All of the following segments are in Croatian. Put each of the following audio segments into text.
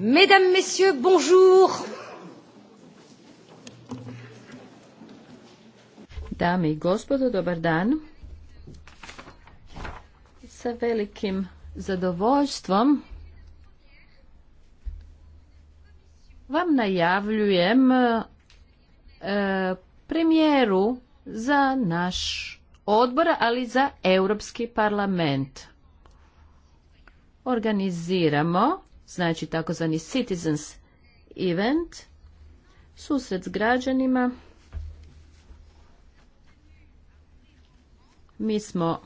Mesdames, Messieurs, bonjour. Dame i gospodo, dobar dan. Sa velikim zadovoljstvom vam najavljujem e, premijeru za naš odbor, ali za Europski parlament. Organiziramo znači takozvani citizens event, susret s građanima. Mi smo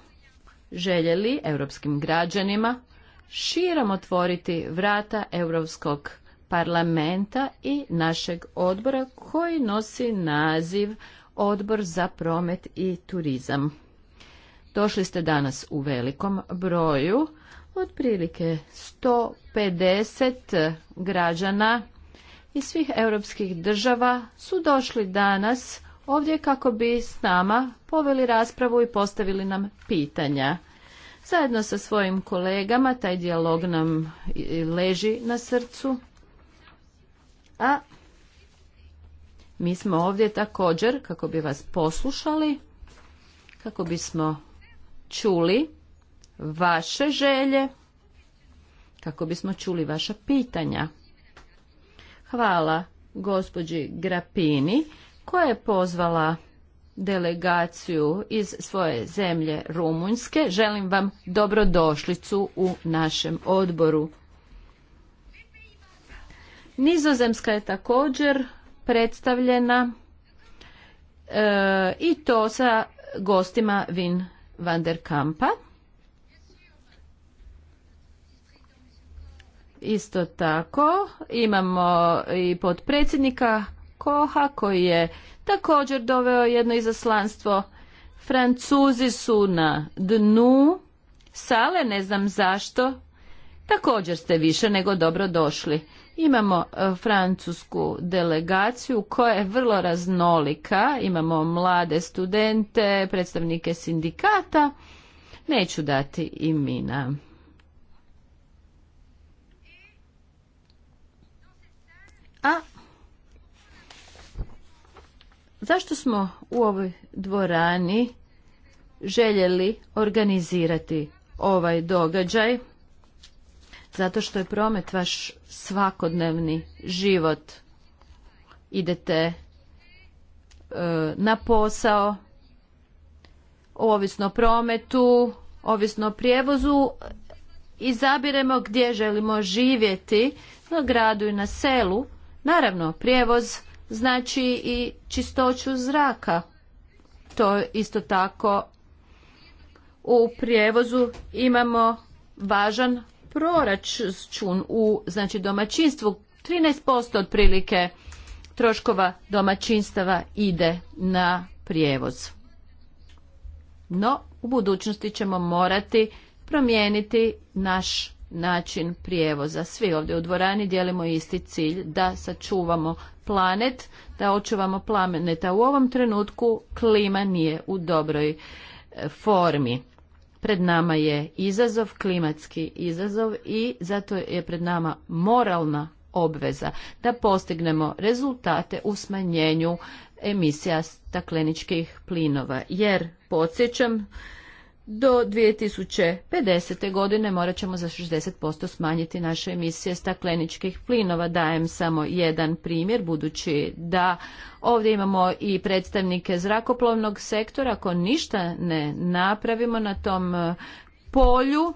željeli europskim građanima širom otvoriti vrata europskog parlamenta i našeg odbora koji nosi naziv Odbor za promet i turizam. Došli ste danas u velikom broju Otprilike 150 građana iz svih europskih država su došli danas ovdje kako bi s nama poveli raspravu i postavili nam pitanja. Zajedno sa svojim kolegama taj dijalog nam leži na srcu. A mi smo ovdje također kako bi vas poslušali, kako bismo čuli vaše želje, kako bismo čuli vaša pitanja. Hvala gospođi Grapini koja je pozvala delegaciju iz svoje zemlje Rumunjske. Želim vam dobrodošlicu u našem odboru. Nizozemska je također predstavljena e, i to sa gostima Vin van der Kampa. Isto tako imamo i potpredsjednika Koha koji je također doveo jedno izaslanstvo. Francuzi su na dnu sale, ne znam zašto. Također ste više nego dobro došli. Imamo e, francusku delegaciju koja je vrlo raznolika. Imamo mlade studente, predstavnike sindikata. Neću dati imena. A zašto smo u ovoj dvorani željeli organizirati ovaj događaj? Zato što je promet vaš svakodnevni život. Idete e, na posao, ovisno o prometu, ovisno o prijevozu, izabiremo gdje želimo živjeti, na gradu i na selu, Naravno, prijevoz znači i čistoću zraka. To isto tako u prijevozu imamo važan proračun u znači domaćinstvu 13% otprilike troškova domaćinstava ide na prijevoz. No, u budućnosti ćemo morati promijeniti naš način prijevoza. Svi ovdje u dvorani dijelimo isti cilj da sačuvamo planet, da očuvamo planeta. U ovom trenutku klima nije u dobroj e, formi. Pred nama je izazov, klimatski izazov i zato je pred nama moralna obveza da postignemo rezultate u smanjenju emisija stakleničkih plinova. Jer, podsjećam, do 2050. godine morat ćemo za 60% smanjiti naše emisije stakleničkih plinova. Dajem samo jedan primjer, budući da ovdje imamo i predstavnike zrakoplovnog sektora. Ako ništa ne napravimo na tom eh, polju,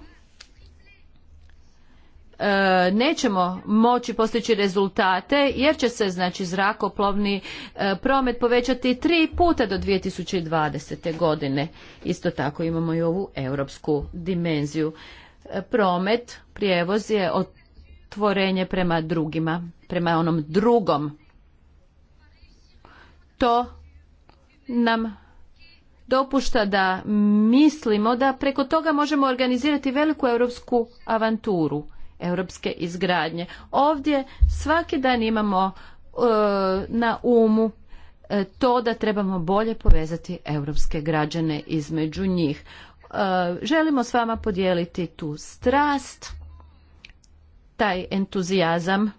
E, nećemo moći postići rezultate jer će se znači zrakoplovni e, promet povećati tri puta do 2020. godine. Isto tako imamo i ovu europsku dimenziju. E, promet, prijevoz je otvorenje prema drugima, prema onom drugom. To nam dopušta da mislimo da preko toga možemo organizirati veliku europsku avanturu europske izgradnje. Ovdje svaki dan imamo e, na umu e, to da trebamo bolje povezati europske građane između njih. E, želimo s vama podijeliti tu strast, taj entuzijazam,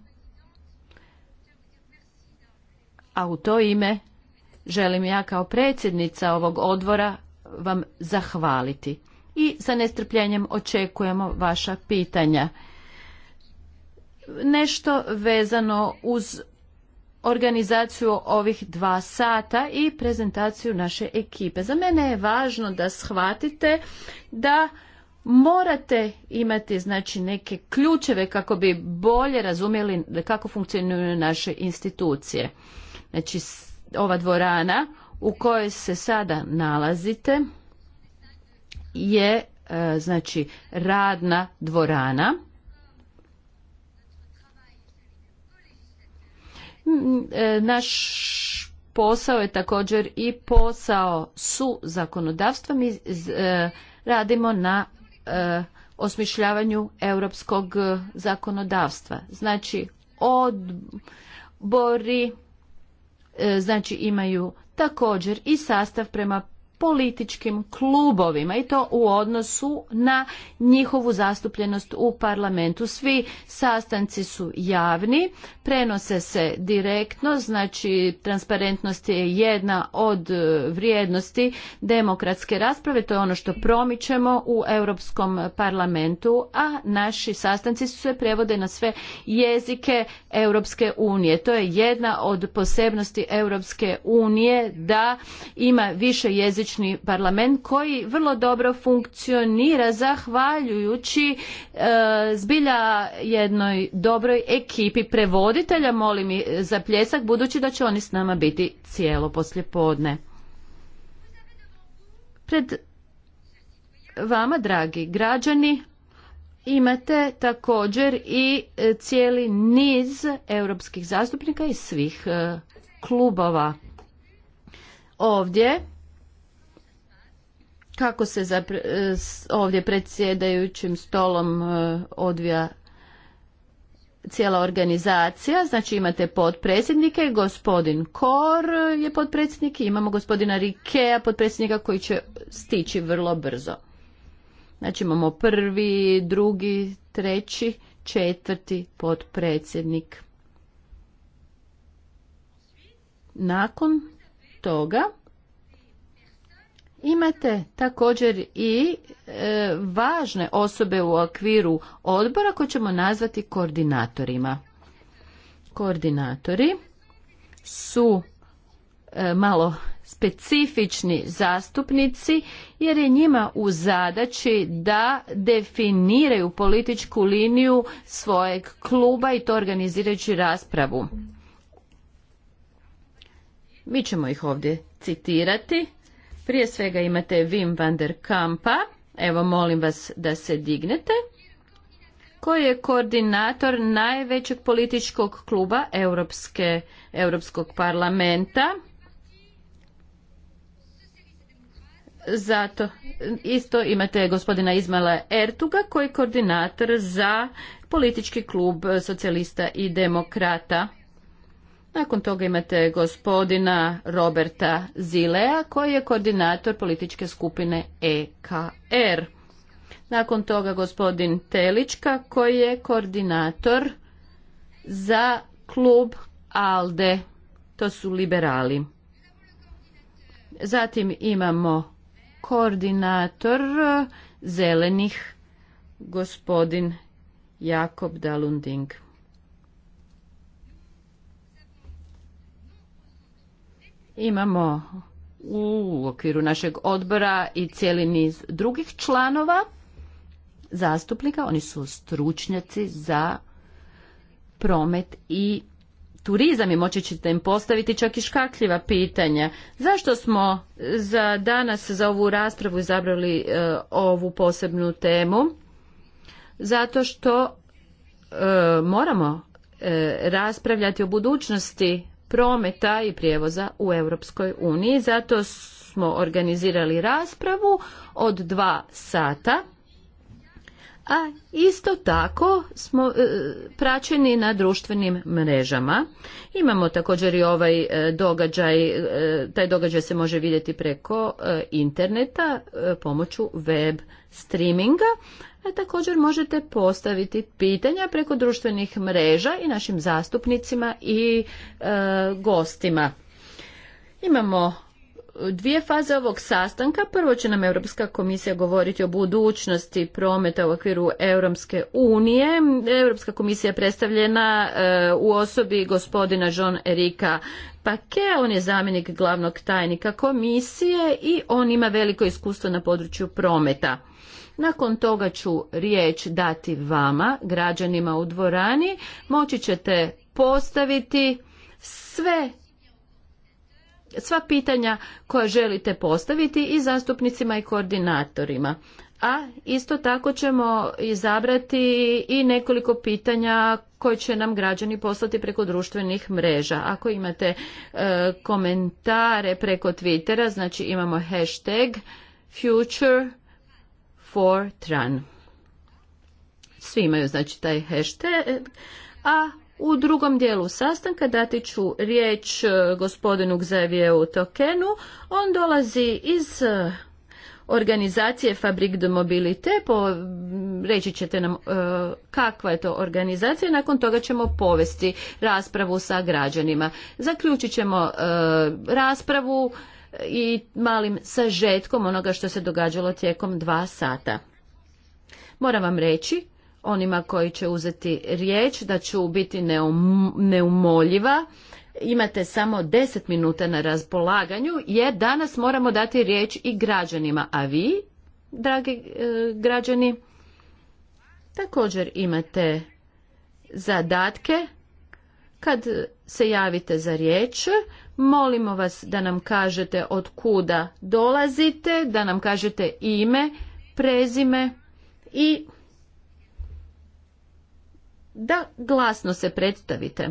a u to ime želim ja kao predsjednica ovog odvora vam zahvaliti. I sa nestrpljenjem očekujemo vaša pitanja nešto vezano uz organizaciju ovih dva sata i prezentaciju naše ekipe. Za mene je važno da shvatite da morate imati znači neke ključeve kako bi bolje razumjeli kako funkcioniraju naše institucije. Znači ova dvorana u kojoj se sada nalazite je e, znači radna dvorana Mm, e, naš posao je također i posao su zakonodavstva. Mi e, radimo na e, osmišljavanju europskog zakonodavstva. Znači, odbori znači imaju također i sastav prema političkim klubovima i to u odnosu na njihovu zastupljenost u parlamentu. Svi sastanci su javni, prenose se direktno, znači transparentnost je jedna od e, vrijednosti demokratske rasprave, to je ono što promičemo u Europskom parlamentu, a naši sastanci su se prevode na sve jezike Europske unije. To je jedna od posebnosti Europske unije da ima više jezičnih parlament koji vrlo dobro funkcionira zahvaljujući e, zbilja jednoj dobroj ekipi prevoditelja, molim i za pljesak, budući da će oni s nama biti cijelo poslijepodne. Pred vama, dragi građani, imate također i e, cijeli niz europskih zastupnika iz svih e, klubova ovdje kako se e, ovdje predsjedajućim stolom e, odvija cijela organizacija, znači imate potpredsjednike, gospodin Kor je potpredsjednik i imamo gospodina Rikea, potpredsjednika koji će stići vrlo brzo. Znači imamo prvi, drugi, treći, četvrti potpredsjednik. Nakon toga Imate također i e, važne osobe u okviru odbora koje ćemo nazvati koordinatorima. Koordinatori su e, malo specifični zastupnici jer je njima u zadaći da definiraju političku liniju svojeg kluba i to organizirajući raspravu. Mi ćemo ih ovdje citirati prije svega imate Wim van der Kampa, evo molim vas da se dignete, koji je koordinator najvećeg političkog kluba Europske, Europskog parlamenta. Zato isto imate gospodina Izmala Ertuga koji je koordinator za politički klub socijalista i demokrata. Nakon toga imate gospodina Roberta Zilea koji je koordinator političke skupine EKR. Er. Nakon toga gospodin Telička koji je koordinator za klub ALDE, to su liberali. Zatim imamo koordinator zelenih gospodin Jakob Dalunding. Imamo u okviru našeg odbora i cijeli niz drugih članova zastupnika. Oni su stručnjaci za promet i turizam i moći ćete im postaviti čak i škakljiva pitanja. Zašto smo za danas za ovu raspravu izabrali e, ovu posebnu temu? Zato što e, moramo e, raspravljati o budućnosti prometa i prijevoza u Europskoj uniji. Zato smo organizirali raspravu od dva sata a isto tako smo e, praćeni na društvenim mrežama. Imamo također i ovaj e, događaj, e, taj događaj se može vidjeti preko interneta pomoću web streaminga, a također možete postaviti pitanja preko društvenih mreža i našim zastupnicima i gostima. Imamo dvije faze ovog sastanka. Prvo će nam Europska komisija govoriti o budućnosti prometa u okviru Europske unije. Europska komisija je predstavljena e, u osobi gospodina John Erika Pake. On je zamjenik glavnog tajnika komisije i on ima veliko iskustvo na području prometa. Nakon toga ću riječ dati vama, građanima u dvorani. Moći ćete postaviti sve sva pitanja koja želite postaviti i zastupnicima i koordinatorima. A isto tako ćemo izabrati i nekoliko pitanja koje će nam građani poslati preko društvenih mreža. Ako imate e, komentare preko Twittera, znači imamo hashtag future for tran. Svi imaju znači taj hashtag, a u drugom dijelu sastanka dati ću riječ e, gospodinu Xavieru Tokenu. On dolazi iz e, organizacije Fabrik de Mobilite. Po, reći ćete nam e, kakva je to organizacija. Nakon toga ćemo povesti raspravu sa građanima. Zaključit ćemo raspravu i malim sažetkom onoga što se događalo tijekom dva sata. Moram vam reći onima koji će uzeti riječ, da ću biti neumoljiva. Imate samo 10 minuta na raspolaganju jer danas moramo dati riječ i građanima, a vi, dragi e, građani, također imate zadatke kad se javite za riječ. Molimo vas da nam kažete od kuda dolazite, da nam kažete ime, prezime i da glasno se predstavite.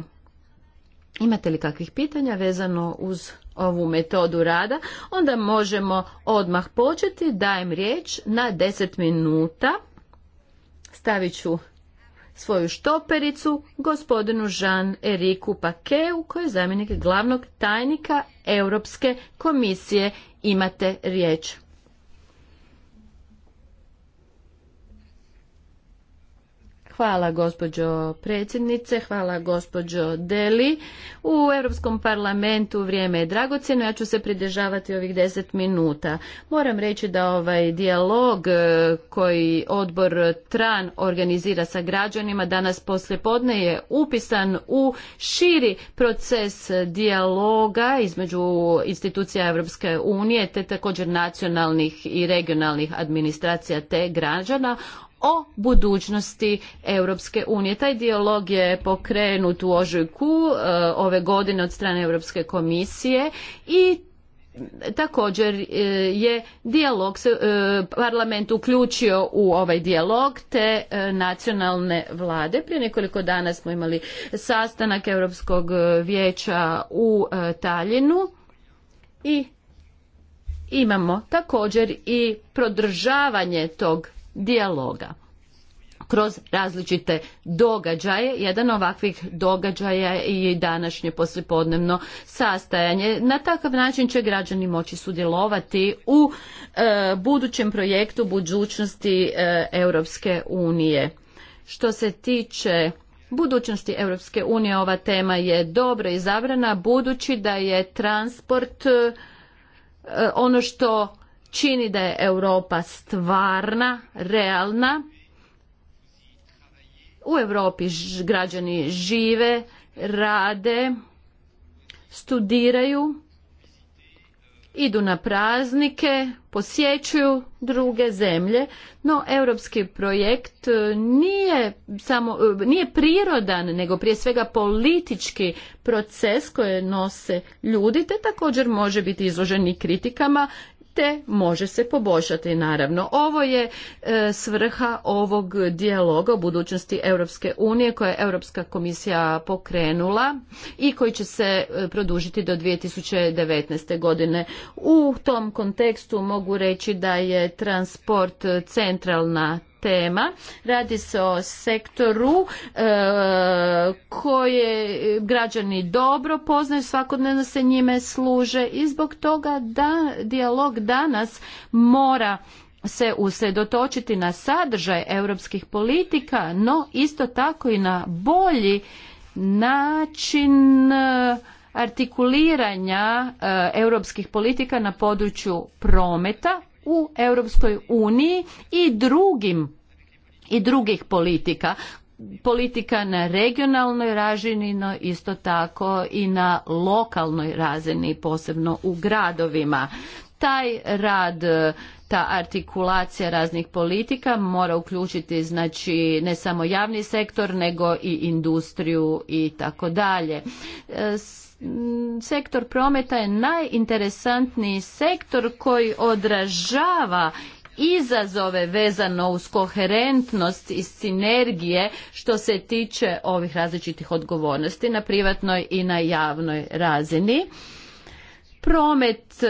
Imate li kakvih pitanja vezano uz ovu metodu rada? Onda možemo odmah početi. Dajem riječ na 10 minuta. Stavit ću svoju štopericu gospodinu Jean-Eriku Pakeu koji je zamjenik glavnog tajnika Europske komisije. Imate riječ. Hvala gospođo predsjednice, hvala gospođo Deli. U Europskom parlamentu vrijeme je dragocjeno, ja ću se pridržavati ovih deset minuta. Moram reći da ovaj dijalog e, koji odbor TRAN organizira sa građanima danas poslijepodne je upisan u širi proces dijaloga između institucija Europske unije te također nacionalnih i regionalnih administracija te građana o budućnosti Europske unije. Taj dijalog je pokrenut u ožujku eh, ove godine od strane Europske komisije i također eh, je dijalog eh, parlament uključio u ovaj dijalog te nacionalne vlade. Prije nekoliko dana smo imali sastanak Europskog vijeća u Taljinu i imamo također i prodržavanje tog dijaloga kroz različite događaje. Jedan ovakvih događaja i današnje poslijepodnevno sastajanje. Na takav način će građani moći sudjelovati u e, budućem projektu budućnosti e, Europske unije. Što se tiče budućnosti Europske unije, ova tema je dobro izabrana budući da je transport e, ono što čini da je Europa stvarna, realna. U Europi građani žive, rade, studiraju, idu na praznike, posjećuju druge zemlje, no europski projekt e, nije samo e, nije prirodan, nego prije svega politički proces koje nose ljudi, te također može biti izložen i kritikama te može se poboljšati naravno. Ovo je e, svrha ovog dijaloga o budućnosti Europske unije koje je Europska komisija pokrenula i koji će se e, produžiti do 2019. godine. U tom kontekstu mogu reći da je transport centralna tema. Radi se o sektoru e, koje građani dobro poznaju, svakodnevno se njime služe i zbog toga da dijalog danas mora se usredotočiti na sadržaj europskih politika, no isto tako i na bolji način e, artikuliranja e, europskih politika na području prometa u Europskoj uniji i drugim i drugih politika politika na regionalnoj razini, no isto tako i na lokalnoj razini, posebno u gradovima. Taj rad, ta artikulacija raznih politika mora uključiti znači ne samo javni sektor nego i industriju i tako dalje sektor prometa je najinteresantniji sektor koji odražava izazove vezano uz koherentnost i sinergije što se tiče ovih različitih odgovornosti na privatnoj i na javnoj razini. Promet eh,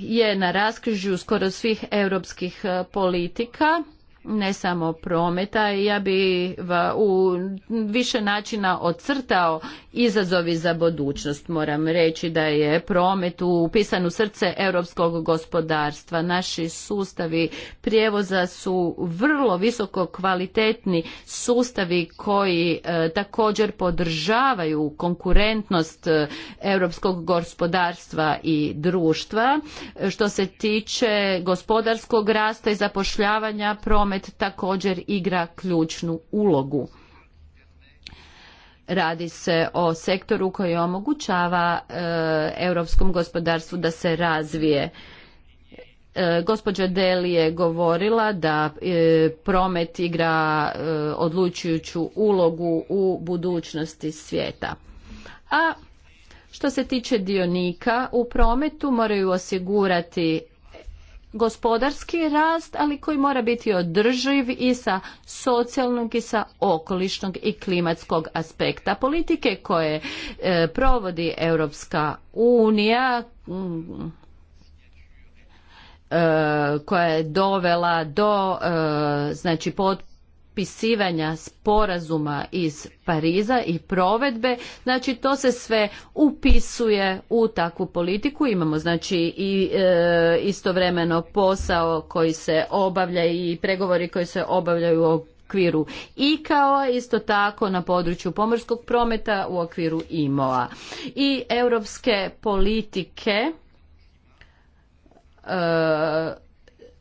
je na raskrižju skoro svih europskih eh, politika ne samo prometa, ja bi u više načina ocrtao izazovi za budućnost. Moram reći da je promet upisan u srce europskog gospodarstva. Naši sustavi prijevoza su vrlo visoko kvalitetni sustavi koji e, također podržavaju konkurentnost e, europskog gospodarstva i društva. E, što se tiče gospodarskog rasta i zapošljavanja promet također igra ključnu ulogu. Radi se o sektoru koji omogućava e, europskom gospodarstvu da se razvije. E, gospođa Deli je govorila da e, promet igra odlučujuću ulogu u budućnosti svijeta. A što se tiče dionika u prometu moraju osigurati gospodarski rast, ali koji mora biti održiv i sa socijalnog i sa okolišnog i klimatskog aspekta. Politike koje e, provodi Europska unija mm, e, koja je dovela do e, znači potpisivanja sporazuma iz Pariza i provedbe, znači to se sve upisuje u takvu politiku. Imamo znači i e, istovremeno posao koji se obavlja i pregovori koji se obavljaju u okviru i isto tako na području pomorskog prometa u okviru imoa I europske politike e,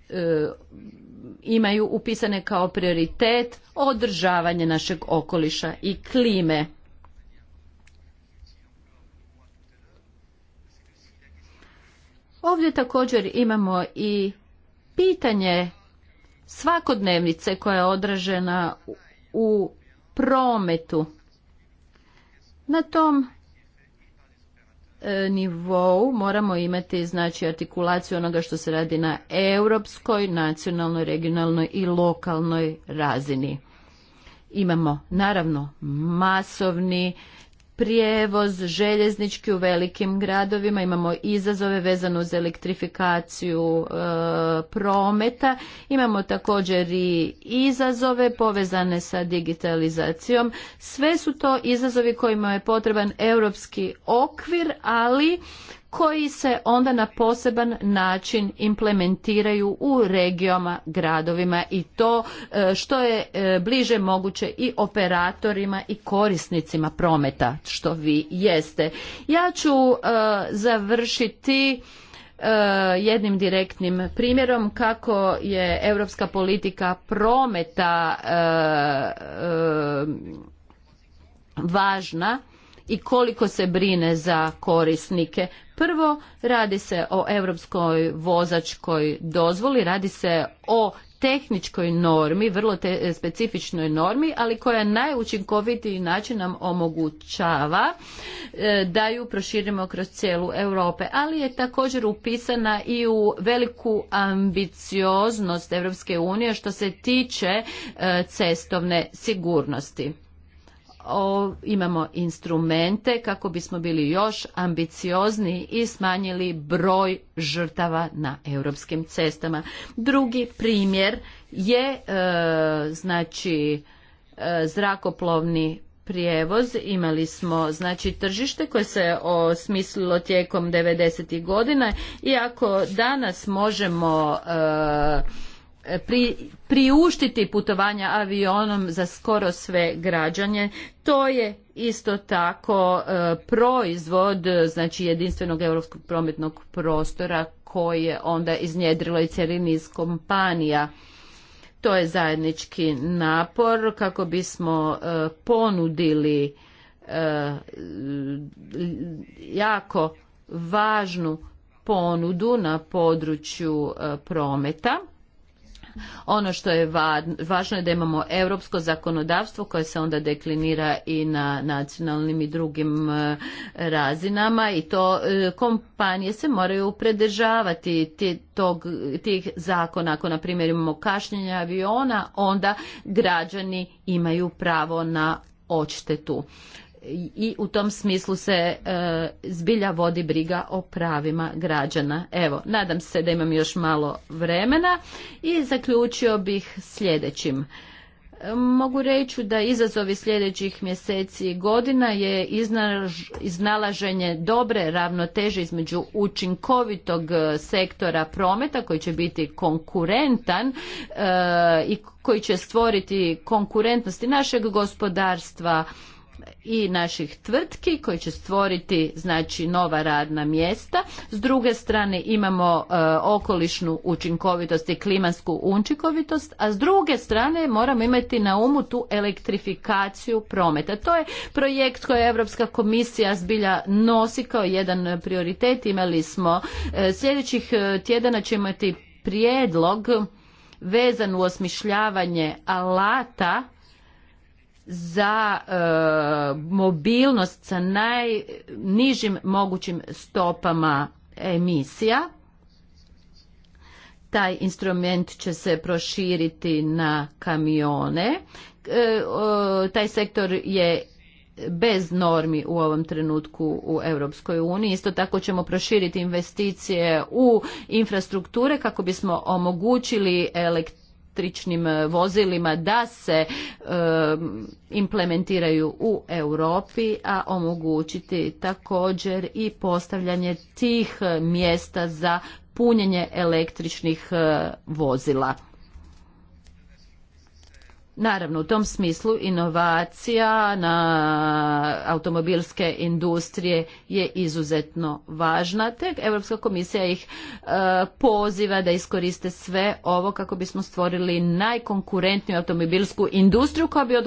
e, imaju upisane kao prioritet održavanje našeg okoliša i klime. Ovdje također imamo i pitanje svakodnevnice koja je odražena u prometu. Na tom E, nivou moramo imati znači artikulaciju onoga što se radi na europskoj, nacionalnoj, regionalnoj i lokalnoj razini. Imamo naravno masovni prijevoz željeznički u velikim gradovima, imamo izazove vezano uz elektrifikaciju e, prometa, imamo također i izazove povezane sa digitalizacijom. Sve su to izazovi kojima je potreban europski okvir, ali koji se onda na poseban način implementiraju u regijama, gradovima i to e, što je e, bliže moguće i operatorima i korisnicima prometa što vi jeste. Ja ću e, završiti jednim direktnim primjerom kako je europska politika prometa važna i koliko se brine za korisnike. Prvo, radi se o europskoj vozačkoj dozvoli, radi se o tehničkoj normi, vrlo te, e, specifičnoj normi, ali koja najučinkovitiji način nam omogućava e, da ju proširimo kroz cijelu Europe, ali je također upisana i u veliku ambicioznost Europske unije što se tiče e, cestovne sigurnosti o, imamo instrumente kako bismo bili još ambiciozniji i smanjili broj žrtava na europskim cestama. Drugi primjer je e, znači e, zrakoplovni prijevoz. Imali smo znači tržište koje se osmislilo tijekom 90. godina i ako danas možemo e, E, pri, priuštiti putovanja avionom za skoro sve građanje. To je isto tako e, proizvod znači jedinstvenog europskog prometnog prostora koji je onda iznjedrilo i cijeli niz kompanija. To je zajednički napor kako bismo e, ponudili jako važnu ponudu na području prometa ono što je važno je da imamo europsko zakonodavstvo koje se onda deklinira i na nacionalnim i drugim e, razinama i to e, kompanije se moraju predržavati tog, tih zakona. Ako na primjer imamo kašnjenje aviona, onda građani imaju pravo na odštetu i u tom smislu se e, zbilja vodi briga o pravima građana. Evo, nadam se da imam još malo vremena i zaključio bih sljedećim. E, mogu reći da izazovi sljedećih mjeseci i godina je iznalaženje dobre ravnoteže između učinkovitog e, sektora prometa koji će biti konkurentan i koji će stvoriti konkurentnosti našeg gospodarstva i naših tvrtki koji će stvoriti znači nova radna mjesta. S druge strane imamo e, okolišnu učinkovitost i klimatsku učinkovitost, a s druge strane moramo imati na umu tu elektrifikaciju prometa. To je projekt koji je Europska komisija zbilja nosi kao jedan prioritet. Imali smo e, sljedećih e, tjedana ćemo imati prijedlog vezan u osmišljavanje alata za e, mobilnost sa najnižim mogućim stopama emisija. Taj instrument će se proširiti na kamione. E, taj sektor je bez normi u ovom trenutku u Europskoj uniji. Isto tako ćemo proširiti investicije u infrastrukture kako bismo omogućili elekt električnim e, vozilima da se e, implementiraju u Europi, a omogućiti također i postavljanje tih mjesta za punjenje električnih e, vozila. Naravno, u tom smislu inovacija na automobilske industrije je izuzetno važna, te Europska komisija ih e, poziva da iskoriste sve ovo kako bismo stvorili najkonkurentniju automobilsku industriju koja bi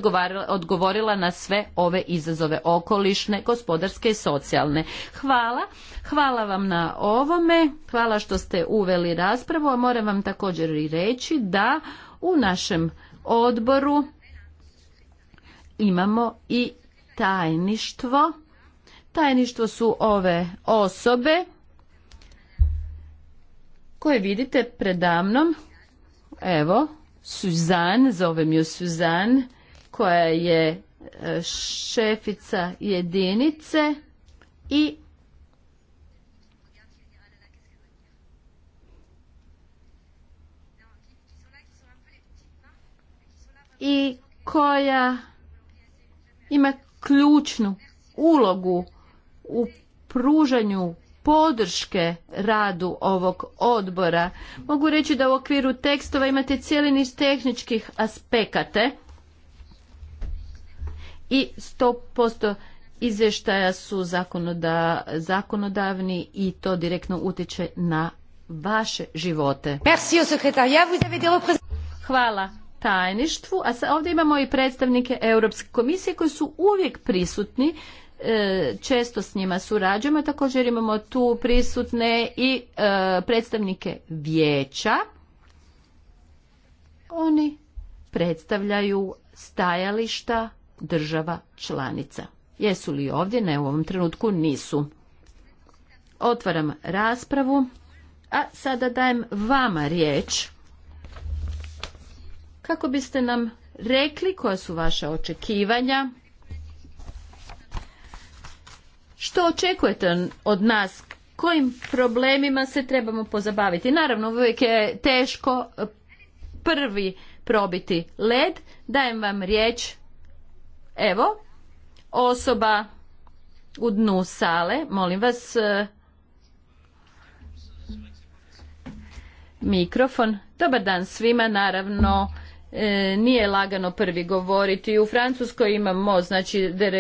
odgovorila na sve ove izazove okolišne, gospodarske i socijalne. Hvala. Hvala vam na ovome. Hvala što ste uveli raspravu, a moram vam također i reći da u našem odboru imamo i tajništvo. Tajništvo su ove osobe koje vidite predamnom. Evo, Suzanne, zovem ju Suzan, koja je e, šefica jedinice i i koja ima ključnu ulogu u pružanju podrške radu ovog odbora. Mogu reći da u okviru tekstova imate cijeli niz tehničkih aspekata i 100% izvještaja su zakonodavni i to direktno utječe na vaše živote. Hvala tajništvu, a ovdje imamo i predstavnike Europske komisije koji su uvijek prisutni, e, često s njima surađujemo, također imamo tu prisutne i e, predstavnike vijeća. Oni predstavljaju stajališta država članica. Jesu li ovdje? Ne, u ovom trenutku nisu. Otvaram raspravu, a sada dajem vama riječ kako biste nam rekli koja su vaša očekivanja, što očekujete od nas, kojim problemima se trebamo pozabaviti. Naravno, uvijek je teško eh, prvi probiti led. Dajem vam riječ, evo, osoba u dnu sale, molim vas, eh, mikrofon. Dobar dan svima, naravno, E, nije lagano prvi govoriti. U Francuskoj imamo znači e,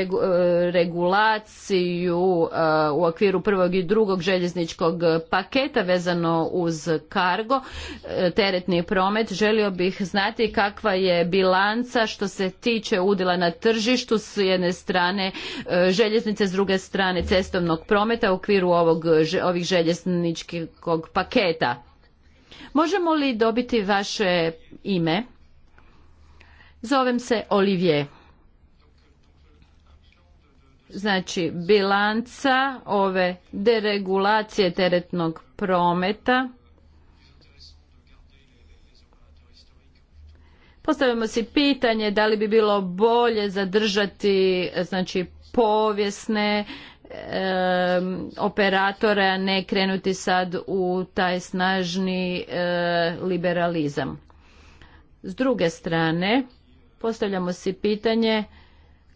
regulaciju e, u okviru prvog i drugog željezničkog paketa vezano uz kargo, teretni promet. Želio bih znati kakva je bilanca što se tiče udjela na tržištu s jedne strane željeznice, s druge strane cestovnog prometa u okviru ovog, ovih željezničkog paketa. Možemo li dobiti vaše ime? Zovem se Olivier. Znači, bilanca ove deregulacije teretnog prometa. Postavimo si pitanje da li bi bilo bolje zadržati znači, povijesne e, operatore, a ne krenuti sad u taj snažni eh, liberalizam. S druge strane, postavljamo si pitanje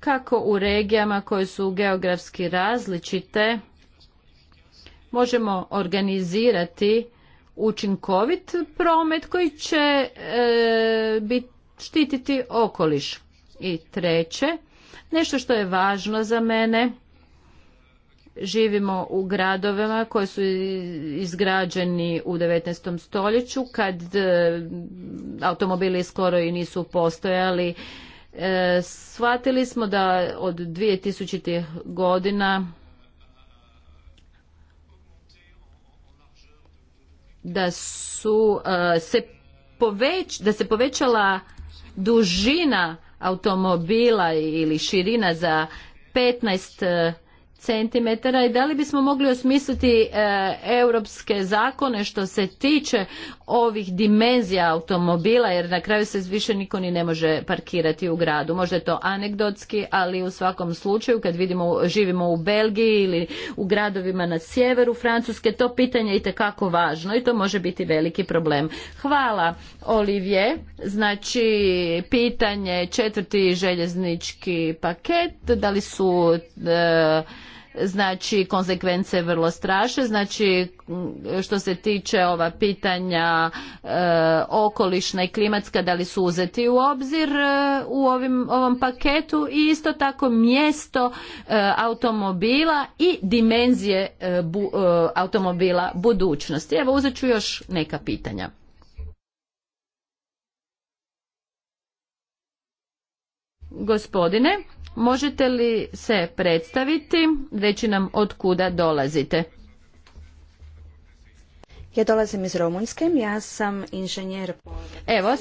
kako u regijama koje su geografski različite možemo organizirati učinkovit promet koji će e, štititi okoliš. I treće, nešto što je važno za mene živimo u gradovima koji su izgrađeni u 19. stoljeću kad e, automobili skoro i nisu postojali. E, shvatili smo da od 2000. godina da su e, se poveć, da se povećala dužina automobila ili širina za 15 centimetara i da li bismo mogli osmisliti e, europske zakone što se tiče ovih dimenzija automobila jer na kraju se više niko ni ne može parkirati u gradu. Možda je to anegdotski, ali u svakom slučaju kad vidimo živimo u Belgiji ili u gradovima na sjeveru Francuske, to pitanje je itekako važno i to može biti veliki problem. Hvala Olivije. Znači pitanje četvrti željeznički paket, da li su e, znači konsekvence vrlo straše, znači što se tiče ova pitanja e, okolišna i klimatska da li su uzeti u obzir e, u ovim, ovom paketu i isto tako mjesto e, automobila i dimenzije automobila budućnosti. Evo uzet ću još neka pitanja. Gospodine Možete li se predstaviti, reći nam od kuda dolazite? Ja dolazim iz Rumunjske, ja sam inženjer po... Evo.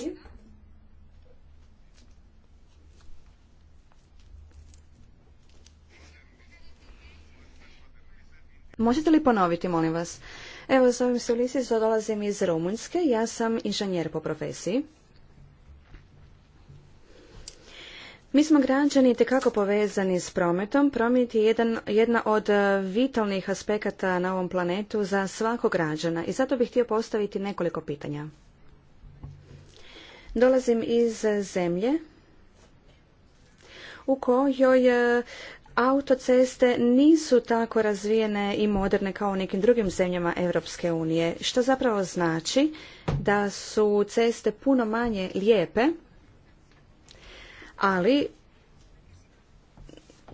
Možete li ponoviti, molim vas? Evo, zovem se Ulisi, dolazim iz Rumunjske, ja sam inženjer po profesiji. Mi smo građani tekako povezani s prometom. Promet je jedan, jedna od e, vitalnih aspekata na ovom planetu za svakog građana i zato bih htio postaviti nekoliko pitanja. Dolazim iz zemlje u kojoj e, autoceste nisu tako razvijene i moderne kao u nekim drugim zemljama Europske unije, što zapravo znači da su ceste puno manje lijepe ali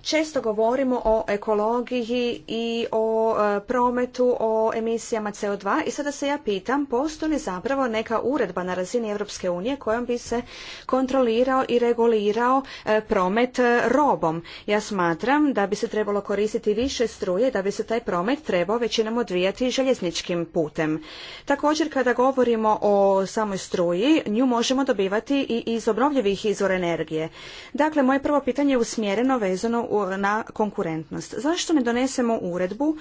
često govorimo o ekologiji i o e, prometu, o emisijama CO2 i sada se ja pitam postoji li zapravo neka uredba na razini Europske unije kojom bi se kontrolirao i regulirao e, promet e, robom. Ja smatram da bi se trebalo koristiti više struje, da bi se taj promet trebao većinom odvijati željezničkim putem. Također kada govorimo o samoj struji, nju možemo dobivati i iz obnovljivih izvora energije. Dakle, moje prvo pitanje je usmjereno vezano na konkurentnost. Zašto ne donesemo uredbu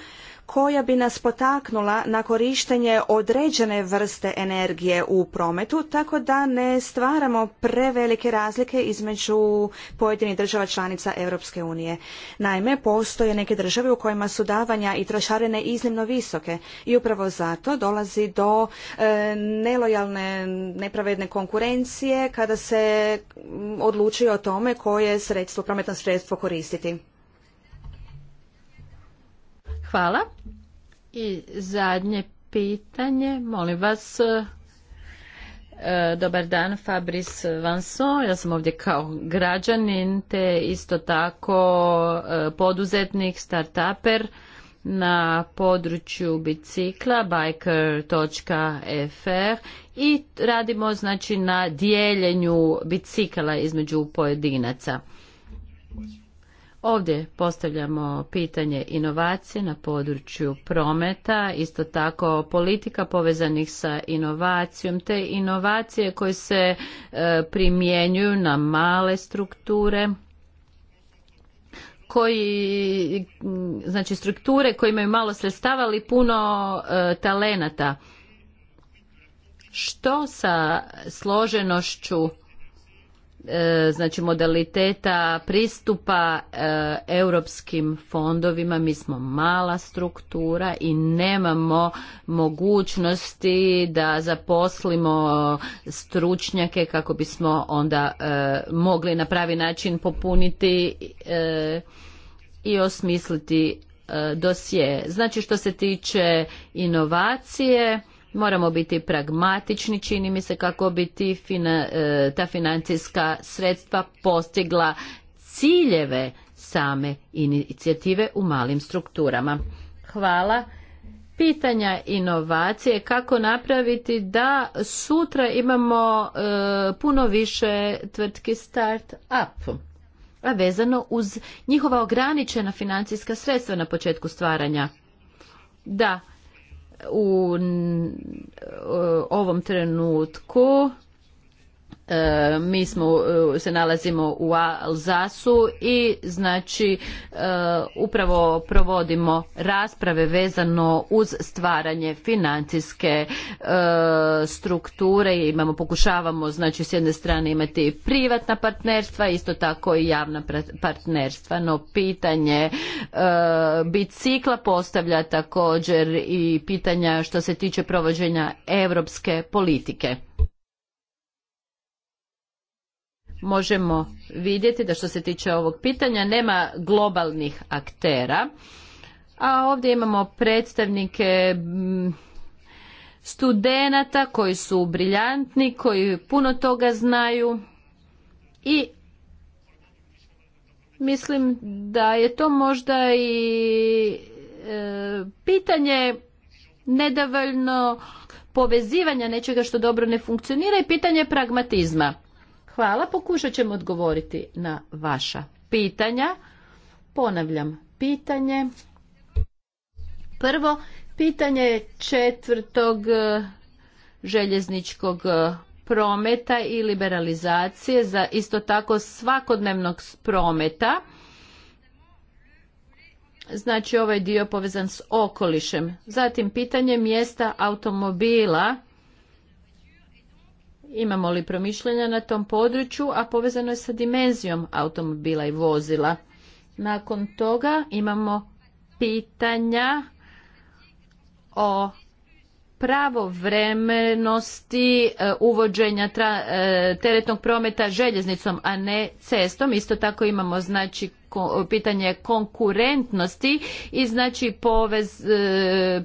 koja bi nas potaknula na korištenje određene vrste energije u prometu tako da ne stvaramo prevelike razlike između pojedinih država članica Europske unije. Naime, postoje neke države u kojima su davanja i trošarine iznimno visoke i upravo zato dolazi do e, nelojalne nepravedne konkurencije kada se odlučuje o tome koje sredstvo prometno sredstvo koristiti. Hvala. I zadnje pitanje, molim vas, e, e, Dobar dan, Fabris Vanson. Ja sam ovdje kao građanin, te isto tako e, poduzetnik, startuper na području bicikla biker.fr i radimo znači na dijeljenju bicikla između pojedinaca. Ovdje postavljamo pitanje inovacije na području prometa, isto tako politika povezanih sa inovacijom, te inovacije koje se e, primjenjuju na male strukture koji znači strukture koje imaju malo sredstava ali puno e, talenata što sa složenošću E, znači modaliteta pristupa e, europskim fondovima mi smo mala struktura i nemamo mogućnosti da zaposlimo stručnjake kako bismo onda e, mogli na pravi način popuniti i osmisliti dosje znači što se tiče inovacije Moramo biti pragmatični, čini mi se kako bi ti e, ta financijska sredstva postigla ciljeve same inicijative u malim strukturama. Hvala pitanja inovacije kako napraviti da sutra imamo e, puno više tvrtki start up a vezano uz njihova ograničena financijska sredstva na početku stvaranja da u ovom trenutku E, mi smo, e, se nalazimo u Alzasu i znači e, upravo provodimo rasprave vezano uz stvaranje financijske strukture imamo pokušavamo znači s jedne strane imati privatna partnerstva isto tako i javna partnerstva no pitanje bicikla postavlja također i pitanja što se tiče provođenja europske politike možemo vidjeti da što se tiče ovog pitanja nema globalnih aktera, a ovdje imamo predstavnike mm, studenata koji su briljantni, koji puno toga znaju i mislim da je to možda i e, pitanje nedovoljno povezivanja nečega što dobro ne funkcionira i pitanje pragmatizma. Hvala, pokušat ćemo odgovoriti na vaša pitanja. Ponavljam pitanje. Prvo, pitanje četvrtog e, željezničkog e, prometa i liberalizacije za isto tako svakodnevnog prometa. Znači ovaj dio povezan s okolišem. Zatim pitanje mjesta automobila Imamo li promišljanja na tom području, a povezano je sa dimenzijom automobila i vozila. Nakon toga imamo pitanja o pravovremenosti e, uvođenja e, teretnog prometa željeznicom, a ne cestom. Isto tako imamo znači pitanje konkurentnosti i znači e,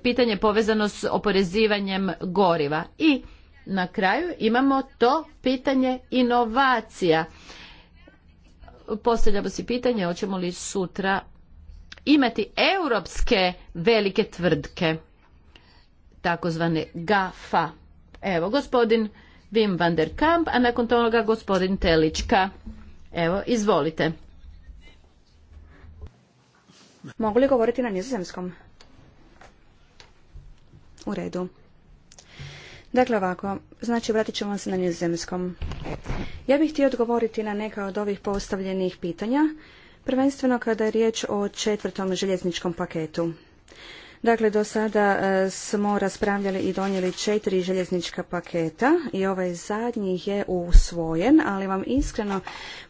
pitanje povezano s oporezivanjem goriva. I na kraju imamo to pitanje inovacija. Postavljamo si pitanje hoćemo li sutra imati europske velike tvrtke, takozvane GAFA. Evo, gospodin Wim van der Kamp, a nakon toga gospodin Telička. Evo, izvolite. Mogu li govoriti na nizozemskom? U redu. Dakle ovako, znači vratit ćemo se na njezemskom. Ja bih htio odgovoriti na neka od ovih postavljenih pitanja, prvenstveno kada je riječ o četvrtom željezničkom paketu. Dakle, do sada e, smo raspravljali i donijeli četiri željeznička paketa i ovaj zadnji je usvojen, ali vam iskreno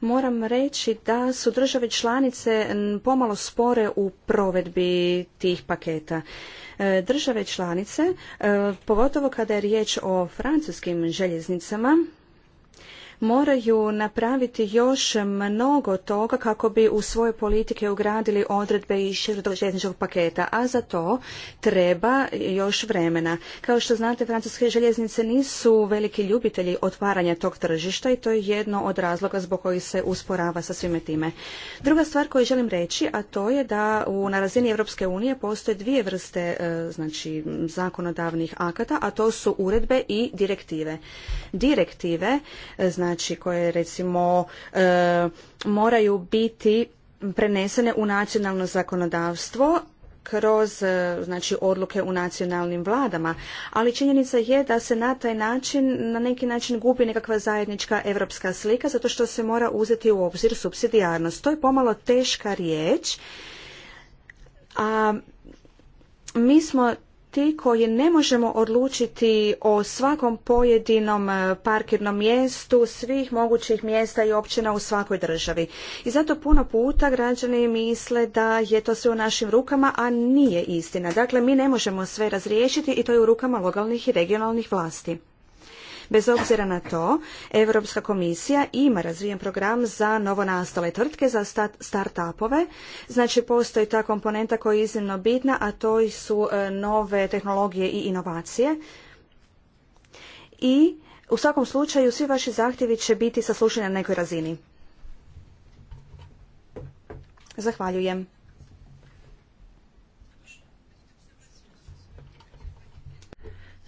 moram reći da su države članice pomalo spore u provedbi tih paketa e, države članice, e, pogotovo kada je riječ o francuskim željeznicama, moraju napraviti još mnogo toga kako bi u svoje politike ugradili odredbe iz željezničkog paketa, a za to treba još vremena. Kao što znate, francuske željeznice nisu veliki ljubitelji otvaranja tog tržišta i to je jedno od razloga zbog kojih se usporava sa svime time. Druga stvar koju želim reći, a to je da u, na razini Europske unije postoje dvije vrste e, znači, zakonodavnih akata, a to su uredbe i direktive. Direktive, znači znači koje recimo e, moraju biti prenesene u nacionalno zakonodavstvo kroz e, znači odluke u nacionalnim vladama ali činjenica je da se na taj način na neki način gubi nekakva zajednička europska slika zato što se mora uzeti u obzir supsidijarnost to je pomalo teška riječ a mi smo ti koji ne možemo odlučiti o svakom pojedinom e, parkirnom mjestu svih mogućih mjesta i općina u svakoj državi. I zato puno puta građani misle da je to sve u našim rukama, a nije istina. Dakle, mi ne možemo sve razriješiti i to je u rukama lokalnih i regionalnih vlasti. Bez obzira na to, Europska komisija ima razvijen program za novonastale tvrtke, za start-upove. Znači, postoji ta komponenta koja je iznimno bitna, a to su e, nove tehnologije i inovacije. I u svakom slučaju svi vaši zahtjevi će biti saslušani na nekoj razini. Zahvaljujem.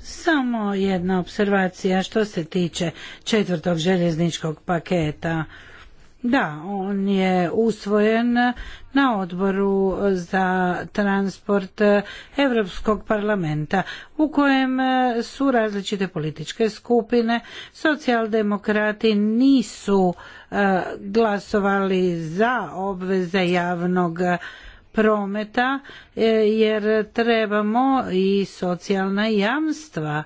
Samo jedna observacija što se tiče četvrtog željezničkog paketa. Da, on je usvojen na odboru za transport Europskog parlamenta u kojem su različite političke skupine. Socijaldemokrati nisu e, glasovali za obveze javnog prometa e, jer trebamo i socijalna jamstva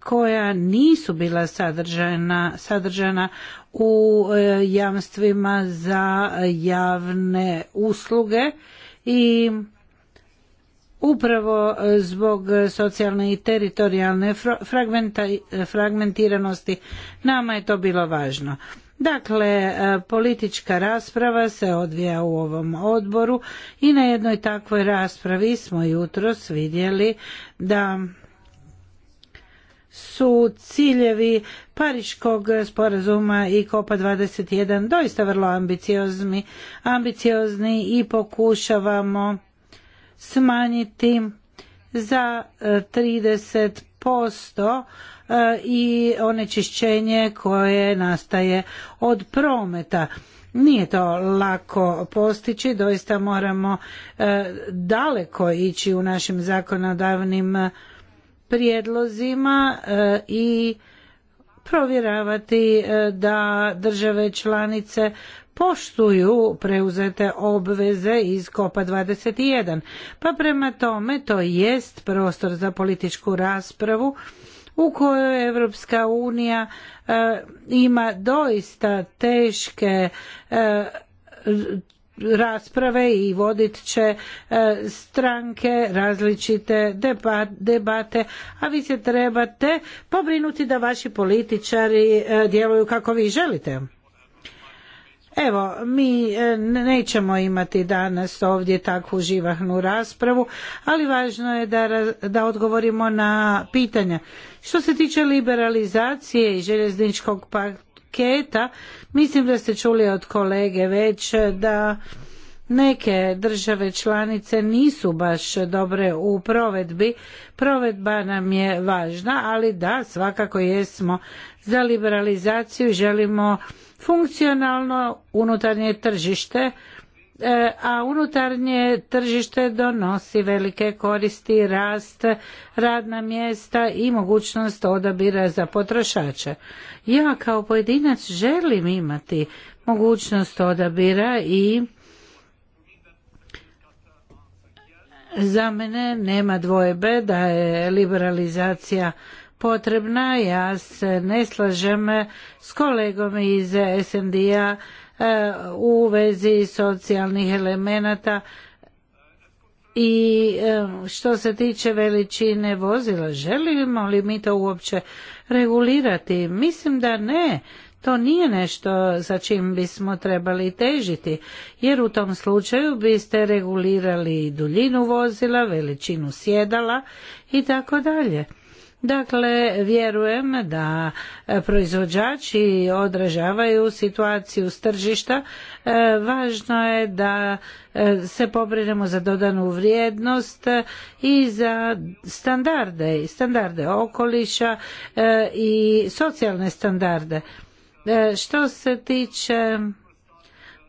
koja nisu bila sadržana, sadržana u e, jamstvima za javne usluge i upravo zbog socijalne i teritorijalne fragmentiranosti nama je to bilo važno Dakle, e, politička rasprava se odvija u ovom odboru i na jednoj takvoj raspravi smo jutros vidjeli da su ciljevi Pariškog sporazuma i Kopa 21 doista vrlo ambiciozni, ambiciozni i pokušavamo smanjiti za 30% e, E, i onečišćenje koje nastaje od prometa. Nije to lako postići, doista moramo e, daleko ići u našim zakonodavnim prijedlozima e, i provjeravati da države članice poštuju preuzete obveze iz Kopa 21. Pa prema tome to jest prostor za političku raspravu u kojoj Europska unija e, ima doista teške e, rasprave i vodit će e, stranke različite debate, a vi se trebate pobrinuti da vaši političari djeluju kako vi želite. Evo, mi e, nećemo imati danas ovdje takvu živahnu raspravu, ali važno je da, da odgovorimo na pitanja. Što se tiče liberalizacije i željezničkog paketa, mislim da ste čuli od kolege već da Neke države članice nisu baš dobre u provedbi. Provedba nam je važna, ali da, svakako jesmo za liberalizaciju, želimo funkcionalno unutarnje tržište, e, a unutarnje tržište donosi velike koristi, rast, radna mjesta i mogućnost odabira za potrošače. Ja kao pojedinac želim imati mogućnost odabira i Za mene nema dvojbe da je liberalizacija potrebna. Ja se ne slažem s kolegom iz SND-a e, u vezi socijalnih elemenata i e, što se tiče veličine vozila, želimo li mi to uopće regulirati? Mislim da ne to nije nešto za čim bismo trebali težiti, jer u tom slučaju biste regulirali duljinu vozila, veličinu sjedala i tako dalje. Dakle, vjerujem da e, proizvođači odražavaju situaciju s tržišta. E, važno je da e, se pobrinemo za dodanu vrijednost i za standarde, standarde okoliša i socijalne standarde. E, što se tiče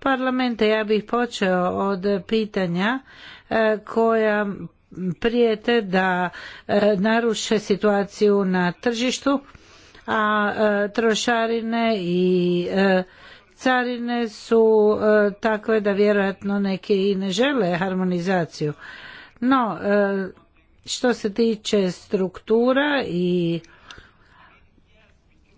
parlamenta, ja bih počeo od pitanja e, koja prijete da e, naruše situaciju na tržištu, a trošarine i carine su takve da vjerojatno neki i ne žele harmonizaciju. No, što se tiče struktura i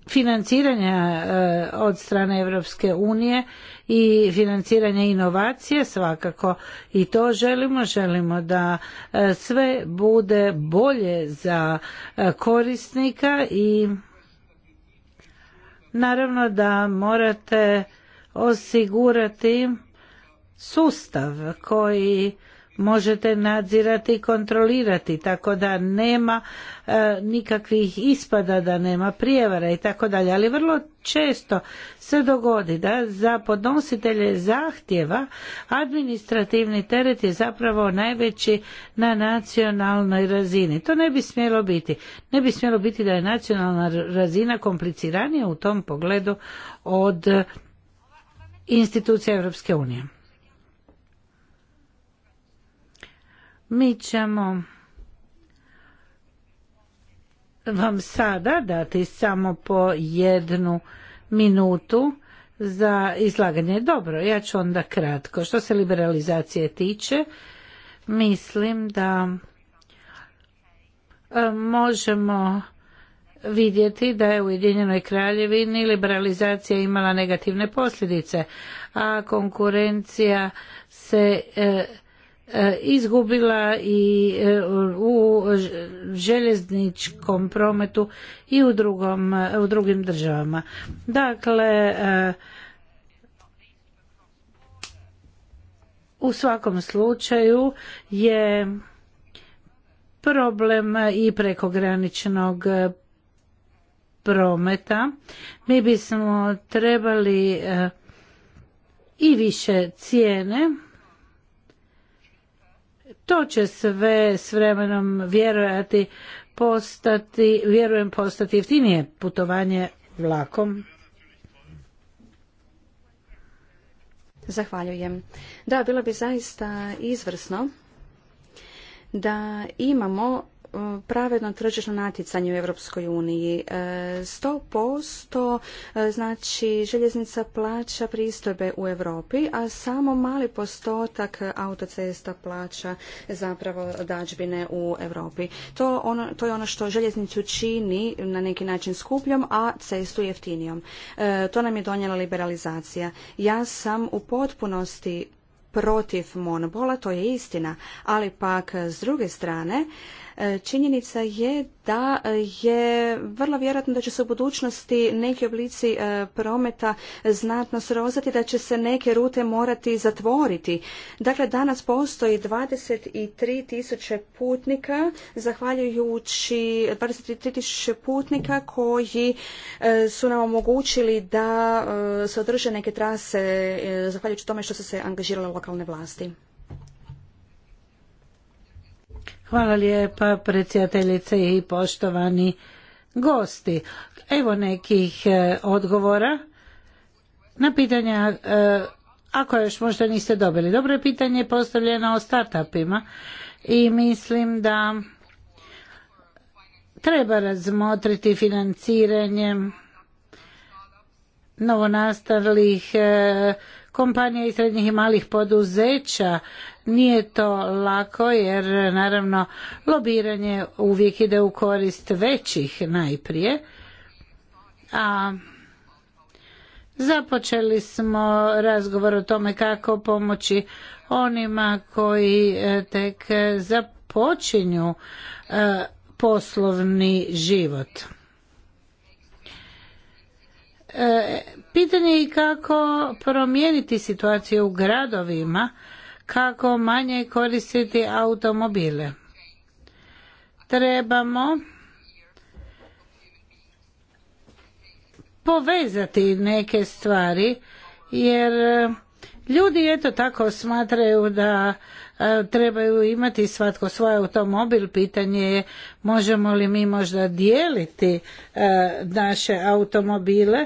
financiranja e, od strane Europske unije i financiranje inovacije svakako i to želimo želimo da e, sve bude bolje za e, korisnika i naravno da morate osigurati sustav koji možete nadzirati i kontrolirati tako da nema e, nikakvih ispada da nema prijevara i tako dalje ali vrlo često se dogodi da za podnositelje zahtjeva administrativni teret je zapravo najveći na nacionalnoj razini to ne bi smjelo biti ne bi smjelo biti da je nacionalna razina kompliciranija u tom pogledu od institucija Europske unije Mi ćemo vam sada dati samo po jednu minutu za izlaganje. Dobro, ja ću onda kratko. Što se liberalizacije tiče, mislim da e, možemo vidjeti da je u Ujedinjenoj kraljevini liberalizacija imala negativne posljedice, a konkurencija se e, E, izgubila i e, u željezničkom prometu i u, e, u drugim državama. Dakle, u svakom slučaju je problem i prekograničnog prometa. Mi bismo trebali i više cijene to će sve s vremenom vjerojati postati, vjerujem postati jeftinije putovanje vlakom. Zahvaljujem. Da, bilo bi zaista izvrsno da imamo pravedno tržišno natjecanje u Europskoj uniji. 100% e, e, znači željeznica plaća pristojbe u Europi, a samo mali postotak autocesta plaća zapravo dađbine u Europi. To, ono, to je ono što željeznicu čini na neki način skupljom, a cestu jeftinijom. E, to nam je donijela liberalizacija. Ja sam u potpunosti protiv monopola, to je istina, ali pak s druge strane E, činjenica je da je vrlo vjerojatno da će se u budućnosti neki oblici e, prometa znatno srozati, da će se neke rute morati zatvoriti. Dakle, danas postoji 23.000 tisuće putnika, zahvaljujući 23 tisuće putnika koji e, su nam omogućili da se održe neke trase, zahvaljujući tome što su se angažirale lokalne vlasti. Hvala lijepa predsjedateljice i poštovani gosti. Evo nekih e, odgovora na pitanja e, ako još možda niste dobili. Dobro je pitanje postavljeno o startupima i mislim da treba razmotriti financiranje novonastalih e, kompanija i srednjih i malih poduzeća nije to lako jer naravno lobiranje uvijek ide u korist većih najprije. A započeli smo razgovor o tome kako pomoći onima koji e, tek započinju e, poslovni život. E, pitanje je kako promijeniti situaciju u gradovima kako manje koristiti automobile. Trebamo povezati neke stvari jer ljudi eto tako smatraju da e, trebaju imati svatko svoj automobil pitanje je možemo li mi možda dijeliti e, naše automobile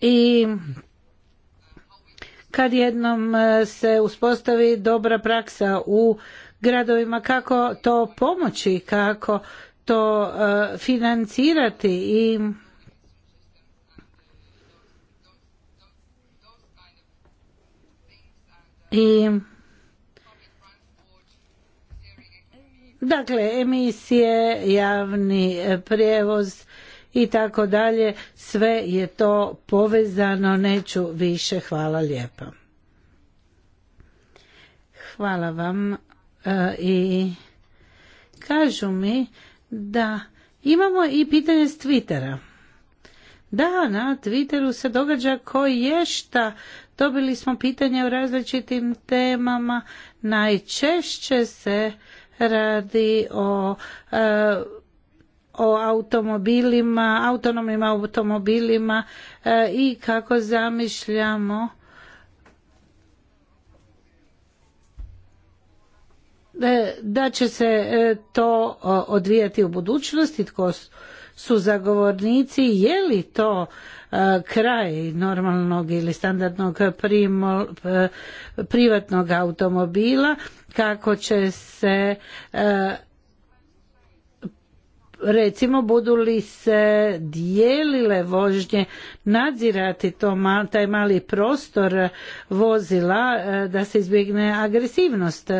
i kad jednom e, se uspostavi dobra praksa u gradovima kako to pomoći kako to e, financirati i i dakle emisije javni e, prijevoz i tako dalje. Sve je to povezano, neću više. Hvala lijepa. Hvala vam e, i kažu mi da imamo i pitanje s Twittera. Da, na Twitteru se događa koji je šta. Dobili smo pitanje u različitim temama. Najčešće se radi o e, o automobilima, autonomnim automobilima e, i kako zamišljamo e, da će se e, to odvijati u budućnosti, tko su zagovornici, je li to kraj normalnog ili standardnog privatnog automobila, kako će se recimo budu li se dijelile vožnje nadzirati to, taj mali prostor vozila e, da se izbjegne agresivnost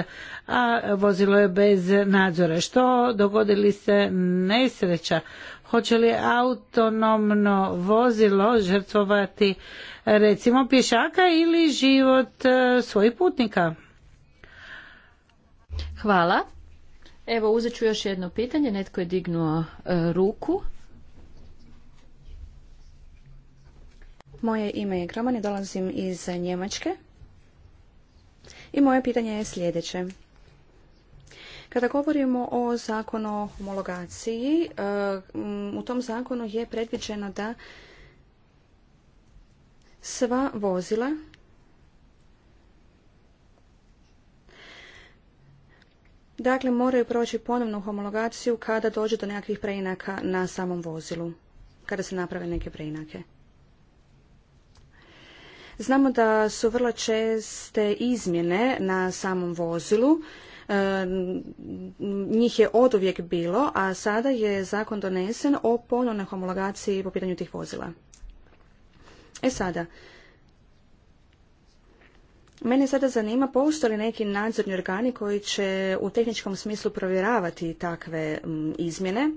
a vozilo je bez nadzora što dogodili se nesreća hoće li autonomno vozilo žrtvovati recimo pješaka ili život e, svojih putnika hvala Evo, uzet ću još jedno pitanje. Netko je dignuo e, ruku. Moje ime je Kraman dolazim iz Njemačke. I moje pitanje je sljedeće. Kada govorimo o zakonu o homologaciji, e, u tom zakonu je predviđeno da sva vozila Dakle, moraju proći ponovnu homologaciju kada dođe do nekakvih preinaka na samom vozilu, kada se naprave neke preinake. Znamo da su vrlo česte izmjene na samom vozilu, e, njih je oduvijek bilo, a sada je zakon donesen o ponovnoj homologaciji po pitanju tih vozila. E sada, Mene sada zanima postoje li neki nadzorni organi koji će u tehničkom smislu provjeravati takve izmjene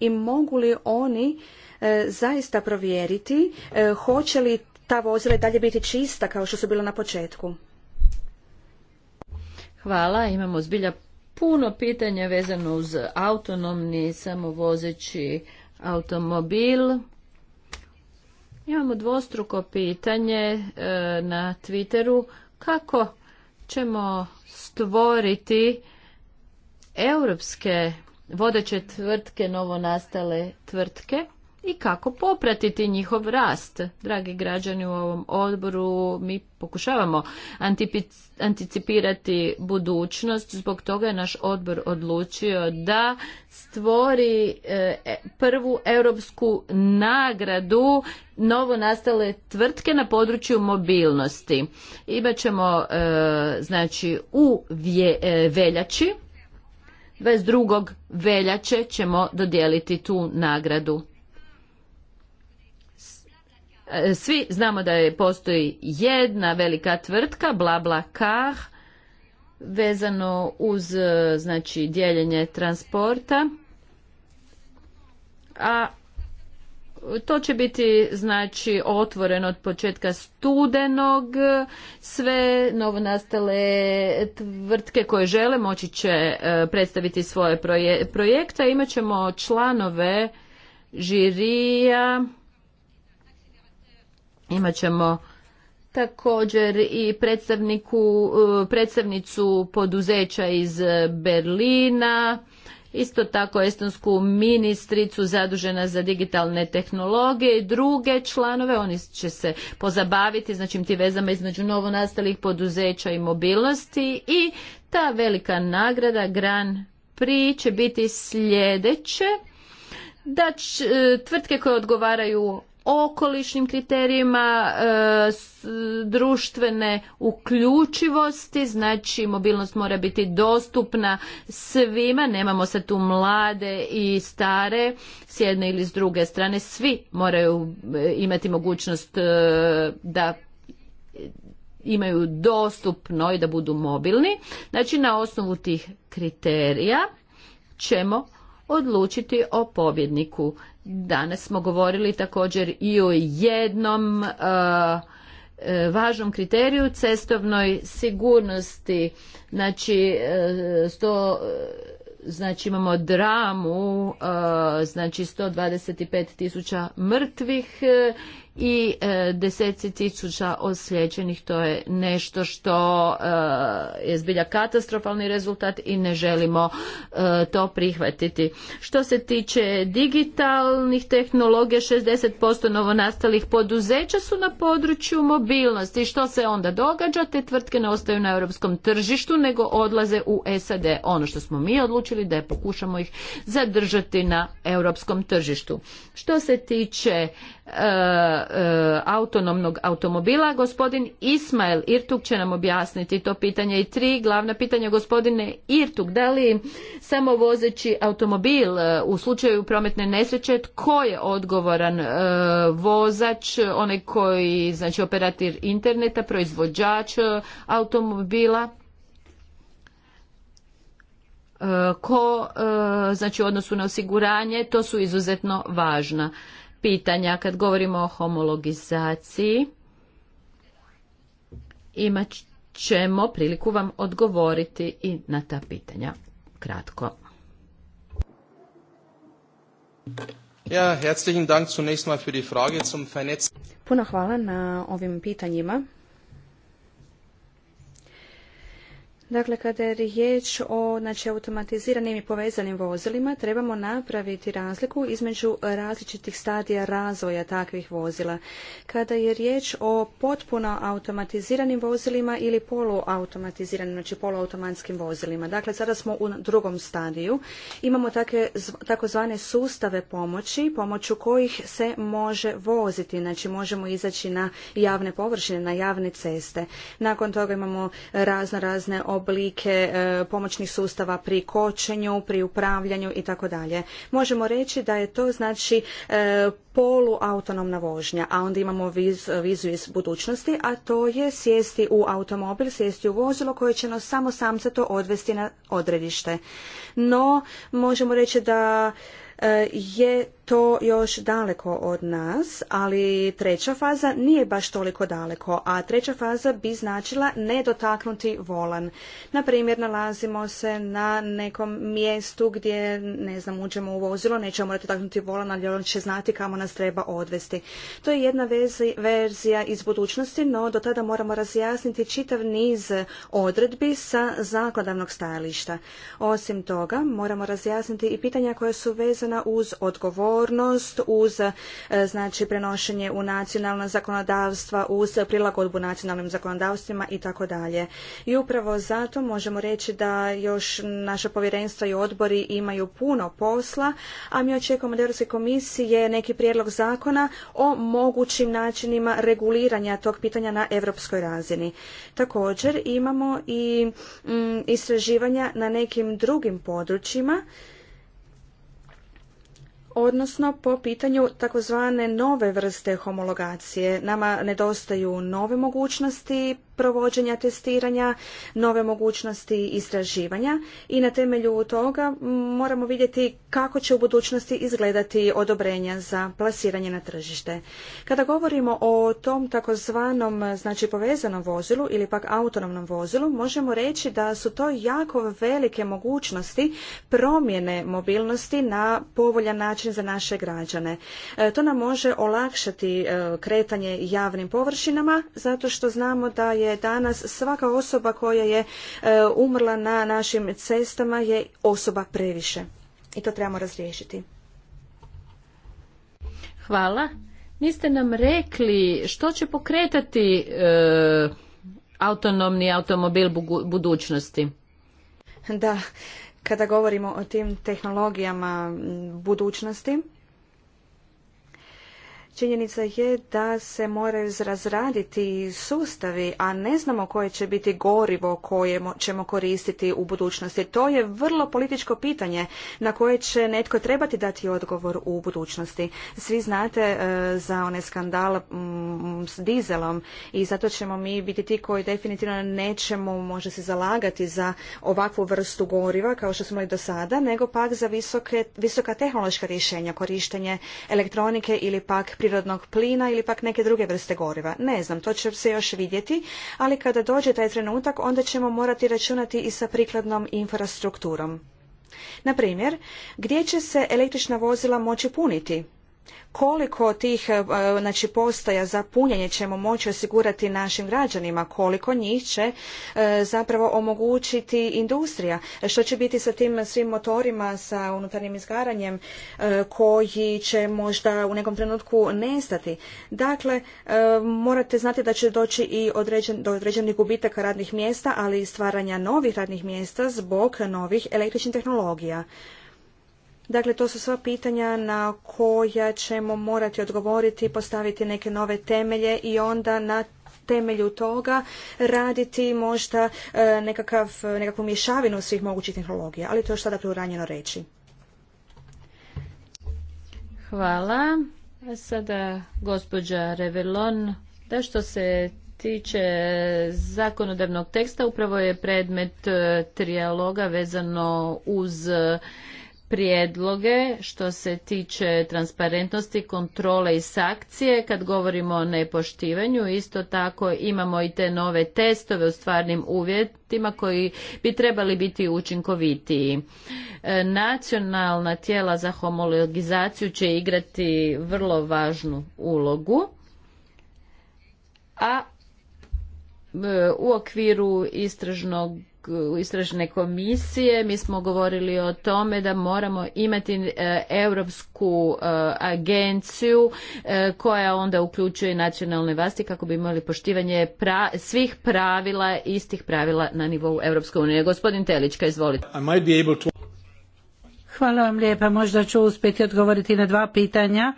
i mogu li oni e, zaista provjeriti e, hoće li ta vozila i dalje biti čista kao što su bila na početku. Hvala, imamo zbilja puno pitanja vezano uz autonomni samovozeći automobil. Imamo dvostruko pitanje e, na Twitteru kako ćemo stvoriti europske vodeće tvrtke, novonastale tvrtke i kako popratiti njihov rast. Dragi građani u ovom odboru, mi pokušavamo anticipirati budućnost, zbog toga je naš odbor odlučio da stvori e, e, prvu europsku nagradu novonastale tvrtke na području mobilnosti. ćemo e, znači u veljači 22. veljače ćemo dodijeliti tu nagradu. E, svi znamo da je postoji jedna velika tvrtka, BlaBlaCar, vezano uz e, znači, dijeljenje transporta, a to će biti znači otvoreno od početka studenog sve novonastale tvrtke koje žele moći će e, predstaviti svoje projekte imat ćemo članove žirija Imat ćemo također i predstavniku, e, predstavnicu poduzeća iz Berlina, isto tako estonsku ministricu zadužena za digitalne tehnologije i druge članove, oni će se pozabaviti znači tim vezama između novonastalih poduzeća i mobilnosti i ta velika nagrada Grand Prix će biti sljedeće da e, tvrtke koje odgovaraju okolišnim kriterijima e, društvene uključivosti znači mobilnost mora biti dostupna svima nemamo se tu mlade i stare s jedne ili s druge strane svi moraju e, imati mogućnost e, da imaju dostupno i da budu mobilni znači na osnovu tih kriterija ćemo odlučiti o pobjedniku Danas smo govorili također i o jednom e, e, važnom kriteriju cestovnoj sigurnosti. Znači, e, sto, znači imamo dramu, znači 125 tisuća mrtvih i e, deseci tisuća osvjećenih. To je nešto što e, je zbilja katastrofalni rezultat i ne želimo e, to prihvatiti. Što se tiče digitalnih tehnologija, 60% novonastalih poduzeća su na području mobilnosti. Što se onda događa? Te tvrtke ne ostaju na europskom tržištu, nego odlaze u SAD. Ono što smo mi odlučili da je pokušamo ih zadržati na europskom tržištu. Što se tiče Eh, eh, autonomnog automobila. Gospodin Ismail Irtuk će nam objasniti to pitanje. I tri glavna pitanja gospodine Irtuk. Da li samo vozeći automobil eh, u slučaju prometne nesreće tko je odgovoran vozač, onaj koji znači operatir interneta, proizvođač automobila? ko znači u odnosu na osiguranje to su izuzetno važna pitanja kad govorimo o homologizaciji. Imat ćemo priliku vam odgovoriti i na ta pitanja kratko. Ja, herzlichen Dank zunächst mal für die Frage zum Puno hvala na ovim pitanjima. Dakle, kada je riječ o znači, automatiziranim i povezanim vozilima, trebamo napraviti razliku između različitih stadija razvoja takvih vozila. Kada je riječ o potpuno automatiziranim vozilima ili poluautomatiziranim, znači poluautomatskim vozilima. Dakle, sada smo u drugom stadiju. Imamo takve, takozvane sustave pomoći, pomoću kojih se može voziti. Znači, možemo izaći na javne površine, na javne ceste. Nakon toga imamo razno razne oblike e, pomoćnih sustava pri kočenju, pri upravljanju i tako dalje. Možemo reći da je to znači e, poluautonomna vožnja, a onda imamo vizu iz budućnosti, a to je sjesti u automobil, sjesti u vozilo koje će nas samo samca to odvesti na odredište. No, možemo reći da E, je to još daleko od nas, ali treća faza nije baš toliko daleko, a treća faza bi značila ne dotaknuti volan. Na primjer, nalazimo se na nekom mjestu gdje, ne znam, uđemo u vozilo, nećemo morati dotaknuti volan, ali on će znati kamo nas treba odvesti. To je jedna verzija iz budućnosti, no do tada moramo razjasniti čitav niz odredbi sa zakonodavnog stajališta. Osim toga, moramo razjasniti i pitanja koja su vezana uz odgovornost, uz e, znači prenošenje u nacionalna zakonodavstva, uz prilagodbu nacionalnim zakonodavstvima i tako dalje. I upravo zato možemo reći da još naša povjerenstva i odbori imaju puno posla, a mi očekujemo od Europske komisije neki prijedlog zakona o mogućim načinima reguliranja tog pitanja na europskoj razini. Također imamo i mm, istraživanja na nekim drugim područjima odnosno po pitanju takozvane nove vrste homologacije. Nama nedostaju nove mogućnosti, provođenja testiranja, nove mogućnosti istraživanja i na temelju toga moramo vidjeti kako će u budućnosti izgledati odobrenja za plasiranje na tržište. Kada govorimo o tom takozvanom znači povezanom vozilu ili pak autonomnom vozilu, možemo reći da su to jako velike mogućnosti promjene mobilnosti na povoljan način za naše građane. E, to nam može olakšati e, kretanje javnim površinama zato što znamo da je je danas svaka osoba koja je e, umrla na našim cestama je osoba previše. I to trebamo razriješiti. Hvala. Niste nam rekli što će pokretati e, autonomni automobil budućnosti. Da, kada govorimo o tim tehnologijama budućnosti, Činjenica je da se moraju razraditi sustavi, a ne znamo koje će biti gorivo koje ćemo koristiti u budućnosti. To je vrlo političko pitanje na koje će netko trebati dati odgovor u budućnosti. Svi znate e, za one skandal mm, s dizelom i zato ćemo mi biti ti koji definitivno nećemo možda se zalagati za ovakvu vrstu goriva kao što smo i do sada, nego pak za visoke, visoka tehnološka rješenja, korištenje elektronike ili pak prirodnog plina ili pak neke druge vrste goriva. Ne znam, to će se još vidjeti, ali kada dođe taj trenutak onda ćemo morati računati i sa prikladnom infrastrukturom. Na primjer, gdje će se električna vozila moći puniti? koliko tih e, znači, postaja za punjenje ćemo moći osigurati našim građanima, koliko njih će e, zapravo omogućiti industrija. E, što će biti sa tim svim motorima sa unutarnjim izgaranjem koji će možda u nekom trenutku nestati. Dakle, morate znati da će doći i do određenih gubitaka radnih mjesta, ali i stvaranja novih radnih mjesta zbog novih električnih tehnologija. Dakle, to su sva pitanja na koja ćemo morati odgovoriti, postaviti neke nove temelje i onda na temelju toga raditi možda e, nekakav, nekakvu mješavinu svih mogućih tehnologija, ali to je što da preuranjeno reći. Hvala. Sada gospođa Revelon, da što se tiče zakonodavnog teksta, upravo je predmet e, trijaloga vezano uz prijedloge što se tiče transparentnosti, kontrole i sankcije kad govorimo o nepoštivanju. Isto tako imamo i te nove testove u stvarnim uvjetima koji bi trebali biti učinkovitiji. E, nacionalna tijela za homologizaciju će igrati vrlo važnu ulogu. A e, u okviru istražnog istražne komisije mi smo govorili o tome da moramo imati e, europsku e, agenciju e, koja onda uključuje nacionalne vlasti kako bi imali poštivanje svih pravila istih pravila na nivou Europske unije. Gospodin Telička, izvolite. Hvala vam lijepa. Možda ću uspjeti odgovoriti na dva pitanja.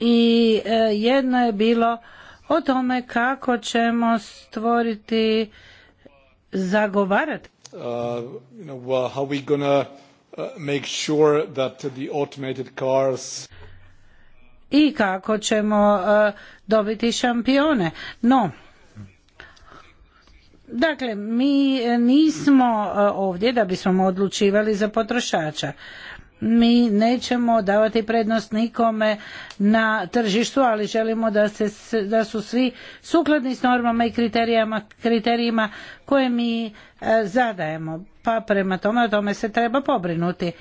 I jedno je bilo o tome kako ćemo stvoriti zagovarati? i kako ćemo uh, dobiti šampione. No, dakle, mi nismo uh, ovdje da bismo odlučivali za potrošača mi nećemo davati prednost nikome na tržištu, ali želimo da, se, da su svi sukladni s normama i kriterijama, kriterijima koje mi e, zadajemo. Pa prema tome, o tome se treba pobrinuti.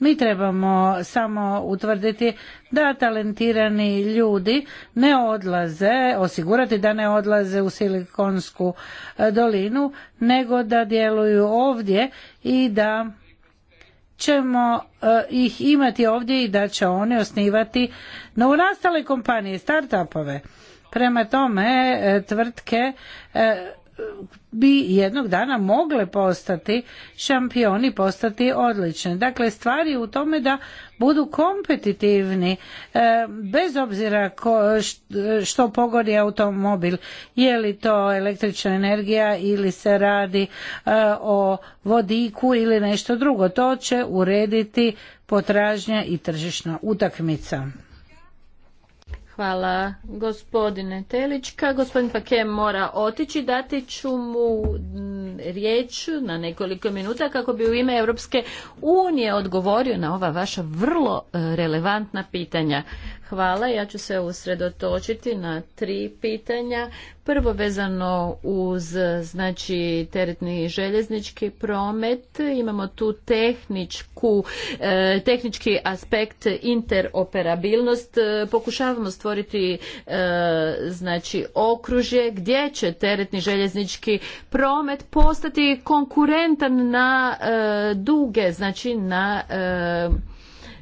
Mi trebamo samo utvrditi da talentirani ljudi ne odlaze, osigurati da ne odlaze u Silikonsku e, dolinu, nego da djeluju ovdje i da ćemo e, ih imati ovdje i da će one osnivati novonastale kompanije, startupove. Prema tome, e, tvrtke e, bi jednog dana mogle postati šampioni, postati odlične. Dakle, stvari u tome da budu kompetitivni, e, bez obzira što pogodi automobil, je li to električna energija ili se radi e, o vodiku ili nešto drugo. To će urediti potražnja i tržišna utakmica. Hvala gospodine Telička. Gospodin Pake mora otići. Dati ću mu mm, riječ na nekoliko minuta kako bi u ime Europske unije odgovorio na ova vaša vrlo e, relevantna pitanja. Hvala. Ja ću se usredotočiti na tri pitanja. Prvo vezano uz znači teretni željeznički promet. Imamo tu tehničku, e, tehnički aspekt interoperabilnost. E, pokušavamo stvoriti e, znači okružje gdje će teretni željeznički promet postati konkurentan na duge, znači na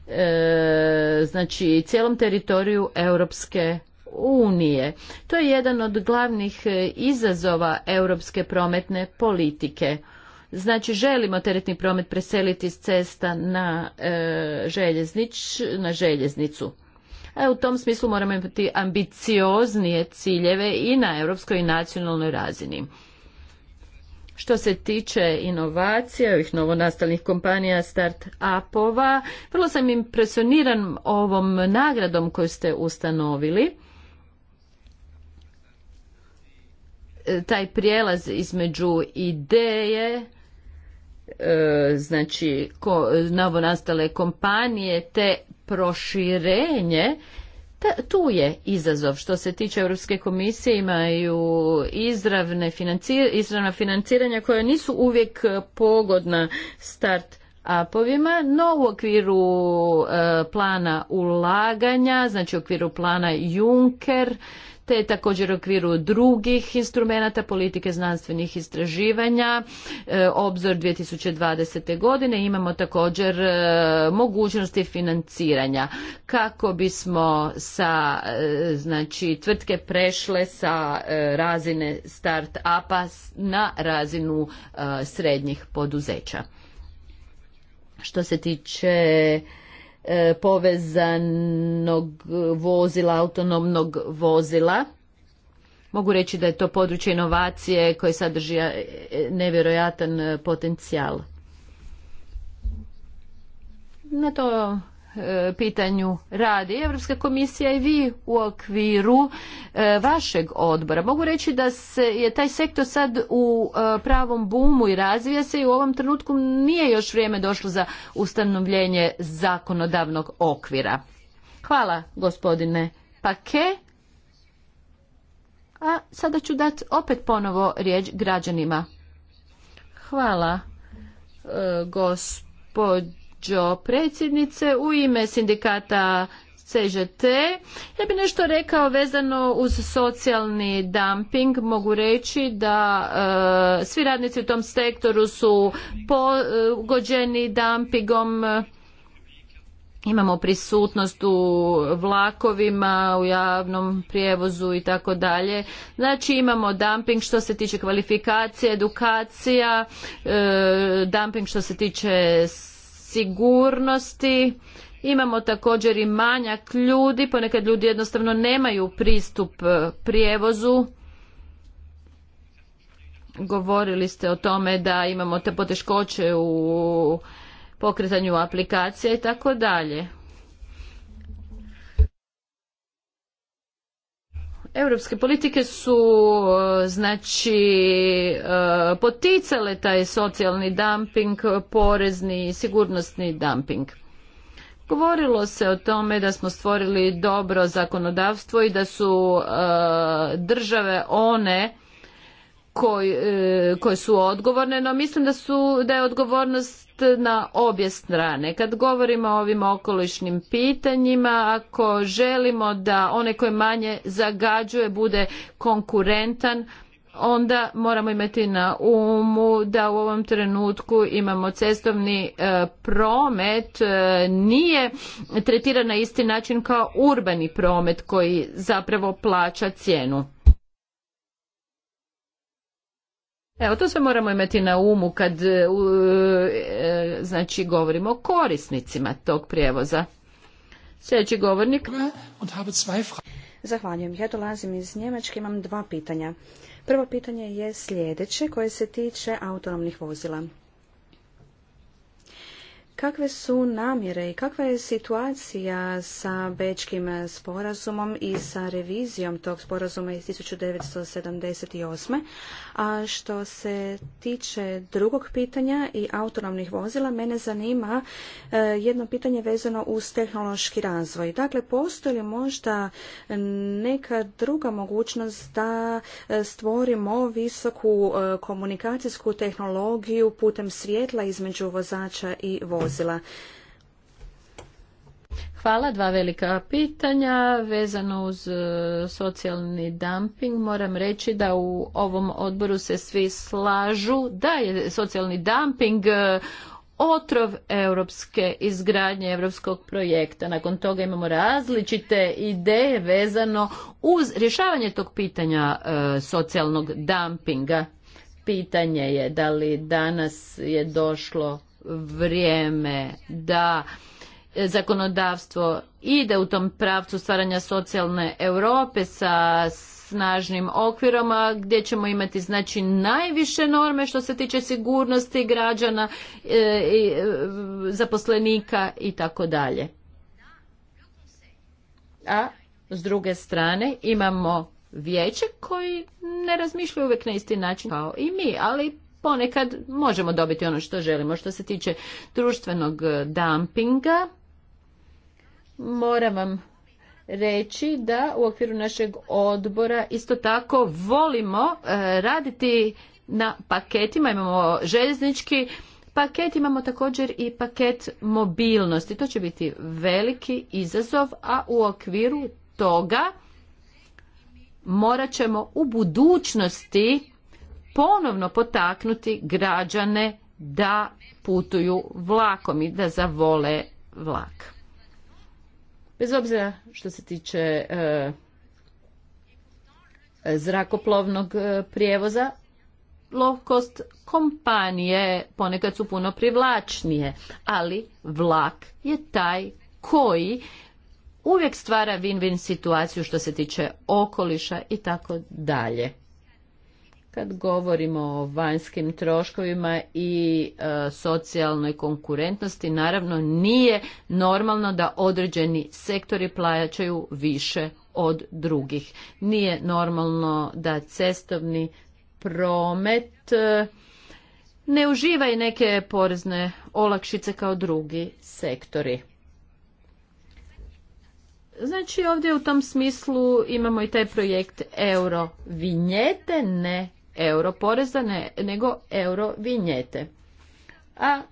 E, znači cijelom teritoriju Europske unije. To je jedan od glavnih e, izazova europske prometne politike. Znači želimo teretni promet preseliti s cesta na, e, željeznič, na željeznicu. E, u tom smislu moramo imati ambicioznije ciljeve i na europskoj i nacionalnoj razini. Što se tiče inovacija, ovih novonastalnih kompanija, start-upova, vrlo sam impresioniran ovom nagradom koju ste ustanovili. E, taj prijelaz između ideje, e, znači novonastale kompanije, te proširenje tu je izazov što se tiče Europske komisije imaju izravne izravna financiranja koja nisu uvijek pogodna start apovima, no u okviru e, plana ulaganja, znači u okviru plana Juncker te također u okviru drugih instrumenata politike znanstvenih istraživanja e, obzor 2020. godine imamo također e, mogućnosti financiranja kako bismo sa e, znači tvrtke prešle sa razine start-upa na razinu srednjih poduzeća. Što se tiče E, povezanog vozila, autonomnog vozila. Mogu reći da je to područje inovacije koje sadrži e, nevjerojatan e, potencijal. Na to E, pitanju radi Europska komisija i vi u okviru e, vašeg odbora. Mogu reći da se je taj sektor sad u e, pravom bumu i razvija se i u ovom trenutku nije još vrijeme došlo za ustanovljenje zakonodavnog okvira. Hvala gospodine Pake. A sada ću dati opet ponovo riječ građanima. Hvala gospodine gospođo predsjednice. U ime sindikata CŽT. Ja bih nešto rekao vezano uz socijalni dumping. Mogu reći da e, svi radnici u tom sektoru su pogođeni dumpingom. Imamo prisutnost u vlakovima, u javnom prijevozu i tako dalje. Znači imamo dumping što se tiče kvalifikacije, edukacija, e, dumping što se tiče sigurnosti. Imamo također i manjak ljudi, ponekad ljudi jednostavno nemaju pristup e, prijevozu. Govorili ste o tome da imamo te poteškoće u pokretanju aplikacija i tako dalje. Europske politike su e, znači e, poticale taj socijalni dumping, porezni i sigurnosni dumping. Govorilo se o tome da smo stvorili dobro zakonodavstvo i da su e, države one E, koje su odgovorne, no mislim da, su, da je odgovornost na obje strane. Kad govorimo o ovim okolišnim pitanjima, ako želimo da onaj koji manje zagađuje bude konkurentan, onda moramo imati na umu da u ovom trenutku imamo cestovni e, promet e, nije tretiran na isti način kao urbani promet koji zapravo plaća cijenu Evo, to sve moramo imati na umu kad e, e, znači, govorimo o korisnicima tog prijevoza. Sljedeći govornik. Zahvaljujem. Ja dolazim iz Njemačke, imam dva pitanja. Prvo pitanje je sljedeće koje se tiče autonomnih vozila. Kakve su namjere i kakva je situacija sa Bečkim sporazumom i sa revizijom tog sporazuma iz 1978. A što se tiče drugog pitanja i autonomnih vozila, mene zanima e, jedno pitanje vezano uz tehnološki razvoj. Dakle, postoji li možda neka druga mogućnost da e, stvorimo visoku e, komunikacijsku tehnologiju putem svjetla između vozača i vozila? Hvala, dva velika pitanja vezano uz e, socijalni dumping. Moram reći da u ovom odboru se svi slažu da je socijalni dumping e, otrov europske izgradnje europskog projekta. Nakon toga imamo različite ideje vezano uz rješavanje tog pitanja e, socijalnog dumpinga. Pitanje je da li danas je došlo vrijeme da zakonodavstvo ide u tom pravcu stvaranja socijalne Europe sa snažnim okvirom gdje ćemo imati znači najviše norme što se tiče sigurnosti građana, e, i e, zaposlenika i tako dalje. A s druge strane imamo vijeće koji ne razmišljaju uvijek na isti način kao i mi, ali ponekad možemo dobiti ono što želimo. Što se tiče društvenog e, dumpinga, moram vam reći da u okviru našeg odbora isto tako volimo e, raditi na paketima, imamo željeznički paket, imamo također i paket mobilnosti. To će biti veliki izazov, a u okviru toga morat ćemo u budućnosti ponovno potaknuti građane da putuju vlakom i da zavole vlak. Bez obzira što se tiče e, zrakoplovnog e, prijevoza, low cost kompanije ponekad su puno privlačnije, ali vlak je taj koji uvijek stvara win-win situaciju što se tiče okoliša i tako dalje. Kad govorimo o vanjskim troškovima i e, socijalnoj konkurentnosti, naravno nije normalno da određeni sektori plaćaju više od drugih. Nije normalno da cestovni promet e, ne uživa i neke porezne olakšice kao drugi sektori. Znači ovdje u tom smislu imamo i taj projekt Eurovinjete, ne euro poreza nego euro vinjete. A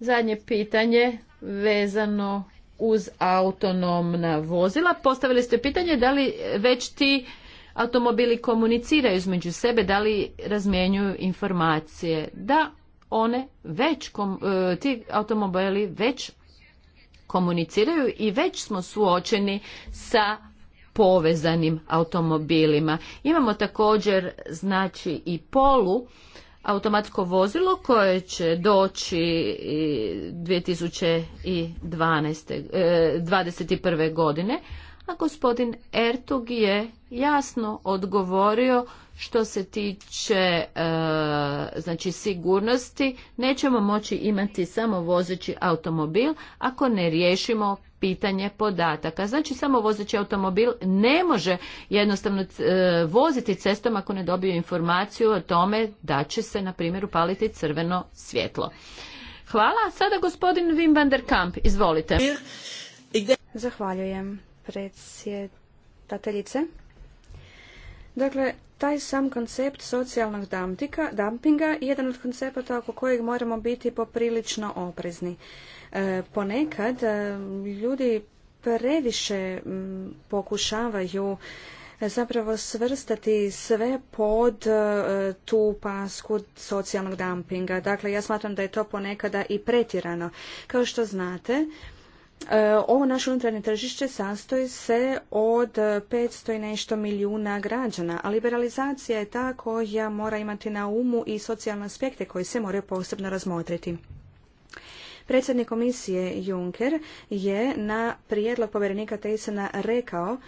zadnje pitanje vezano uz autonomna vozila. Postavili ste pitanje da li već ti automobili komuniciraju između sebe, da li razmjenjuju informacije. Da, one već, e, ti automobili već komuniciraju i već smo suočeni sa povezanim automobilima. Imamo također znači i polu automatsko vozilo koje će doći 2012. 21. E, godine, a gospodin Ertug je jasno odgovorio što se tiče e, znači sigurnosti nećemo moći imati samo vozeći automobil ako ne riješimo pitanje podataka znači samo vozeći automobil ne može jednostavno e, voziti cestom ako ne dobije informaciju o tome da će se na primjer upaliti crveno svjetlo hvala sada gospodin Wim van der Kamp izvolite zahvaljujem predsjedateljice dakle taj sam koncept socijalnog dampinga jedan od koncepata oko kojeg moramo biti poprilično oprezni. E, ponekad e, ljudi previše pokušavaju e, zapravo svrstati sve pod tu pasku socijalnog dampinga. Dakle, ja smatram da je to ponekada i pretjerano. Kao što znate, E, ovo naše unutarnje tržište sastoji se od 500 i nešto milijuna građana, a liberalizacija je ta koja mora imati na umu i socijalne aspekte koji se moraju posebno razmotriti. Predsjednik komisije Juncker je na prijedlog povjerenika Tejsena rekao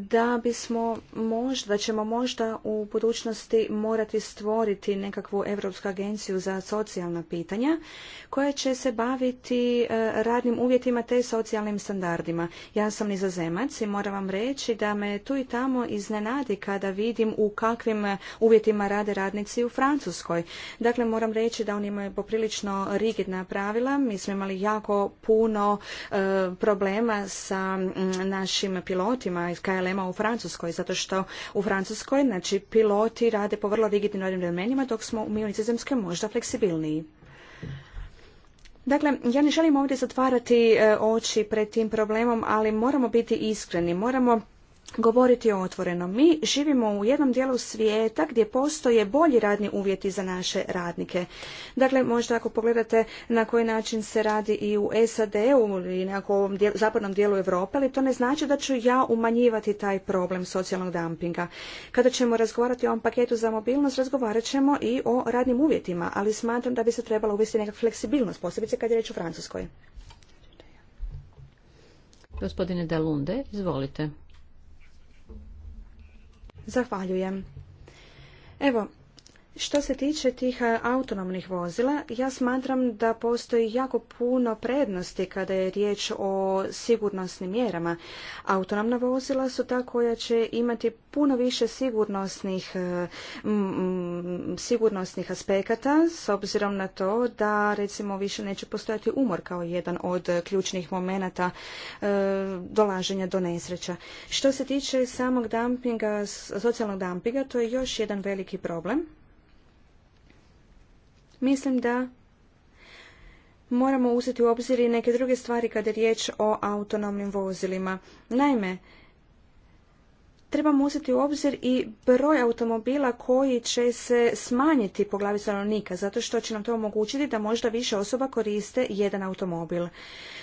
da bismo možda, da ćemo možda u budućnosti morati stvoriti nekakvu Europsku agenciju za socijalna pitanja koja će se baviti e, radnim uvjetima te socijalnim standardima. Ja sam nizozemac i moram vam reći da me tu i tamo iznenadi kada vidim u kakvim uvjetima rade radnici u Francuskoj. Dakle, moram reći da oni imaju poprilično rigidna pravila. Mi smo imali jako puno e, problema sa našim pilotima iz KLM problema u Francuskoj, zato što u Francuskoj znači, piloti rade po vrlo rigidnim radnim vremenima, dok smo mi u Nizozemskoj možda fleksibilniji. Dakle, ja ne želim ovdje zatvarati e, oči pred tim problemom, ali moramo biti iskreni, moramo govoriti otvoreno. Mi živimo u jednom dijelu svijeta gdje postoje bolji radni uvjeti za naše radnike. Dakle, možda ako pogledate na koji način se radi i u SAD-u ili u ovom zapadnom dijelu Europe, ali to ne znači da ću ja umanjivati taj problem socijalnog dumpinga. Kada ćemo razgovarati o ovom paketu za mobilnost, razgovarat ćemo i o radnim uvjetima, ali smatram da bi se trebala uvesti neka fleksibilnost, posebice kad je reč o Francuskoj. Gospodine Dalunde, izvolite. Zahvaljujem. Evo, što se tiče tih autonomnih vozila, ja smatram da postoji jako puno prednosti kada je riječ o sigurnosnim mjerama. Autonomna vozila su ta koja će imati puno više sigurnosnih, e, sigurnosnih aspekata s obzirom na to da recimo više neće postojati umor kao jedan od ključnih momenata e, dolaženja do nesreća. Što se tiče samog dampinga, socijalnog dampinga to je još jedan veliki problem Mislim da moramo uzeti u obzir i neke druge stvari kada je riječ o autonomnim vozilima. Naime, trebamo uzeti u obzir i broj automobila koji će se smanjiti po glavi stanovnika, zato što će nam to omogućiti da možda više osoba koriste jedan automobil.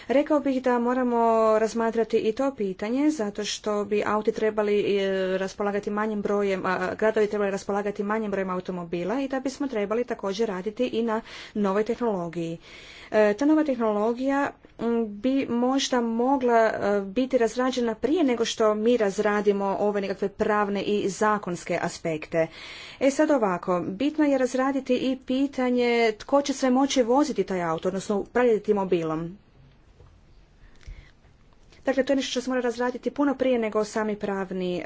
Rekao bih da moramo razmatrati i to pitanje, zato što bi auti trebali e, raspolagati manjim brojem, gradovi trebali raspolagati manjim brojem automobila i da bismo trebali također raditi i na novoj tehnologiji. E, ta nova tehnologija bi možda mogla e, biti razrađena prije nego što mi razradimo ove nekakve pravne i zakonske aspekte. E sad ovako, bitno je razraditi i pitanje tko će sve moći voziti taj auto, odnosno upravljati mobilom. Dakle, to je nešto što se mora razraditi puno prije nego sami e,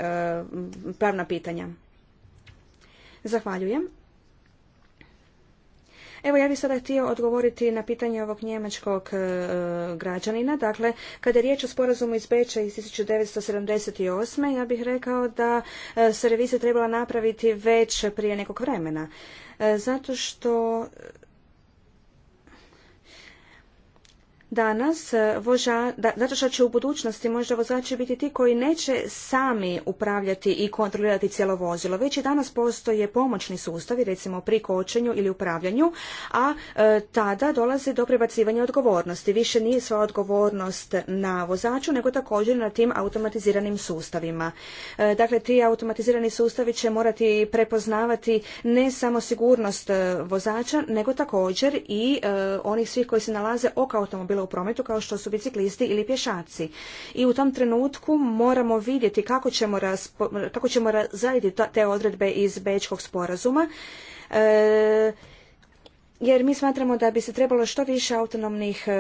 pravna pitanja. Zahvaljujem. Evo ja bih sada htio odgovoriti na pitanje ovog njemačkog e, građanina. Dakle, kada je riječ o sporazumu iz Beča iz 1978. ja bih rekao da e, se revizija trebala napraviti već prije nekog vremena. E, zato što danas e, voža, zato što će u budućnosti možda vozači biti ti koji neće sami upravljati i kontrolirati cijelo vozilo. Već i danas postoje pomoćni sustavi, recimo pri kočenju ili upravljanju, a e, tada dolazi do prebacivanja odgovornosti. Više nije sva odgovornost na vozaču, nego također na tim automatiziranim sustavima. E, dakle, ti automatizirani sustavi će morati prepoznavati ne samo sigurnost vozača, nego također i e, onih svih koji se nalaze oko automobila u prometu kao što su biciklisti ili pješaci. I u tom trenutku moramo vidjeti kako ćemo, kako ćemo te odredbe iz Bečkog sporazuma. E, jer mi smatramo da bi se trebalo što više autonomnih e,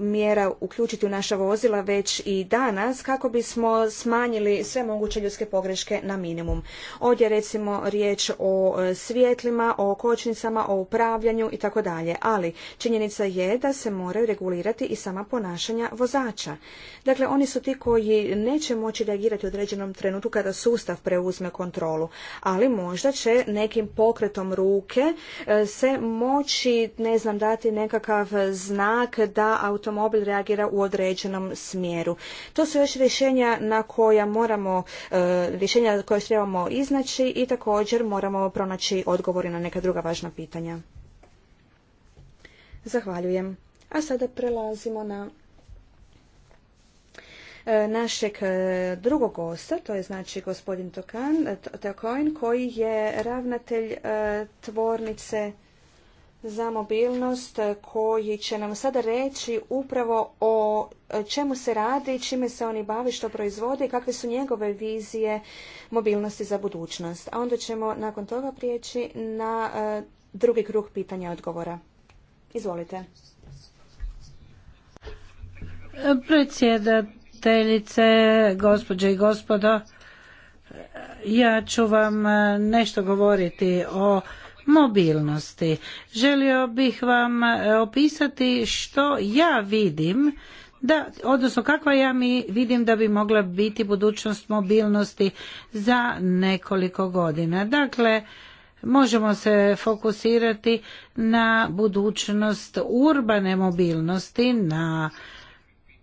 mjera uključiti u naša vozila već i danas kako bismo smanjili sve moguće ljudske pogreške na minimum. Ovdje je recimo riječ o e, svjetlima, o kočnicama, o upravljanju i tako dalje, ali činjenica je da se moraju regulirati i sama ponašanja vozača. Dakle, oni su ti koji neće moći reagirati u određenom trenutku kada sustav preuzme kontrolu, ali možda će nekim pokretom ruke e, se moći moći, ne znam, dati nekakav znak da automobil reagira u određenom smjeru. To su još rješenja na koja moramo, e, rješenja koje trebamo iznaći i također moramo pronaći odgovore na neka druga važna pitanja. Zahvaljujem. A sada prelazimo na e, našeg e, drugog gosta, to je znači gospodin Tokan, koji je ravnatelj tvornice za mobilnost koji će nam sada reći upravo o čemu se radi, čime se oni bavi, što proizvode i kakve su njegove vizije mobilnosti za budućnost. A onda ćemo nakon toga prijeći na e, drugi krug pitanja i odgovora. Izvolite. Predsjedateljice, gospođe i gospodo, ja ću vam e, nešto govoriti o mobilnosti. Želio bih vam e, opisati što ja vidim da, odnosno kakva ja mi vidim da bi mogla biti budućnost mobilnosti za nekoliko godina. Dakle, možemo se fokusirati na budućnost urbane mobilnosti, na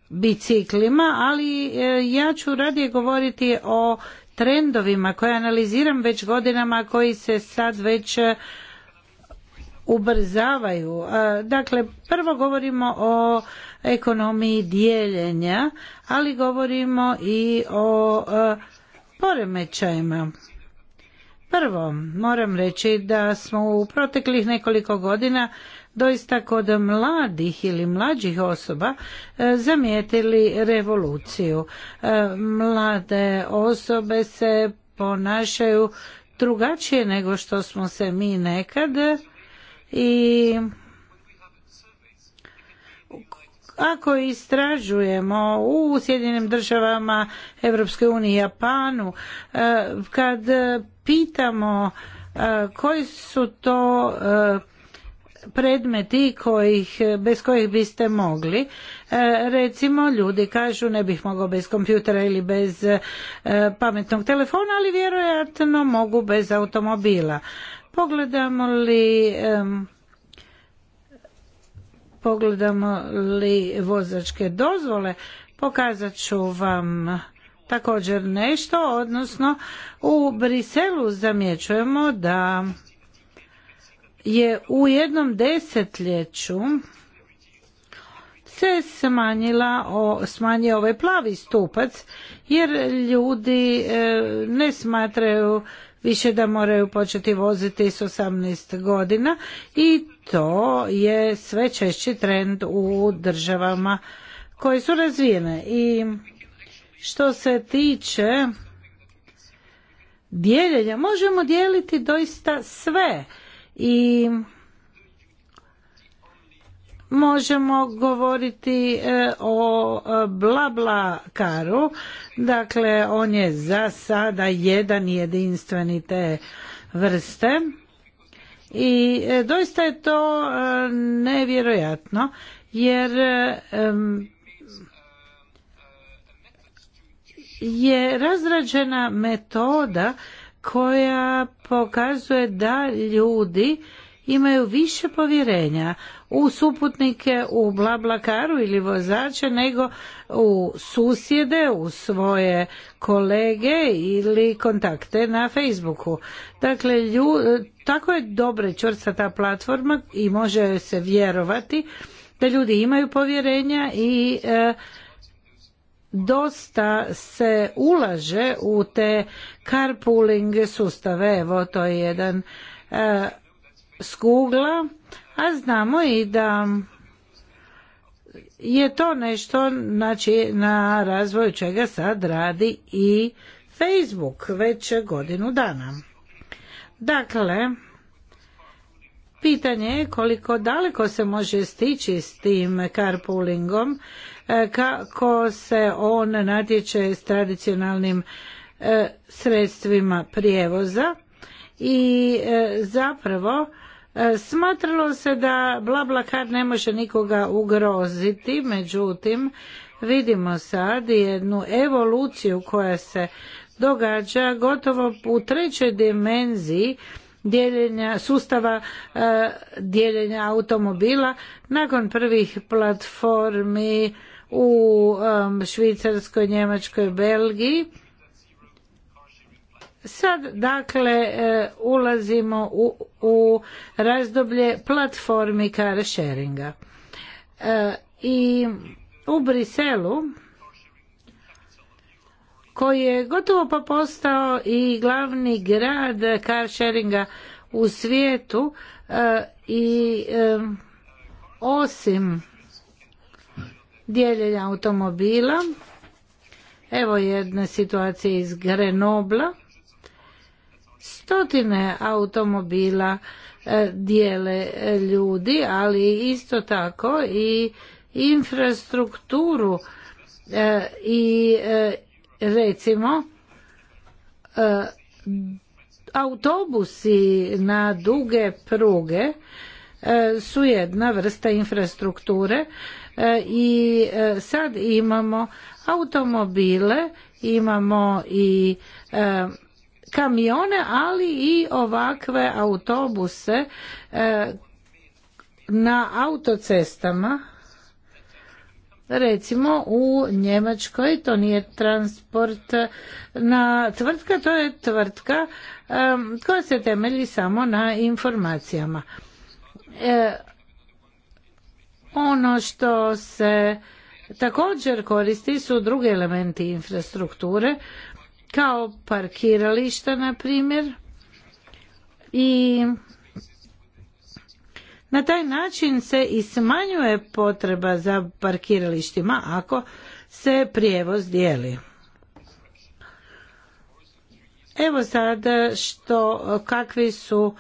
biciklima, ali e, ja ću radije govoriti o trendovima koje analiziram već godinama koji se sad već e, ubrzavaju. E, dakle, prvo govorimo o ekonomiji dijeljenja, ali govorimo i o e, poremećajima. Prvo, moram reći da smo u proteklih nekoliko godina doista kod mladih ili mlađih osoba e, zamijetili revoluciju. E, mlade osobe se ponašaju drugačije nego što smo se mi nekad i ako istražujemo u Sjedinim državama, Europske unije i Japanu, e, kad pitamo e, koji su to e, predmeti kojih, bez kojih biste mogli. recimo, ljudi kažu ne bih mogao bez kompjutera ili bez pametnog telefona, ali vjerojatno mogu bez automobila. Pogledamo li pogledamo li vozačke dozvole, pokazat ću vam također nešto, odnosno u Briselu zamjećujemo da je u jednom desetljeću se smanjila, o, smanjio ovaj plavi stupac jer ljudi e, ne smatraju više da moraju početi voziti s 18 godina i to je sve češći trend u državama koje su razvijene i što se tiče dijeljenja možemo dijeliti doista sve i možemo govoriti e, o blabla e, karu dakle on je za sada jedan jedinstveni te vrste i e, doista je to nevjerojatno jer je razrađena metoda koja pokazuje da ljudi imaju više povjerenja u suputnike, u blablakaru ili vozače nego u susjede, u svoje kolege ili kontakte na Facebooku. Dakle, tako je dobre čvrsta ta platforma i može se vjerovati da ljudi imaju povjerenja i e, dosta se ulaže u te carpooling sustave. Evo, to je jedan e, skugla, a znamo i da je to nešto znači, na razvoju čega sad radi i Facebook već godinu dana. Dakle, pitanje je koliko daleko se može stići s tim carpoolingom, e, kako se on natječe s tradicionalnim e, sredstvima prijevoza i e, zapravo E, smatralo se da Blablakar ne može nikoga ugroziti, međutim vidimo sad jednu evoluciju koja se događa gotovo u trećoj dimenziji dijeljenja sustava e, dijeljenja automobila nakon prvih platformi u Švicarskoj, Njemačkoj, Belgiji Sad dakle e, ulazimo u, razdoblje platformi car sharinga. E, I u Briselu koji je gotovo pa postao i glavni grad car sharinga u svijetu e, i osim dijeljenja automobila evo jedne situacije iz Grenobla stotine automobila e, dijele e, ljudi, ali isto tako i infrastrukturu e, i recimo autobusi na duge pruge su jedna vrsta infrastrukture i sad imamo automobile, imamo i kamione, ali i ovakve autobuse e, na autocestama recimo u Njemačkoj to nije transport e, na tvrtka, to je tvrtka e, koja se temelji samo na informacijama. ono što se također koristi su drugi elementi infrastrukture kao parkirališta na primjer i na taj način se i smanjuje potreba za parkiralištima ako se prijevoz dijeli. Evo sada što kakvi su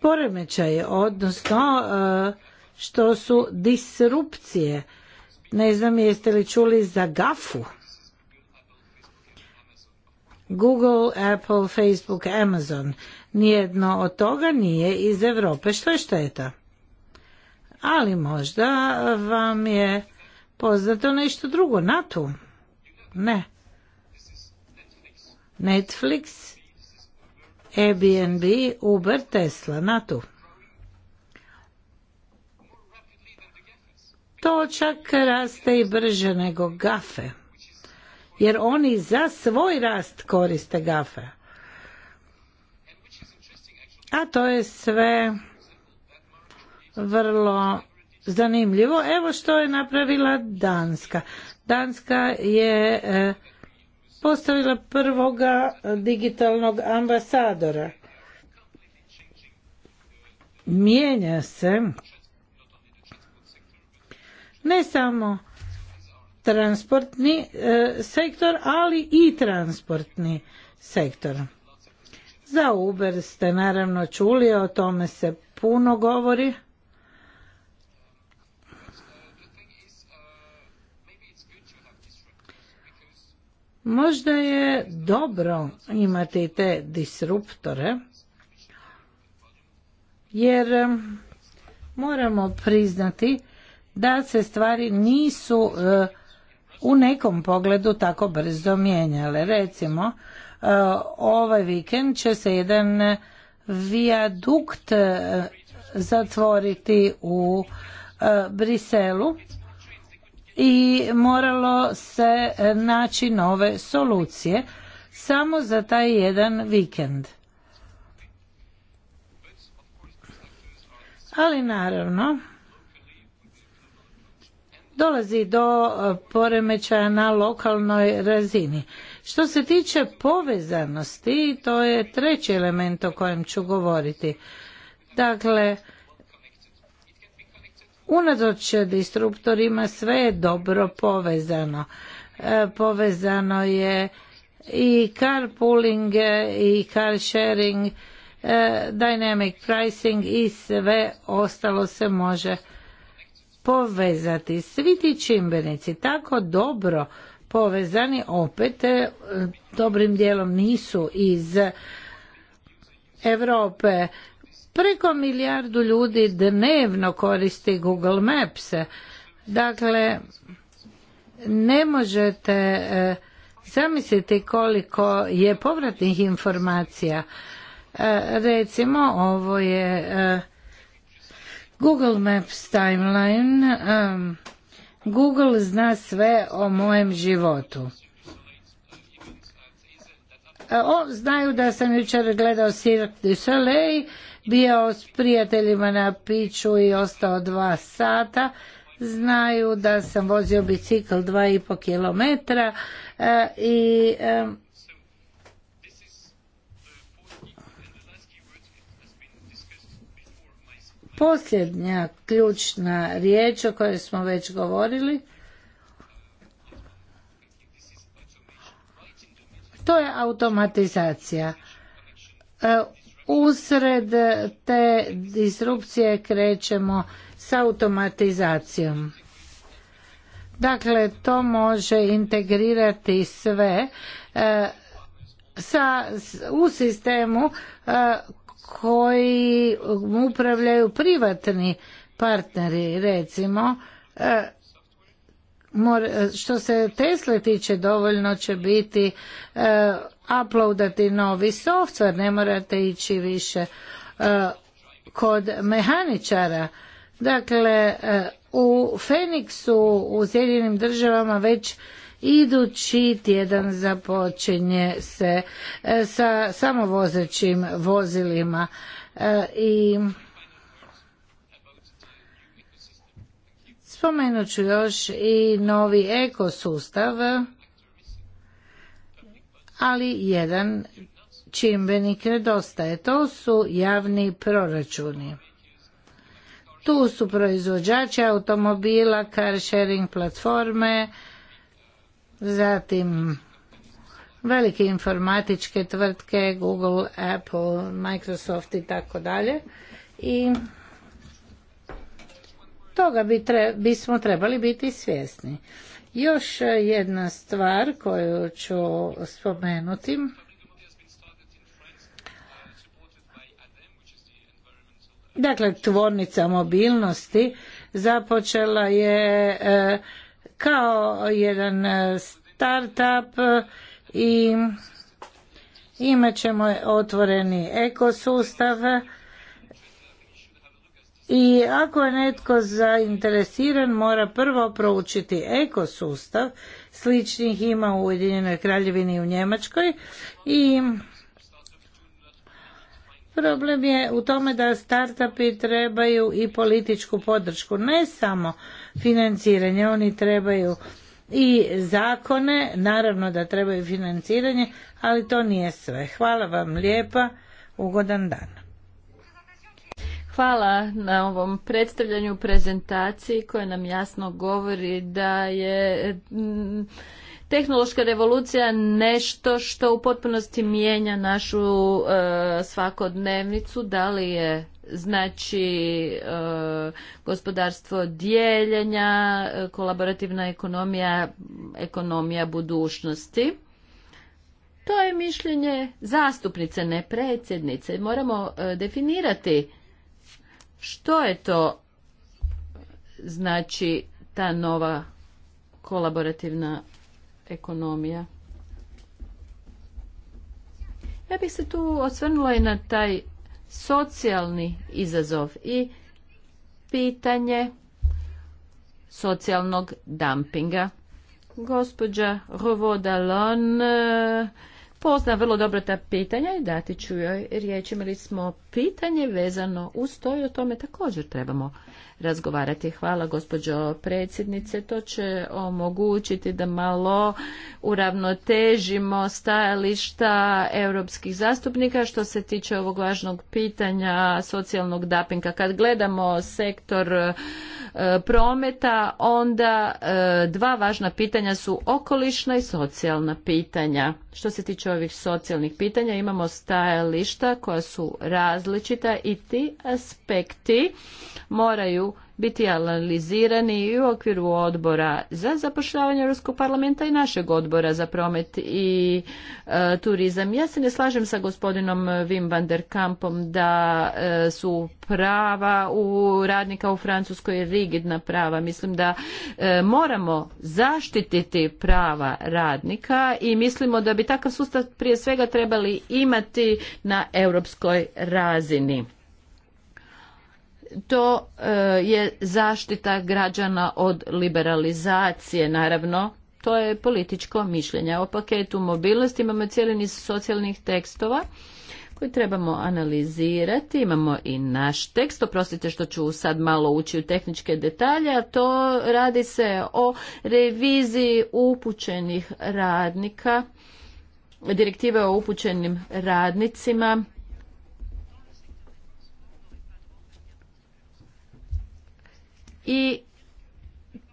poremećaje, odnosno e, što su disrupcije ne znam jeste li čuli za GAFU. Google, Apple, Facebook, Amazon. Nijedno od toga nije iz Europe. Što je šteta? Ali možda vam je poznato nešto drugo. NATO? Ne. Netflix, Airbnb, Uber, Tesla, NATO. to čak raste i brže nego gafe. Jer oni za svoj rast koriste gafe. A to je sve vrlo zanimljivo. Evo što je napravila Danska. Danska je e, postavila prvoga digitalnog ambasadora. Mijenja se ne samo transportni e, sektor, ali i transportni sektor. Za Uber ste naravno čuli, o tome se puno govori. Možda je dobro imati te disruptore, jer e, moramo priznati da se stvari nisu e, u nekom pogledu tako brzo mijenjale. Recimo, e, ovaj vikend će se jedan vijadukt e, zatvoriti u Briselu i moralo se naći nove solucije samo za taj jedan vikend. Ali naravno, dolazi do e, poremećaja na lokalnoj razini. Što se tiče povezanosti, to je treći element o kojem ću govoriti. Dakle, unatoč distruktorima sve je dobro povezano. E, povezano je i carpooling i car sharing, e, dynamic pricing i sve ostalo se može povezati svi ti čimbenici tako dobro povezani opet e, dobrim dijelom nisu iz Europe preko milijardu ljudi dnevno koristi Google Maps dakle ne možete e, zamisliti koliko je povratnih informacija e, recimo ovo je Google Maps Timeline. Google zna sve o mojem životu. E, znaju da sam jučer gledao Cirque du Soleil, bio s prijateljima na piću i ostao dva sata. Znaju da sam vozio bicikl dva i po kilometra e, i posljednja ključna riječ o kojoj smo već govorili. To je automatizacija. E, usred te disrupcije krećemo s automatizacijom. Dakle, to može integrirati sve e, sa, u sistemu e, koji upravljaju privatni partneri recimo e, e, što se Tesla tiče dovoljno će biti e, uploadati novi softver ne morate ići više kod mehaničara dakle u Feniksu u Sjedinim državama već Idući tjedan započinje se e, sa samovozećim vozilima e, i spomenut ću još i novi ekosustav, ali jedan čimbenik nedostaje, to su javni proračuni. Tu su proizvođači automobila, car sharing platforme, zatim velike informatičke tvrtke Google, Apple, Microsoft i tako dalje i toga bi bismo trebali biti svjesni. Još jedna stvar koju ću spomenuti Dakle, tvornica mobilnosti započela je e, kao jedan e, startup e, i imat ćemo otvoreni ekosustav i ako je netko zainteresiran mora prvo proučiti ekosustav sličnih ima u Ujedinjenoj Kraljevini i u Njemačkoj i problem je u tome da startupi trebaju i političku podršku ne samo financiranje. Oni trebaju i zakone, naravno da trebaju financiranje, ali to nije sve. Hvala vam lijepa, ugodan dan. Hvala na ovom predstavljanju prezentaciji koja nam jasno govori da je mm, tehnološka revolucija nešto što u potpunosti mijenja našu e, svakodnevnicu, da li je znači e, gospodarstvo dijeljenja, e, kolaborativna ekonomija, ekonomija budućnosti. To je mišljenje zastupnice, ne predsjednice. Moramo e, definirati što je to znači ta nova kolaborativna ekonomija. Ja bih se tu osvrnula i na taj socijalni izazov i pitanje socijalnog dumpinga. Gospođa Rovodalon eh, pozna vrlo dobro ta pitanja i dati ću joj riječ. Imali smo pitanje vezano uz to i o tome također trebamo razgovarati. Hvala gospođo predsjednice, to će omogućiti da malo uravnotežimo stajališta europskih zastupnika što se tiče ovog važnog pitanja socijalnog dapinka. Kad gledamo sektor e, prometa, onda e, dva važna pitanja su okolišna i socijalna pitanja. Što se tiče ovih socijalnih pitanja, imamo stajališta koja su raz različita i ti aspekti moraju biti analizirani i u okviru odbora za zapošljavanje Europskog parlamenta i našeg odbora za promet i e, turizam. Ja se ne slažem sa gospodinom Wim van der Kampom da e, su prava u radnika u Francuskoj rigidna prava. Mislim da e, moramo zaštititi prava radnika i mislimo da bi takav sustav prije svega trebali imati na europskoj razini to e, je zaštita građana od liberalizacije naravno to je političko mišljenje o paketu mobilnosti imamo cijeli niz socijalnih tekstova koji trebamo analizirati. Imamo i naš tekst, oprostite što ću sad malo ući u tehničke detalje, a to radi se o reviziji upućenih radnika, direktive o upućenim radnicima. i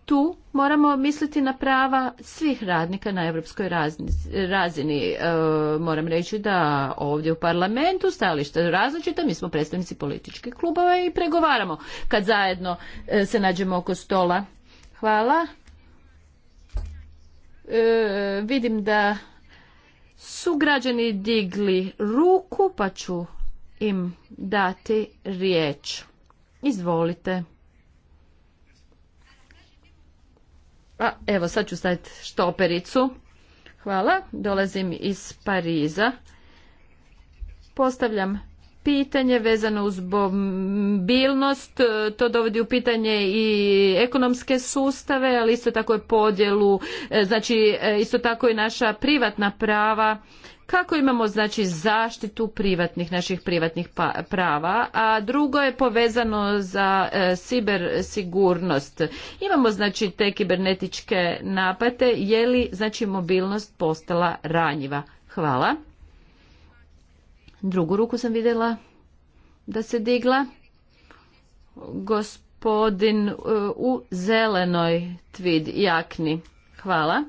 tu moramo misliti na prava svih radnika na europskoj razini. E, moram reći da ovdje u parlamentu stajalište različito, mi smo predstavnici političkih klubova i pregovaramo kad zajedno e, se nađemo oko stola. Hvala. E, vidim da su građani digli ruku, pa ću im dati riječ. Izvolite. A evo sad ću staviti štopericu. Hvala, dolazim iz Pariza. Postavljam pitanje vezano uz mobilnost, e, to dovodi u pitanje i ekonomske sustave, ali isto tako je podjelu, e, znači e, isto tako i naša privatna prava kako imamo znači zaštitu privatnih naših privatnih pa, prava a drugo je povezano za e, sigurnost imamo znači te kibernetičke napade je li znači mobilnost postala ranjiva hvala drugu ruku sam vidjela da se digla gospodin e, u zelenoj tvid jakni hvala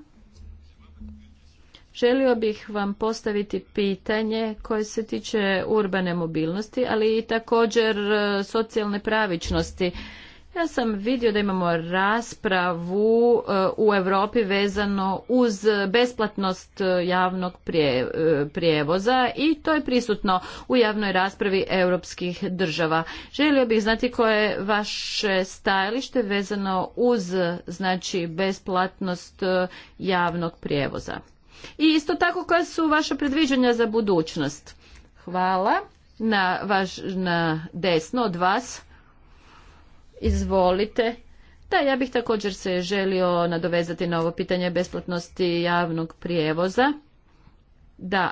Želio bih vam postaviti pitanje koje se tiče urbane mobilnosti, ali i također e, socijalne pravičnosti. Ja sam vidio da imamo raspravu e, u Europi vezano uz besplatnost e, javnog prijevoza i to je prisutno u javnoj raspravi europskih država. Želio bih znati koje je vaše stajalište vezano uz znači besplatnost javnog prijevoza. I isto tako koja su vaša predviđanja za budućnost? Hvala. Na, vaš, na desno od vas. Izvolite. Da, ja bih također se želio nadovezati na ovo pitanje besplatnosti javnog prijevoza. Da,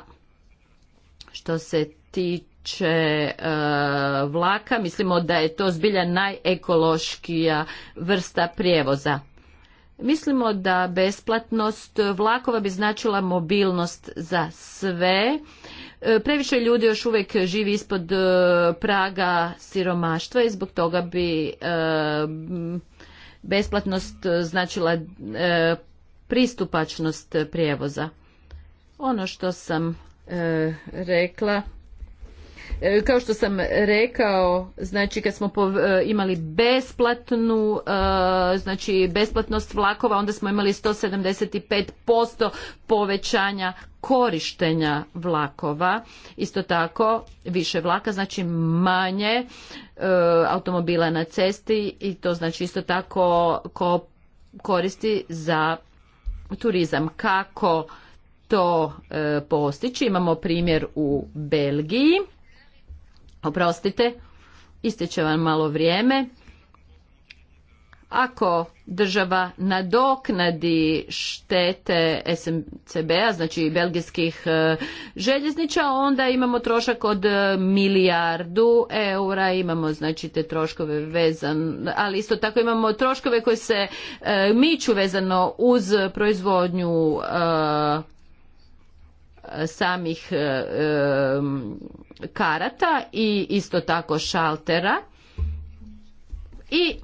što se tiče e, vlaka, mislimo da je to zbilja najekološkija vrsta prijevoza. Mislimo da besplatnost vlakova bi značila mobilnost za sve. E, previše ljudi još uvijek živi ispod e, praga siromaštva i zbog toga bi e, besplatnost značila pristupačnost prijevoza. Ono što sam rekla E, kao što sam rekao, znači kad smo e, imali besplatnu, e, znači besplatnost vlakova, onda smo imali 175% povećanja korištenja vlakova. Isto tako više vlaka, znači manje automobila na cesti i to znači isto tako ko koristi za turizam. Kako to postići? Imamo primjer u Belgiji oprostite, ističe vam malo vrijeme. Ako država nadoknadi štete SMCB-a, znači belgijskih e, željezniča, onda imamo trošak od e, milijardu eura, imamo znači te troškove vezan, ali isto tako imamo troškove koji se e, miču vezano uz proizvodnju samih e, e, karata i isto tako šaltera i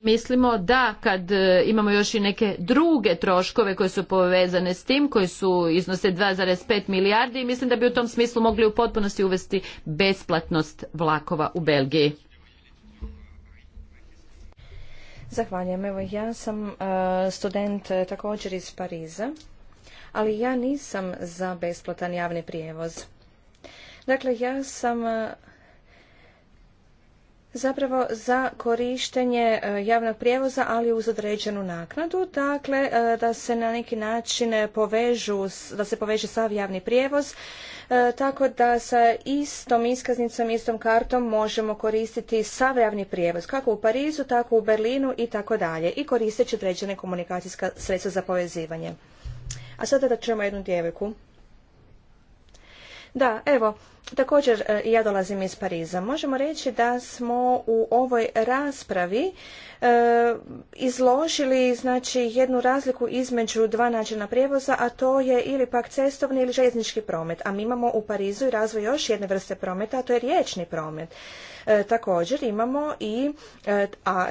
mislimo da kad e, imamo još i neke druge troškove koje su povezane s tim koji su iznose 2,5 milijardi i mislim da bi u tom smislu mogli u potpunosti uvesti besplatnost vlakova u Belgiji. Zahvaljujem. Evo ja sam student također iz Pariza ali ja nisam za besplatan javni prijevoz. Dakle, ja sam e, zapravo za korištenje e, javnog prijevoza, ali uz određenu naknadu, dakle e, da se na neki način povežu, da se poveže sav javni prijevoz, tako da sa istom iskaznicom, istom kartom možemo koristiti sav javni prijevoz, kako u Parizu, tako u Berlinu i tako dalje, i koristeći određene komunikacijska sredstva za povezivanje. A sada da čujemo jednu djevojku. Da, evo, također e, ja dolazim iz Pariza. Možemo reći da smo u ovoj raspravi e, izložili znači jednu razliku između dva načina prijevoza, a to je ili pak cestovni ili željeznički promet. A mi imamo u Parizu i razvoj još jedne vrste prometa, a to je riječni promet. E, također imamo i e,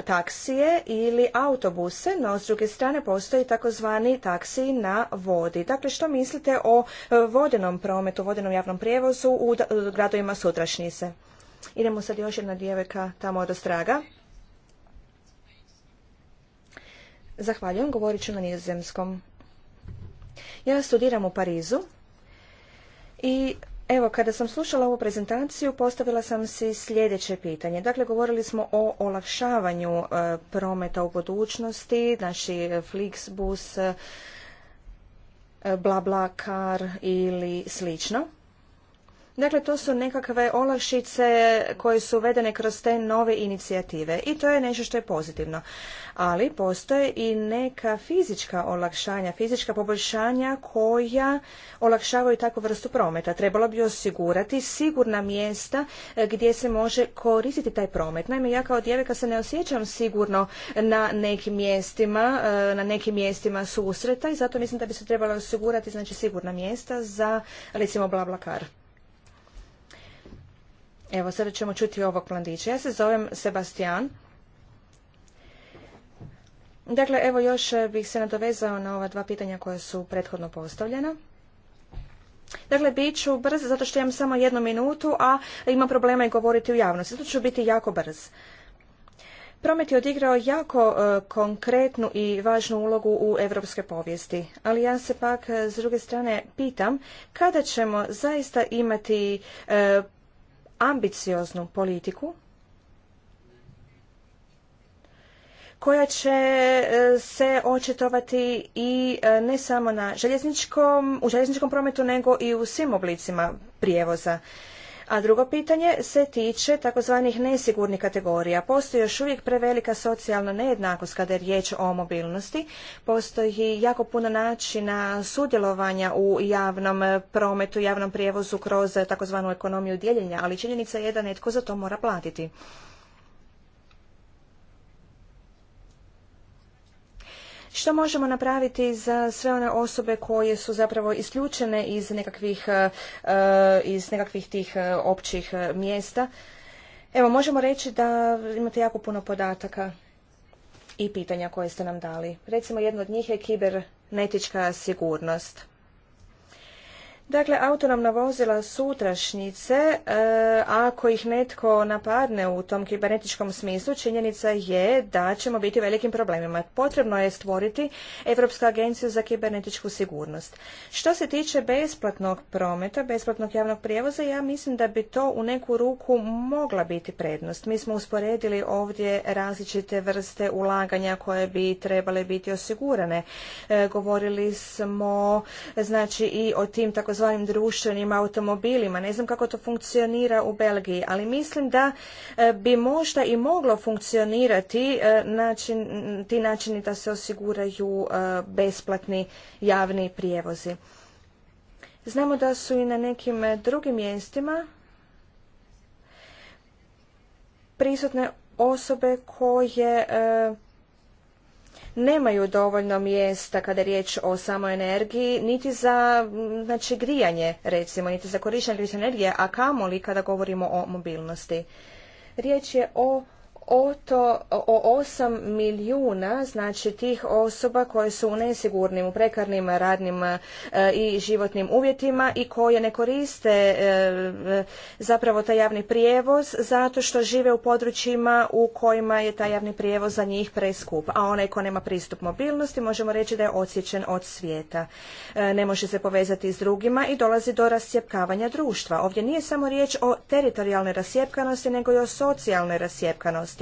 taksije ili autobuse, no s druge strane postoji takozvani taksi na vodi. Dakle, što mislite o e, vodenom prometu, vodenom javnom prijevozu u gradovima sutrašnjice? Idemo sad još jedna djevojka tamo od Ostraga. Zahvaljujem, govorit ću na nizozemskom. Ja studiram u Parizu i Evo, kada sam slušala ovu prezentaciju, postavila sam si sljedeće pitanje. Dakle, govorili smo o olakšavanju e, prometa u budućnosti, znači e, bla bla, kar ili slično. Dakle, to su nekakve olakšice koje su uvedene kroz te nove inicijative i to je nešto što je pozitivno. Ali postoje i neka fizička olakšanja, fizička poboljšanja koja olakšavaju takvu vrstu prometa. Trebalo bi osigurati sigurna mjesta e, gdje se može koristiti taj promet. Naime, ja kao djevojka se ne osjećam sigurno na nekim mjestima, e, na nekim mjestima susreta i zato mislim da bi se trebalo osigurati znači sigurna mjesta za recimo blakar. Evo, sada ćemo čuti ovog plandića. Ja se zovem Sebastian. Dakle, evo još eh, bih se nadovezao na ova dva pitanja koja su prethodno postavljena. Dakle, bit ću brz zato što imam samo jednu minutu, a imam problema i govoriti u javnosti. Zato ću biti jako brz. Promet je odigrao jako eh, konkretnu i važnu ulogu u europske povijesti, ali ja se pak eh, s druge strane pitam kada ćemo zaista imati ambicioznu politiku koja će e, se očitovati i e, ne samo na željezničkom, u željezničkom prometu nego i u svim oblicima prijevoza. A drugo pitanje se tiče takozvanih nesigurnih kategorija. Postoji još uvijek prevelika socijalna nejednakost kada je riječ o mobilnosti. Postoji jako puno načina sudjelovanja u javnom prometu, javnom prijevozu kroz takozvanu ekonomiju dijeljenja, ali činjenica je da netko za to mora platiti. Što možemo napraviti za sve one osobe koje su zapravo isključene iz nekakvih, e, e, iz nekakvih tih e, općih mjesta? Evo, možemo reći da imate jako puno podataka i pitanja koje ste nam dali. Recimo, jedno od njih je kibernetička sigurnost. Dakle, autonomna vozila sutrašnjice, e, ako ih netko napadne u tom kibernetičkom smislu, činjenica je da ćemo biti velikim problemima. Potrebno je stvoriti Europsku agenciju za kibernetičku sigurnost. Što se tiče besplatnog prometa, besplatnog javnog prijevoza, ja mislim da bi to u neku ruku mogla biti prednost. Mi smo usporedili ovdje različite vrste ulaganja koje bi trebale biti osigurane. E, govorili smo znači i o tim tako takozvanim društvenim automobilima. Ne znam kako to funkcionira u Belgiji, ali mislim da e, bi možda i moglo funkcionirati e, ti načini da se osiguraju e, besplatni javni prijevozi. Znamo da su i na nekim drugim mjestima prisutne osobe koje nemaju dovoljno mjesta kada je riječ o samoj energiji, niti za znači, grijanje, recimo, niti za korištenje električne energije, a kamoli kada govorimo o mobilnosti. Riječ je o o, to, o 8 milijuna znači tih osoba koje su u nesigurnim, u prekarnim radnim e, i životnim uvjetima i koje ne koriste e, zapravo taj javni prijevoz zato što žive u područjima u kojima je taj javni prijevoz za njih preskup, a onaj ko nema pristup mobilnosti možemo reći da je odsječen od svijeta. E, ne može se povezati s drugima i dolazi do rascjepkavanja društva. Ovdje nije samo riječ o teritorijalnoj rascjepkanosti nego i o socijalnoj rascjepkanosti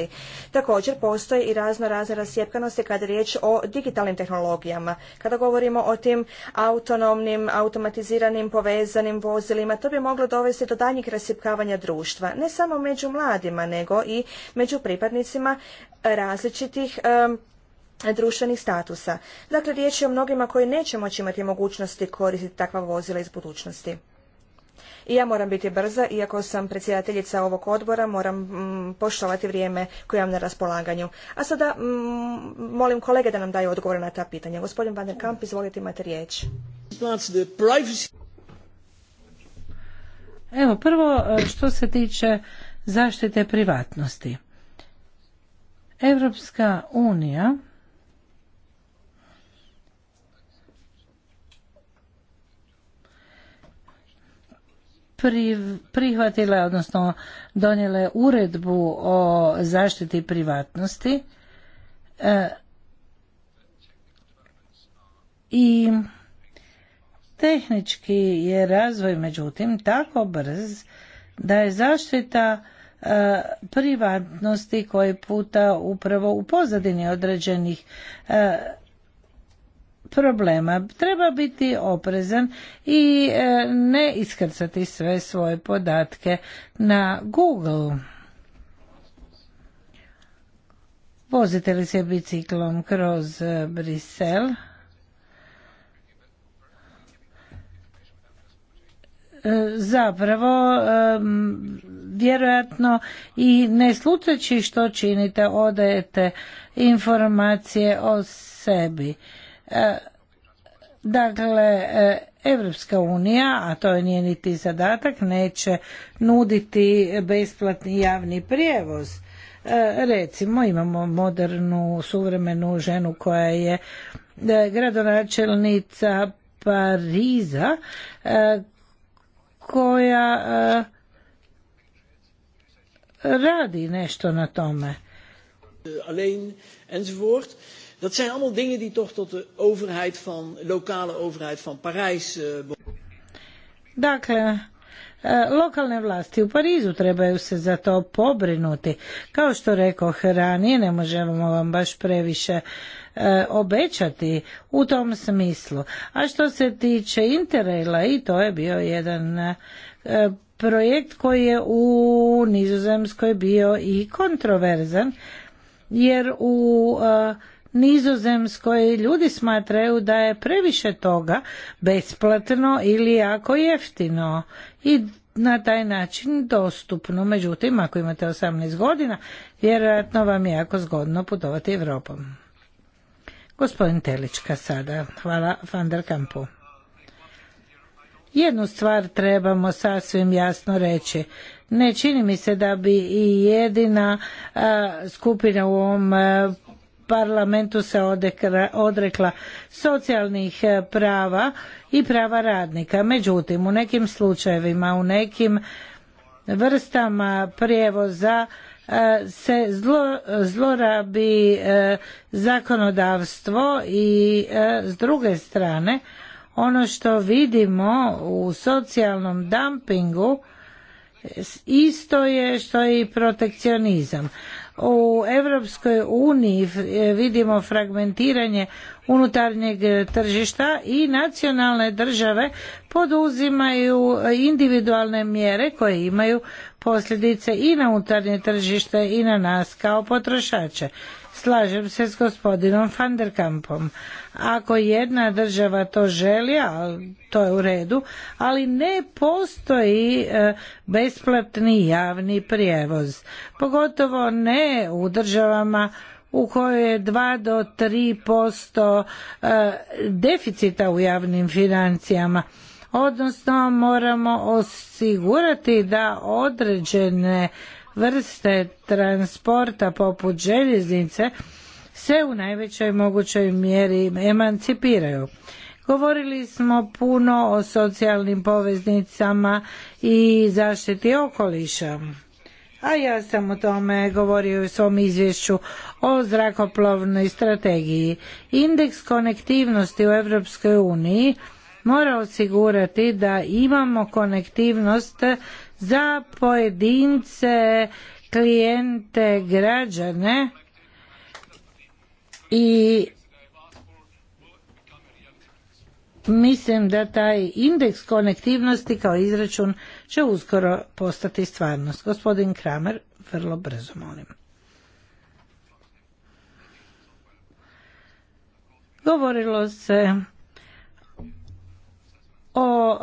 Također postoji i razno razne rasjepkanosti kada je riječ o digitalnim tehnologijama. Kada govorimo o tim autonomnim, automatiziranim, povezanim vozilima, to bi moglo dovesti do daljnjeg rasjepkavanja društva. Ne samo među mladima, nego i među pripadnicima različitih društvenih statusa. Dakle, riječ je o mnogima koji neće moći imati mogućnosti koristiti takva vozila iz budućnosti. I ja moram biti brza, iako sam predsjedateljica ovog odbora, moram mm, poštovati vrijeme koje imam na raspolaganju. A sada mm, molim kolege da nam daju odgovore na ta pitanja. Gospodin Van der Kamp, izvolite, imate riječ. Evo, prvo e, što se tiče zaštite privatnosti. Europska unija prihvatile, odnosno donijele uredbu o zaštiti privatnosti e, i tehnički je razvoj međutim tako brz da je zaštita e, privatnosti koji puta upravo u pozadini određenih e, problema. Treba biti oprezan i e, ne iskrcati sve svoje podatke na Google. Vozite li se biciklom kroz e, Brisel? E, zapravo vjerojatno i ne slučajući što činite odajete informacije o sebi E, dakle, e, Evropska unija, a to nije niti zadatak, neće nuditi besplatni javni prijevoz. E, recimo, imamo modernu, suvremenu ženu koja je gradonačelnica Pariza, koja radi nešto na tome. Alleen enzovoort. Dat zijn allemaal dingen die toch tot Dakle, lokalne vlasti u Parizu trebaju se za to pobrinuti. Kao što rekao ranije, ne možemo vam baš previše eh, obećati u tom smislu. A što se tiče Interraila i to je bio jedan eh, projekt koji je u Nizozemskoj bio i kontroverzan jer u eh, Nizozemskoj ljudi smatraju da je previše toga besplatno ili jako jeftino i na taj način dostupno. Međutim, ako imate 18 godina, vjerojatno vam je jako zgodno putovati Evropom. Gospodin Telička sada. Hvala Van der Kampu. Jednu stvar trebamo sasvim jasno reći. Ne čini mi se da bi i jedina skupina u ovom parlamentu se odrekla socijalnih e, prava i prava radnika. Međutim, u nekim slučajevima, u nekim vrstama prijevoza e, se zlo, zlorabi e, zakonodavstvo i s druge strane ono što vidimo u socijalnom dumpingu isto je što i protekcionizam u Europskoj uniji vidimo fragmentiranje unutarnjeg tržišta i nacionalne države poduzimaju individualne mjere koje imaju posljedice i na unutarnje tržište i na nas kao potrošače slažem se s gospodinom van der Kampom. Ako jedna država to želi, a to je u redu, ali ne postoji e, besplatni javni prijevoz. Pogotovo ne u državama u kojoj je 2 do 3% e, deficita u javnim financijama odnosno moramo osigurati da određene vrste transporta poput željeznice se u najvećoj mogućoj mjeri emancipiraju. Govorili smo puno o socijalnim poveznicama i zaštiti okoliša. A ja sam o tome govorio u svom izvješću o zrakoplovnoj strategiji. Indeks konektivnosti u Europskoj uniji mora osigurati da imamo konektivnost za pojedince, klijente, građane i mislim da taj indeks konektivnosti kao izračun će uskoro postati stvarnost. Gospodin Kramer, vrlo brzo molim. Govorilo se o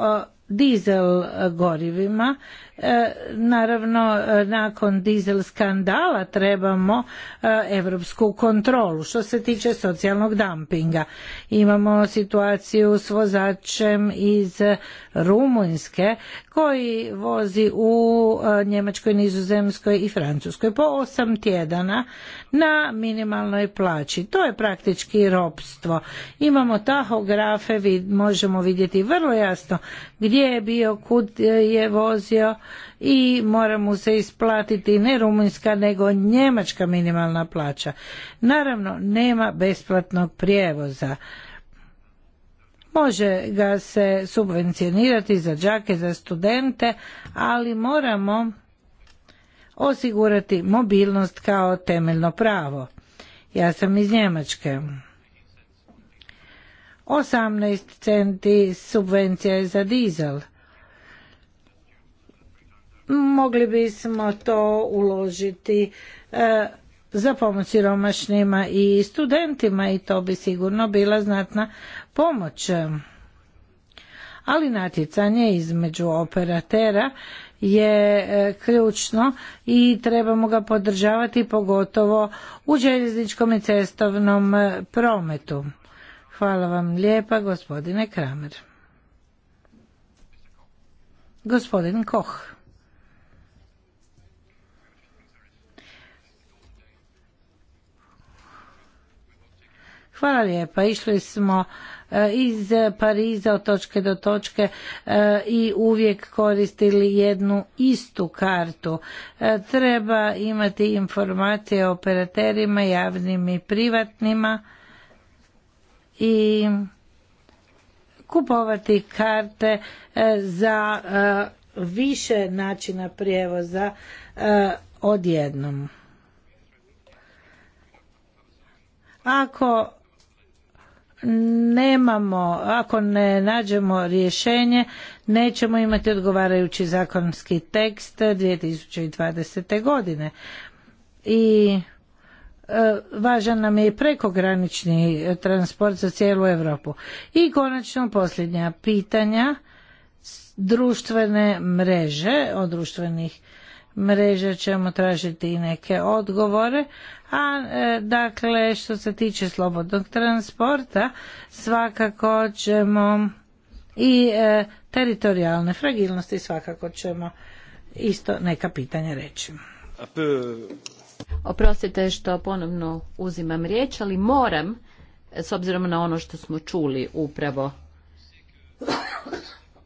dizel gorivima E, naravno e, nakon dizel skandala trebamo europsku kontrolu što se tiče socijalnog dumpinga imamo situaciju s vozačem iz Rumunjske koji vozi u e, Njemačkoj, Nizozemskoj i Francuskoj po osam tjedana na minimalnoj plaći. To je praktički ropstvo. Imamo tahografe, možemo vidjeti vrlo jasno gdje je bio, kud je vozio i mora mu se isplatiti ne rumunjska nego njemačka minimalna plaća. Naravno, nema besplatnog prijevoza. Može ga se subvencionirati za đake, za studente, ali moramo osigurati mobilnost kao temeljno pravo. Ja sam iz Njemačke. 18 centi subvencija je za dizel mogli bismo to uložiti e, za pomoć siromašnima i studentima i to bi sigurno bila znatna pomoć. Ali natjecanje između operatera je e, ključno i trebamo ga podržavati pogotovo u željezničkom i cestovnom e, prometu. Hvala vam lijepa gospodine Kramer. Gospodin Koch. Hvala lijepa. Išli smo e, iz Pariza od točke do točke e, i uvijek koristili jednu istu kartu. E, treba imati informacije o operaterima, javnim i privatnima i kupovati karte za više načina prijevoza odjednom. Ako nemamo, ako ne nađemo rješenje, nećemo imati odgovarajući zakonski tekst 2020. godine. I e, važan nam je i prekogranični transport za cijelu Europu. I konačno posljednja pitanja društvene mreže od društvenih mreže ćemo tražiti i neke odgovore a e, dakle što se tiče slobodnog transporta svakako ćemo i e, teritorijalne fragilnosti svakako ćemo isto neka pitanja reći oprostite što ponovno uzimam riječ ali moram s obzirom na ono što smo čuli upravo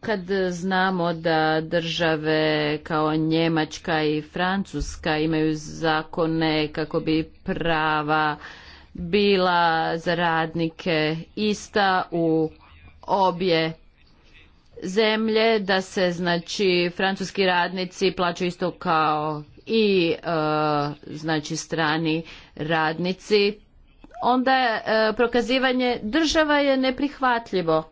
kad znamo da države kao Njemačka i Francuska imaju zakone kako bi prava bila za radnike ista u obje zemlje, da se znači francuski radnici plaćaju isto kao i e, znači strani radnici, onda je prokazivanje država je neprihvatljivo.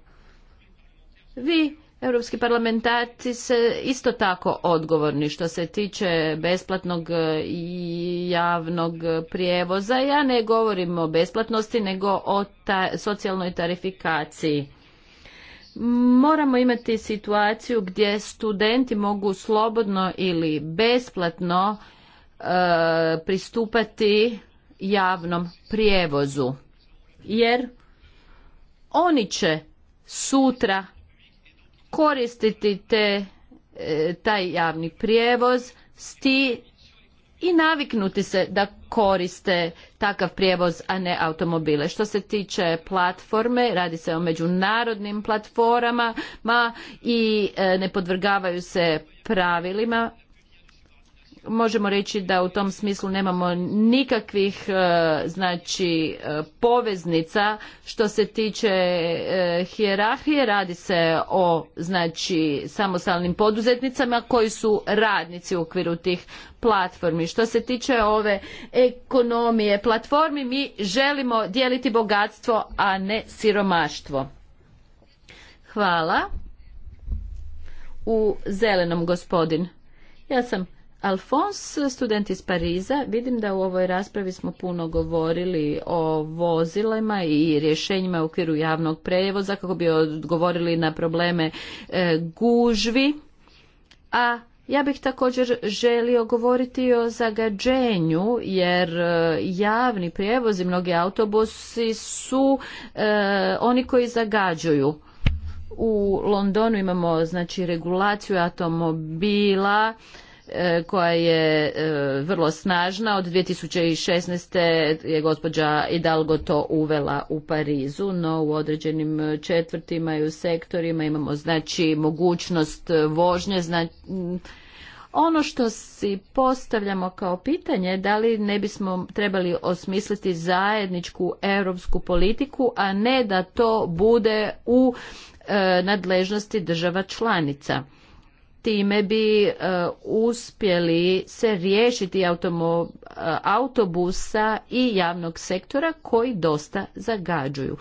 Vi Europski parlamentarci se isto tako odgovorni što se tiče besplatnog e, i javnog prijevoza. Ja ne govorim o besplatnosti nego o socijalnoj tarifikaciji. Moramo imati situaciju gdje studenti mogu slobodno ili besplatno e, pristupati javnom prijevozu jer oni će sutra koristiti te, e, taj javni prijevoz sti i naviknuti se da koriste takav prijevoz, a ne automobile. Što se tiče platforme, radi se o međunarodnim platformama i e, ne podvrgavaju se pravilima možemo reći da u tom smislu nemamo nikakvih e, znači e, poveznica što se tiče e, hijerarhije radi se o znači samostalnim poduzetnicama koji su radnici u okviru tih platformi što se tiče ove ekonomije platformi mi želimo dijeliti bogatstvo a ne siromaštvo hvala u zelenom gospodin ja sam Alfons, student iz Pariza, vidim da u ovoj raspravi smo puno govorili o vozilima i rješenjima u okviru javnog prevoza kako bi odgovorili na probleme e, gužvi, a ja bih također želio govoriti o zagađenju jer e, javni prijevoz i mnogi autobusi su e, oni koji zagađuju. U Londonu imamo znači regulaciju automobila, E, koja je e, vrlo snažna. Od 2016. je gospođa Hidalgo to uvela u Parizu, no u određenim četvrtima i u sektorima imamo znači mogućnost vožnje, ono što si postavljamo kao pitanje da li ne bismo trebali osmisliti zajedničku europsku politiku, a ne da to bude u e, nadležnosti država članica time bi e, uspjeli se riješiti automo, e, autobusa i javnog sektora koji dosta zagađuju.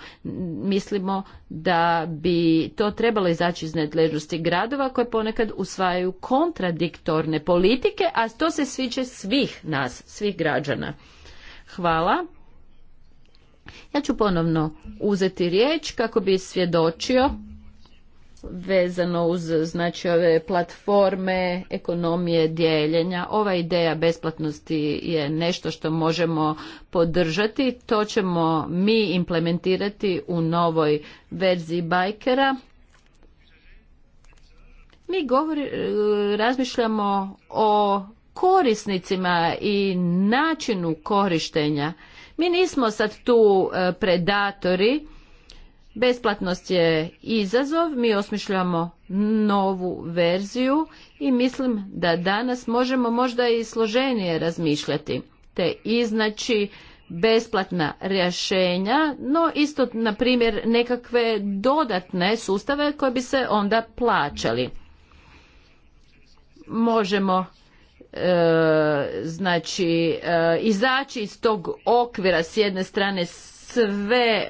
Mislimo da bi to trebalo izaći iz nadležnosti gradova koje ponekad usvajaju kontradiktorne politike, a to se sviče svih nas, svih građana. Hvala. Ja ću ponovno uzeti riječ kako bi svjedočio vezano uz znači ove platforme ekonomije dijeljenja. Ova ideja besplatnosti je nešto što možemo podržati. To ćemo mi implementirati u novoj verziji bajkera. Mi govori, razmišljamo o korisnicima i načinu korištenja. Mi nismo sad tu eh, predatori Besplatnost je izazov, mi osmišljamo novu verziju i mislim da danas možemo možda i složenije razmišljati te iznaći besplatna rješenja, no isto na primjer nekakve dodatne sustave koje bi se onda plaćali. Možemo e, znači e, izaći iz tog okvira s jedne strane sve e,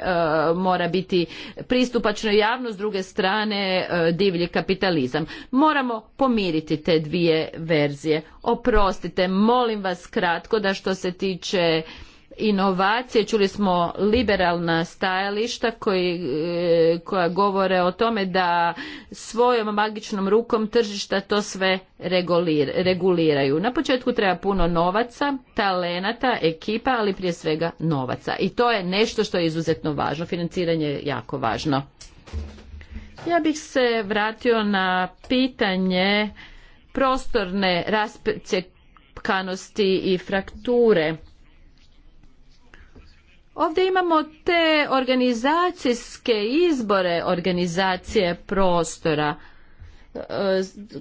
mora biti pristupačno javno, s druge strane e, divlji kapitalizam. Moramo pomiriti te dvije verzije. Oprostite, molim vas kratko da što se tiče inovacije, čuli smo liberalna stajališta koji, e, koja govore o tome da svojom magičnom rukom tržišta to sve reguliraju. Na početku treba puno novaca, talenata, ekipa, ali prije svega novaca. I to je nešto što je izuzetno važno. Financiranje je jako važno. Ja bih se vratio na pitanje prostorne raspecekanosti i frakture Ovdje imamo te organizacijske izbore organizacije prostora. E,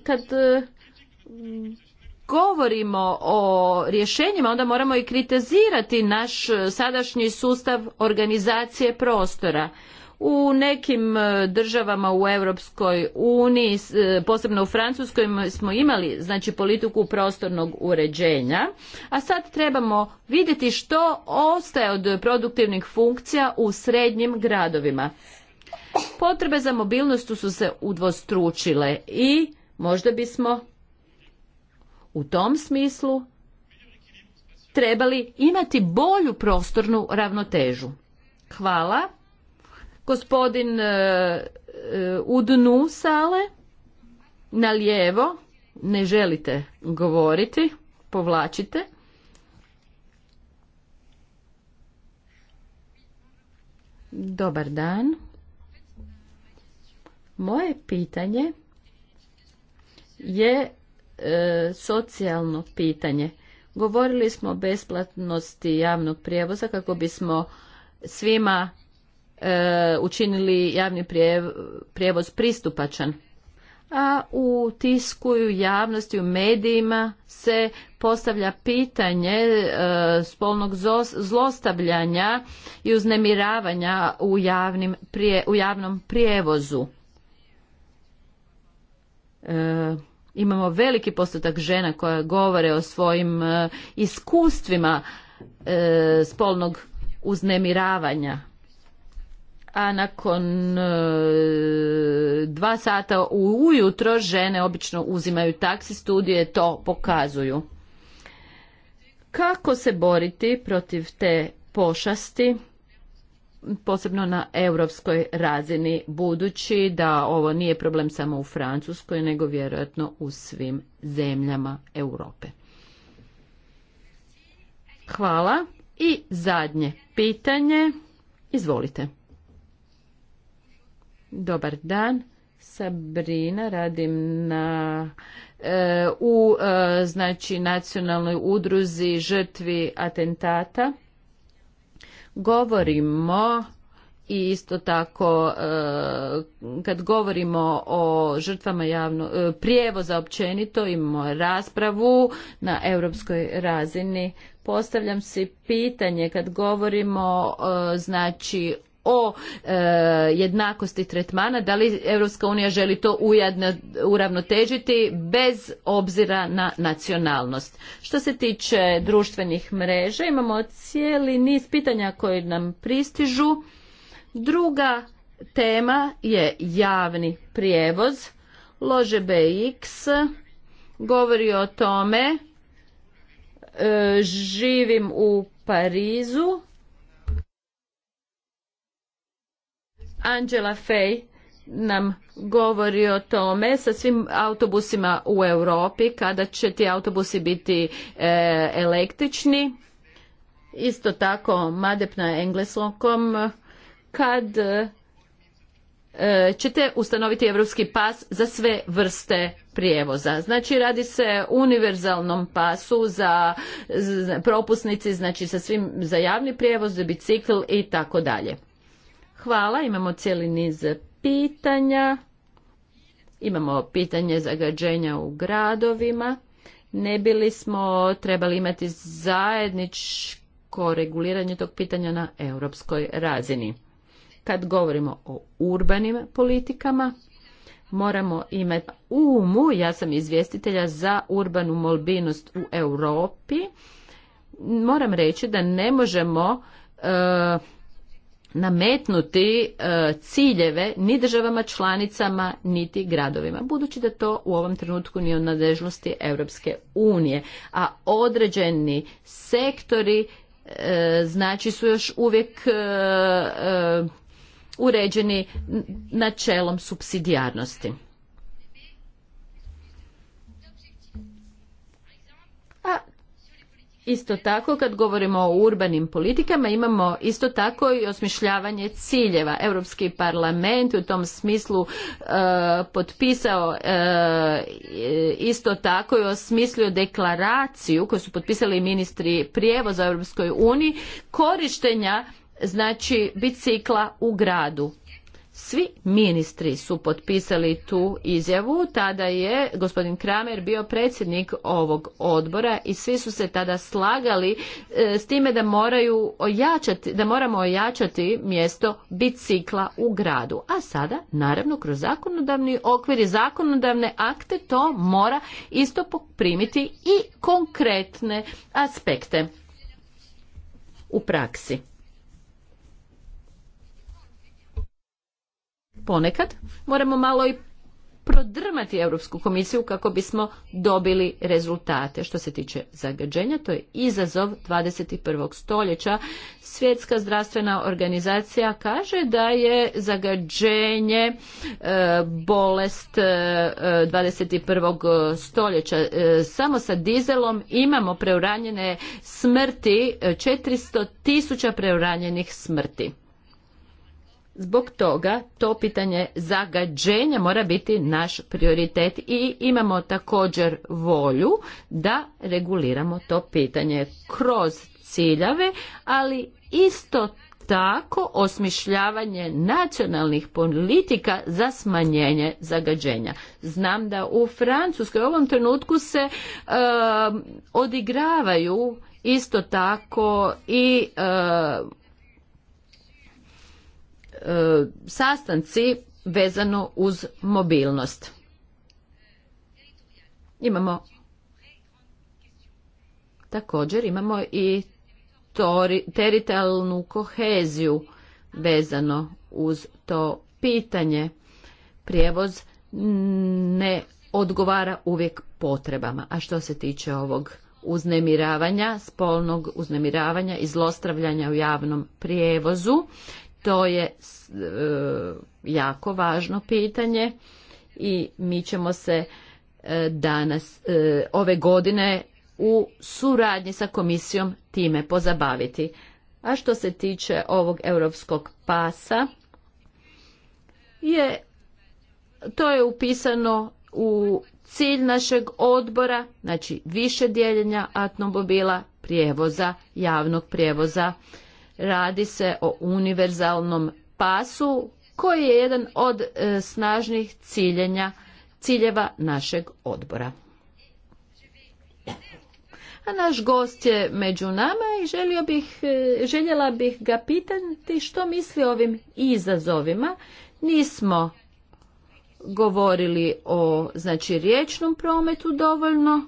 kad e, govorimo o rješenjima, onda moramo i kritizirati naš sadašnji sustav organizacije prostora. U nekim e, državama u Europskoj uniji, e, posebno u Francuskoj smo imali znači politiku prostornog uređenja, a sad trebamo vidjeti što ostaje od produktivnih funkcija u srednjim gradovima. Potrebe za mobilnost su se udvostručile i možda bismo u tom smislu trebali imati bolju prostornu ravnotežu. Hvala. Gospodin e, e, u dnu sale, na lijevo, ne želite govoriti, povlačite. Dobar dan. Moje pitanje je e, socijalno pitanje. Govorili smo o besplatnosti javnog prijevoza kako bismo svima E, učinili javni prijevoz pristupačan a u tisku u javnosti, u medijima se postavlja pitanje e, spolnog zlostavljanja i uznemiravanja u, javnim, u javnom prijevozu. E, imamo veliki postotak žena koja govore o svojim iskustvima spolnog uznemiravanja a nakon e, dva sata ujutro žene obično uzimaju taksi, studije to pokazuju. Kako se boriti protiv te pošasti, posebno na europskoj razini, budući da ovo nije problem samo u Francuskoj, nego vjerojatno u svim zemljama Europe? Hvala. I zadnje pitanje. Izvolite. Dobar dan. Sabrina, radim na e, u e, znači nacionalnoj udruzi žrtvi atentata. Govorimo i isto tako e, kad govorimo o žrtvama javno prijevoza općenito imamo raspravu na europskoj razini postavljam si pitanje kad govorimo znači o e, jednakosti tretmana, da li Europska unija želi to uravnotežiti bez obzira na nacionalnost. Što se tiče društvenih mreža, imamo cijeli niz pitanja koji nam pristižu. Druga tema je javni prijevoz. Lože BX govori o tome e, živim u Parizu Angela Fay nam govori o tome sa svim autobusima u Europi kada će ti autobusi biti e, električni. Isto tako Madepna engleskom, kad e, ćete ustanoviti europski pas za sve vrste prijevoza. Znači radi se o univerzalnom pasu za propusnici, znači sa svim za javni prijevoz, za bicikl i tako dalje. Hvala, imamo cijeli niz pitanja. Imamo pitanje zagađenja u gradovima. Ne bili smo trebali imati zajedničko reguliranje tog pitanja na europskoj razini. Kad govorimo o urbanim politikama, moramo imati umu, ja sam izvjestitelja za urbanu molbinost u Europi, moram reći da ne možemo e, nametnuti e, ciljeve ni državama članicama niti gradovima budući da to u ovom trenutku nije u nadležnosti Europske unije a određeni sektori e, znači su još uvijek e, uređeni načelom supsidijarnosti Isto tako kad govorimo o urbanim politikama imamo isto tako i osmišljavanje ciljeva. Europski parlament u tom smislu e, potpisao e, isto tako i osmislio deklaraciju koju su potpisali ministri prijevoza u Europskoj uniji korištenja znači bicikla u gradu svi ministri su potpisali tu izjavu, tada je gospodin Kramer bio predsjednik ovog odbora i svi su se tada slagali e, s time da moraju ojačati, da moramo ojačati mjesto bicikla u gradu. A sada, naravno, kroz zakonodavni okvir i zakonodavne akte to mora isto primiti i konkretne aspekte u praksi. ponekad moramo malo i prodrmati Europsku komisiju kako bismo dobili rezultate. Što se tiče zagađenja, to je izazov 21. stoljeća. Svjetska zdravstvena organizacija kaže da je zagađenje e, bolest e, 21. stoljeća. E, samo sa dizelom imamo preuranjene smrti, 400 e, tisuća preuranjenih smrti. Zbog toga to pitanje zagađenja mora biti naš prioritet i imamo također volju da reguliramo to pitanje kroz ciljave, ali isto tako osmišljavanje nacionalnih politika za smanjenje zagađenja. Znam da u Francuskoj u ovom trenutku se e, odigravaju isto tako i e, E, sastanci vezano uz mobilnost. Imamo također imamo i teritorijalnu koheziju vezano uz to pitanje. Prijevoz ne odgovara uvijek potrebama. A što se tiče ovog uznemiravanja, spolnog uznemiravanja i zlostravljanja u javnom prijevozu, to je e, jako važno pitanje i mi ćemo se e, danas, e, ove godine u suradnji sa komisijom time pozabaviti. A što se tiče ovog europskog pasa, je, to je upisano u cilj našeg odbora, znači više dijeljenja automobila, prijevoza, javnog prijevoza Radi se o univerzalnom pasu koji je jedan od e, snažnih ciljenja, ciljeva našeg odbora. A naš gost je među nama i želio bih, e, željela bih ga pitati što misli o ovim izazovima. Nismo govorili o znači riječnom prometu dovoljno,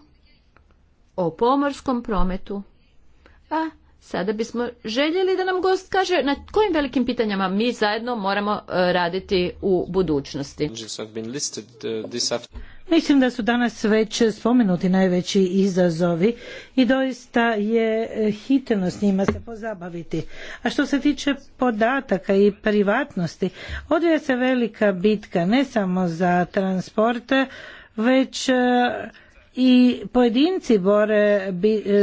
o pomorskom prometu, a Sada bismo željeli da nam gost kaže na kojim velikim pitanjama mi zajedno moramo e, raditi u budućnosti. Uh, Mislim da su danas već spomenuti najveći izazovi i doista je e, hitno s njima se pozabaviti. A što se tiče podataka i privatnosti, odvija se velika bitka ne samo za transport, već e, i pojedinci bore,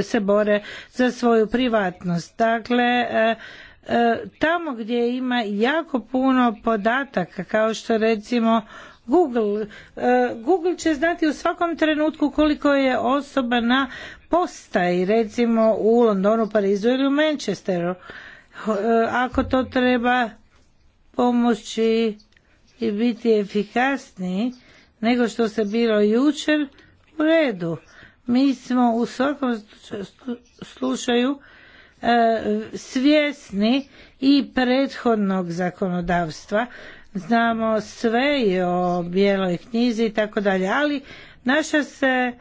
se bore za svoju privatnost. Dakle, e, e, tamo gdje ima jako puno podataka, kao što recimo Google, e, Google će znati u svakom trenutku koliko je osoba na postaji, recimo u Londonu, Parizu ili u Manchesteru. Ako to treba pomoći i biti efikasniji nego što se bilo jučer, redu. Mi smo u svakom slučaju e, svjesni i prethodnog zakonodavstva, znamo sve i o bijeloj knjizi i tako dalje, ali naša se e,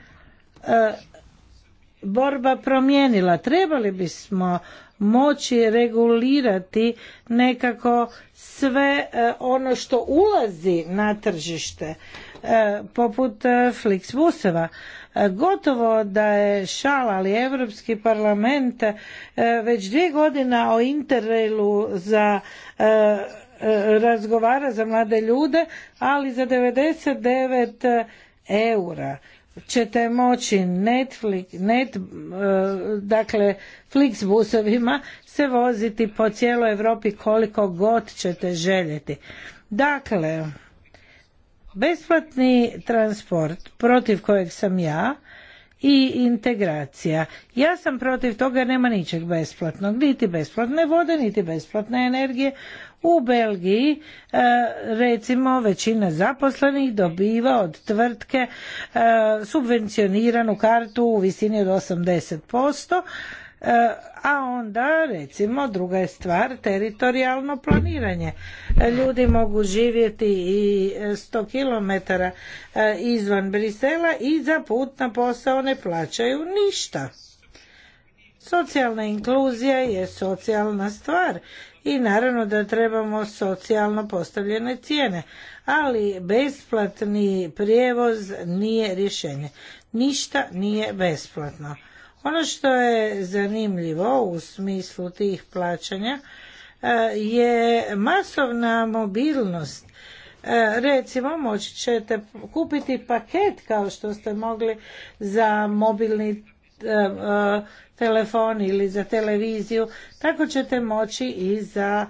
borba promijenila. Trebali bismo moći regulirati nekako sve e, ono što ulazi na tržište E, poput e, Flixbuseva. E, gotovo da je šala, ali Europski parlament već dvije godina o Interrailu za razgovara za mlade ljude, ali za 99 eura ćete moći Netflix, net, dakle Flixbusovima se voziti po cijeloj Europi koliko god ćete željeti. Dakle, Besplatni transport protiv kojeg sam ja i integracija. Ja sam protiv toga nema ničeg besplatnog, niti besplatne vode, niti besplatne energije. U Belgiji e, recimo većina zaposlenih dobiva od tvrtke e, subvencioniranu kartu u visini od 80%, E, a onda recimo druga je stvar teritorijalno planiranje e, ljudi mogu živjeti i 100 e, km izvan Brisela i za put na posao ne plaćaju ništa socijalna inkluzija je socijalna stvar i naravno da trebamo socijalno postavljene cijene ali besplatni prijevoz nije rješenje ništa nije besplatno ono što je zanimljivo u smislu tih plaćanja e, je masovna mobilnost. E, recimo, moći ćete kupiti paket kao što ste mogli za mobilni e, telefon ili za televiziju, tako ćete moći i za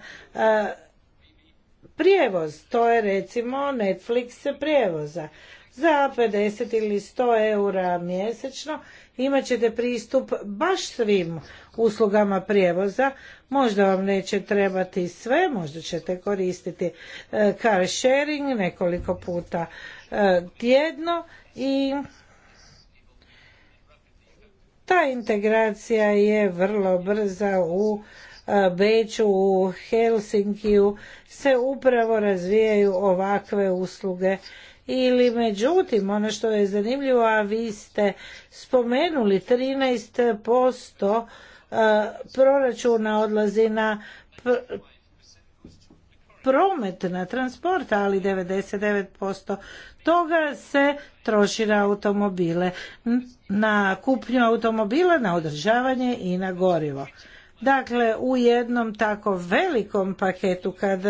prijevoz. To je recimo Netflix prijevoza. Za 50 ili 100 eura mjesečno imat ćete pristup baš svim uslugama prijevoza. Možda vam neće trebati sve, možda ćete koristiti e, car sharing nekoliko puta e, tjedno i ta integracija je vrlo brza u e, Beću, u Helsinkiju se upravo razvijaju ovakve usluge ili međutim ono što je zanimljivo a vi ste spomenuli 13% e, proračuna odlazi na promet na transport, ali 99% toga se troši na automobile, na kupnju automobila, na održavanje i na gorivo. Dakle, u jednom tako velikom paketu kad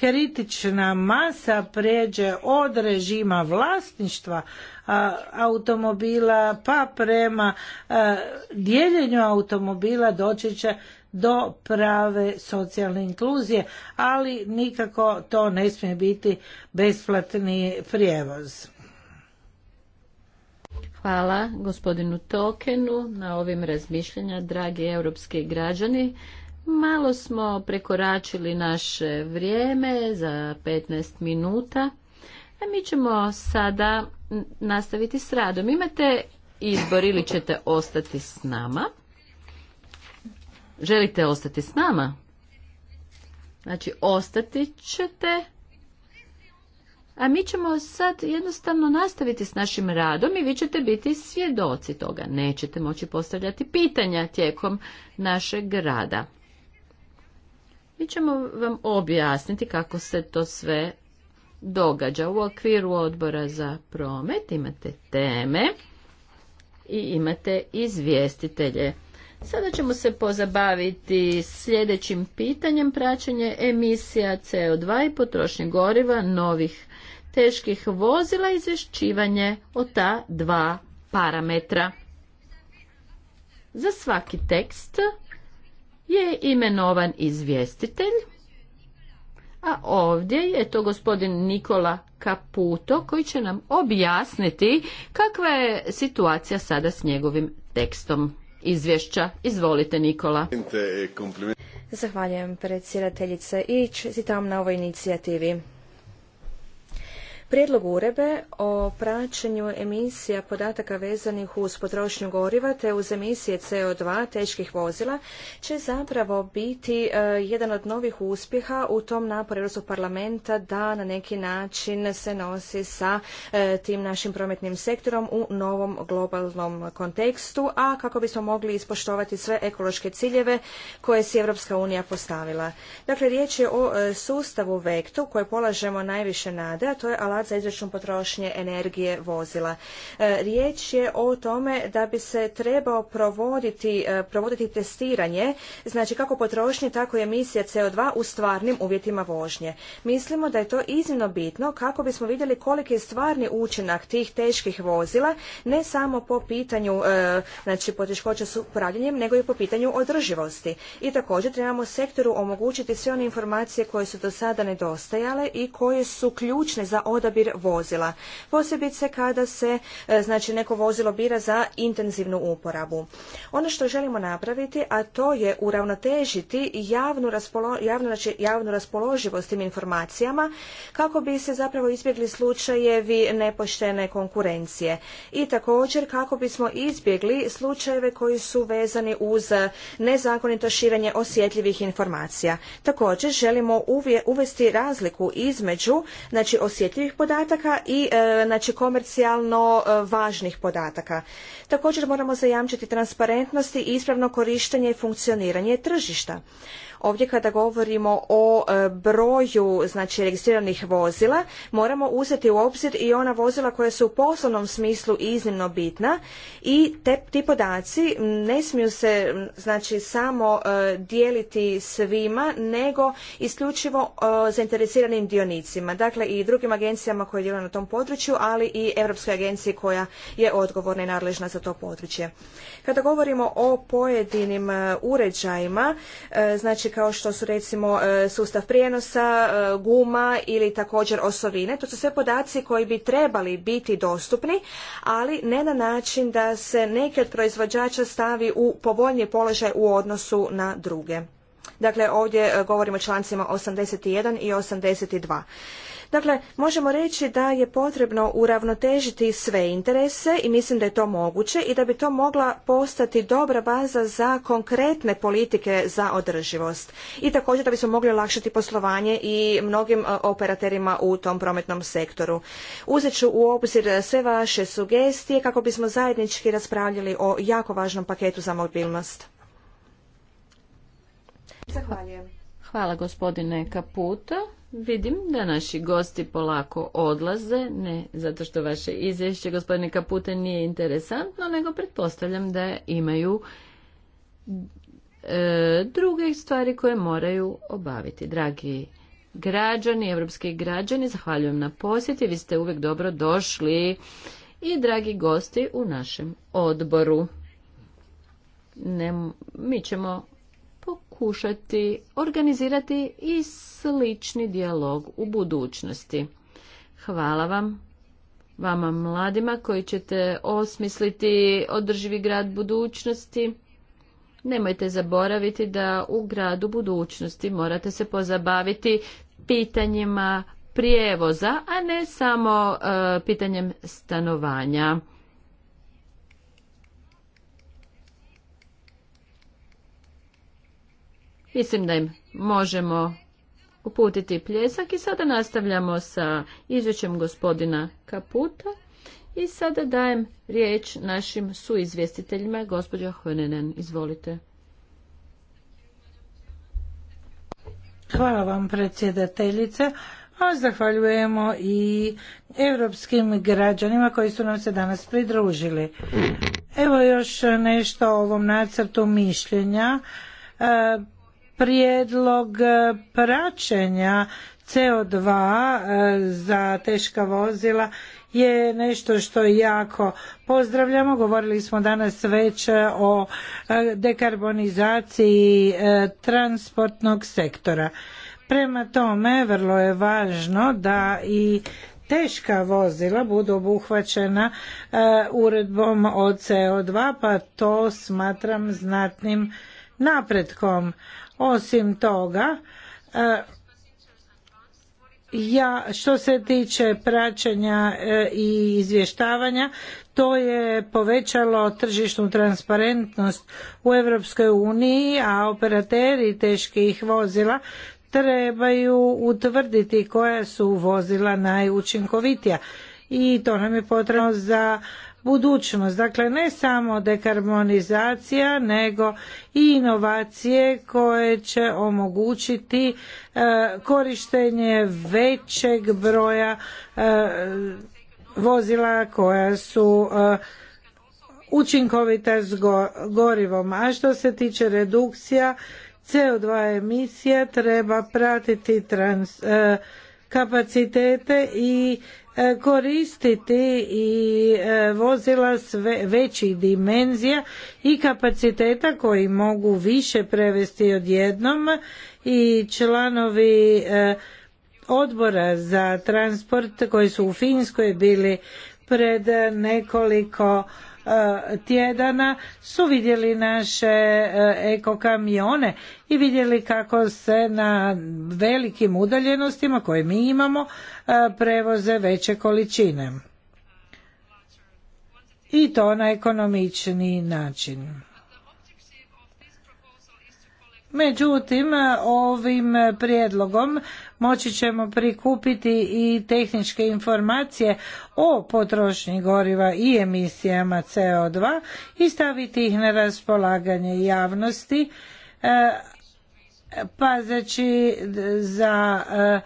kritična masa pređe od režima vlasništva automobila pa prema dijeljenju automobila doći će do prave socijalne inkluzije, ali nikako to ne smije biti besplatni prijevoz. Hvala gospodinu Tokenu na ovim razmišljenja, dragi europski građani. Malo smo prekoračili naše vrijeme za 15 minuta, a mi ćemo sada nastaviti s radom. Imate izbor ili ćete ostati s nama. Želite ostati s nama? Znači, ostati ćete a mi ćemo sad jednostavno nastaviti s našim radom i vi ćete biti svjedoci toga. Nećete moći postavljati pitanja tijekom našeg rada. Mi ćemo vam objasniti kako se to sve događa. U okviru odbora za promet imate teme i imate izvjestitelje. Sada ćemo se pozabaviti sljedećim pitanjem praćenje emisija CO2 i potrošnje goriva novih teških vozila izvješćivanje o ta dva parametra. Za svaki tekst je imenovan izvjestitelj, a ovdje je to gospodin Nikola Kaputo koji će nam objasniti kakva je situacija sada s njegovim tekstom izvješća. Izvolite Nikola. Zahvaljujem predsjedateljice i čestitam na ovoj inicijativi. Prijedlog urebe o praćenju emisija podataka vezanih uz potrošnju goriva te uz emisije CO2 teških vozila će zapravo biti e, jedan od novih uspjeha u tom naporu Europskog parlamenta da na neki način se nosi sa e, tim našim prometnim sektorom u novom globalnom kontekstu, a kako bismo mogli ispoštovati sve ekološke ciljeve koje si Europska unija postavila. Dakle, riječ je o e, sustavu Vektu koje polažemo najviše nade, a to je alat za izračun potrošnje energije vozila. E, riječ je o tome da bi se trebao provoditi, e, provoditi testiranje, znači kako potrošnje, tako i emisije CO2 u stvarnim uvjetima vožnje. Mislimo da je to iznimno bitno kako bismo vidjeli koliki je stvarni učinak tih teških vozila, ne samo po pitanju e, znači poteškoća s upravljanjem, nego i po pitanju održivosti. I također trebamo sektoru omogućiti sve one informacije koje su do sada nedostajale i koje su ključne za odabir odabir vozila. Posebice kada se e, znači neko vozilo bira za intenzivnu uporabu. Ono što želimo napraviti, a to je uravnotežiti javnu, raspolo, znači, javnu raspoloživost tim informacijama kako bi se zapravo izbjegli slučajevi nepoštene konkurencije. I također kako bismo izbjegli slučajeve koji su vezani uz nezakonito širenje osjetljivih informacija. Također želimo uvesti razliku između znači osjetljivih podataka i e, znači komercijalno e, važnih podataka. Također moramo zajamčiti transparentnost i ispravno korištenje i funkcioniranje tržišta. Ovdje kada govorimo o e, broju znači registriranih vozila, moramo uzeti u obzir i ona vozila koja su u poslovnom smislu iznimno bitna i te, ti podaci ne smiju se znači samo e, dijeliti svima, nego isključivo e, zainteresiranim dionicima, dakle i drugim agencijama koje djeluju na tom području, ali i Europskoj agenciji koja je odgovorna i nadležna za to područje. Kada govorimo o pojedinim uređajima, znači Znači kao što su recimo e, sustav prijenosa, e, guma ili također osovine. To su sve podaci koji bi trebali biti dostupni, ali ne na način da se neki od proizvođača stavi u povoljniji položaj u odnosu na druge. Dakle, ovdje e, govorimo o člancima 81 i 82. Dakle, možemo reći da je potrebno uravnotežiti sve interese i mislim da je to moguće i da bi to mogla postati dobra baza za konkretne politike za održivost. I također da bismo mogli olakšati poslovanje i mnogim e, operaterima u tom prometnom sektoru. Uzet ću u obzir sve vaše sugestije kako bismo zajednički raspravljali o jako važnom paketu za mobilnost. Zahvaljujem. Hvala gospodine Kaput. Vidim da naši gosti polako odlaze, ne zato što vaše izvješće gospodine Kapute nije interesantno, nego pretpostavljam da imaju e, druge stvari koje moraju obaviti. Dragi građani, evropski građani, zahvaljujem na posjeti, vi ste uvijek dobro došli i dragi gosti u našem odboru. Ne, mi ćemo pokušati organizirati i slični dijalog u budućnosti. Hvala vam, vama mladima koji ćete osmisliti održivi grad budućnosti. Nemojte zaboraviti da u gradu budućnosti morate se pozabaviti pitanjima prijevoza, a ne samo e, pitanjem stanovanja. Mislim da im možemo uputiti pljesak i sada nastavljamo sa izvećem gospodina Kaputa i sada dajem riječ našim suizvjestiteljima. gospođo Hvenenen, izvolite. Hvala vam predsjedateljice. A zahvaljujemo i europskim građanima koji su nam se danas pridružili. Evo još nešto o ovom nacrtu mišljenja. E, prijedlog e, praćenja CO2 e, za teška vozila je nešto što jako pozdravljamo. Govorili smo danas već e, o dekarbonizaciji transportnog sektora. Prema tome, vrlo je važno da i teška vozila budu obuhvaćena uredbom o CO2, pa to smatram znatnim napretkom osim toga, e, ja što se tiče praćenja e, i izvještavanja to je povećalo tržišnu transparentnost u Europskoj uniji a operateri teških vozila trebaju utvrditi koja su vozila najučinkovitija i to nam je potrebno za budućnost. Dakle, ne samo dekarbonizacija, nego i inovacije koje će omogućiti e, korištenje većeg broja e, vozila koja su e, učinkovita s gorivom. A što se tiče redukcija CO2 emisija, treba pratiti kapacitete i E, koristiti i e, vozila sve većih dimenzija i kapaciteta koji mogu više prevesti odjednom i članovi e, odbora za transport koji su u Finskoj bili pred nekoliko E, tjedana su vidjeli naše e, eko kamione i vidjeli kako se na velikim udaljenostima koje mi imamo e, prevoze veće količine i to na ekonomičniji način Međutim, ovim prijedlogom moći ćemo prikupiti i tehničke informacije o potrošnji goriva i emisijama CO2 i staviti ih na raspolaganje javnosti, e, pazeći za e,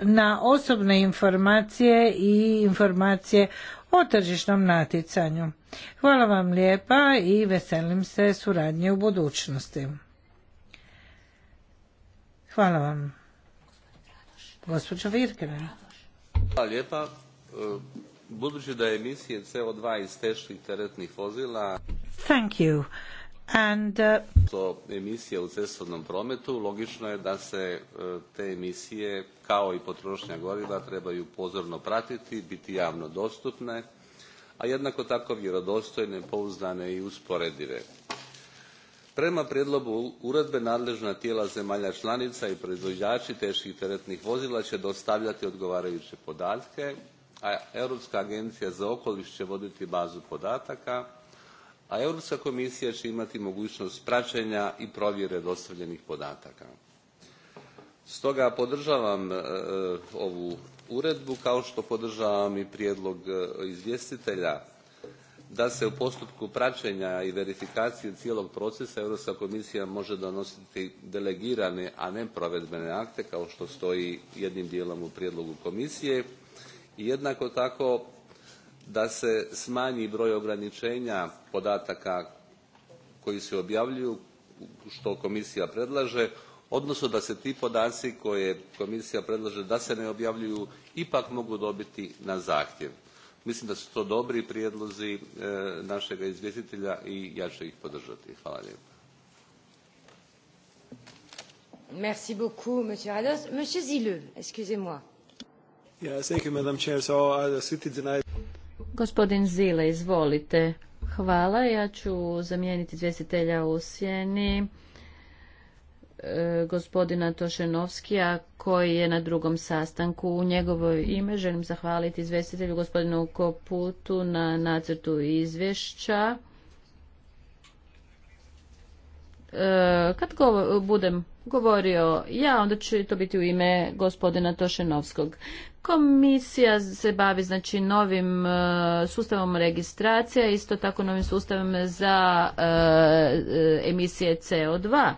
na osobne informacije i informacije o tržišnom natjecanju. Hvala vam lijepa i veselim se suradnje u budućnosti. Hvala vam. Gospođo Virkeve. Hvala lijepa. E, budući da emisije CO2 iz teških teretnih vozila... Thank you. And, uh... emisije u cestovnom prometu, logično je da se e, te emisije, kao i potrošnja goriva, trebaju pozorno pratiti, biti javno dostupne, a jednako tako vjerodostojne, pouzdane i usporedive prema prijedlogu uredbe nadležna tijela zemalja članica i proizvođači teških teretnih vozila će dostavljati odgovarajuće podatke a europska agencija za okoliš će voditi bazu podataka a europska komisija će imati mogućnost praćenja i provjere dostavljenih podataka. stoga podržavam e, ovu uredbu kao što podržavam i prijedlog e, izvjestitelja da se u postupku praćenja i verifikacije cijelog procesa Europska komisija može donositi delegirane, a ne provedbene akte kao što stoji jednim dijelom u prijedlogu komisije. I jednako tako da se smanji broj ograničenja podataka koji se objavljuju, što komisija predlaže, odnosno da se ti podaci koje komisija predlaže da se ne objavljuju ipak mogu dobiti na zahtjev. Mislim da su to dobri prijedlozi e, našega izvjestitelja i ja ću ih podržati. Hvala lijepa. Merci beaucoup, Monsieur Ados. Monsieur Zille, excusez-moi. Yeah, thank you, Madam Chair. So, uh, Gospodin Zile, izvolite. Hvala, ja ću zamijeniti izvjestitelja u sjeni. E, gospodina Tošenovskija koji je na drugom sastanku. U njegovo ime želim zahvaliti izvestitelju gospodinu Koputu na nacrtu izvješća. E, kad budem govorio ja, onda će to biti u ime gospodina Tošenovskog. Komisija se bavi znači novim e, sustavom registracija, isto tako novim sustavom za emisije CO2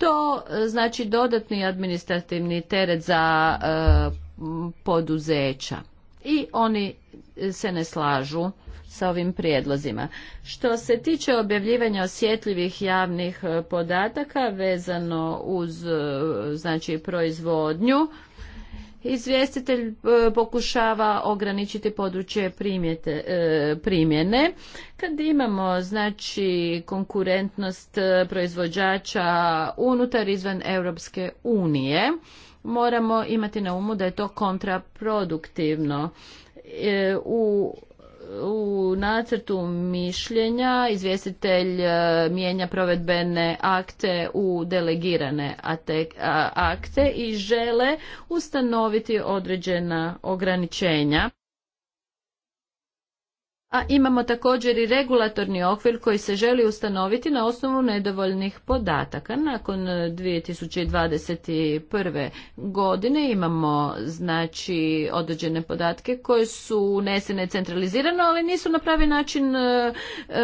to e, znači dodatni administrativni teret za e, poduzeća i oni se ne slažu sa ovim prijedlozima. Što se tiče objavljivanja osjetljivih javnih e, podataka vezano uz znači proizvodnju izvjestitelj e, pokušava ograničiti područje primjete, e, primjene. Kad imamo znači konkurentnost e, proizvođača unutar izvan Europske unije, moramo imati na umu da je to kontraproduktivno. U u nacrtu mišljenja izvjestitelj e, mijenja provedbene akte u delegirane akte i žele ustanoviti određena ograničenja a imamo također i regulatorni okvir koji se želi ustanoviti na osnovu nedovoljnih podataka. Nakon 2021. E, godine imamo znači određene podatke koje su unesene centralizirano, ali nisu na pravi način e, e,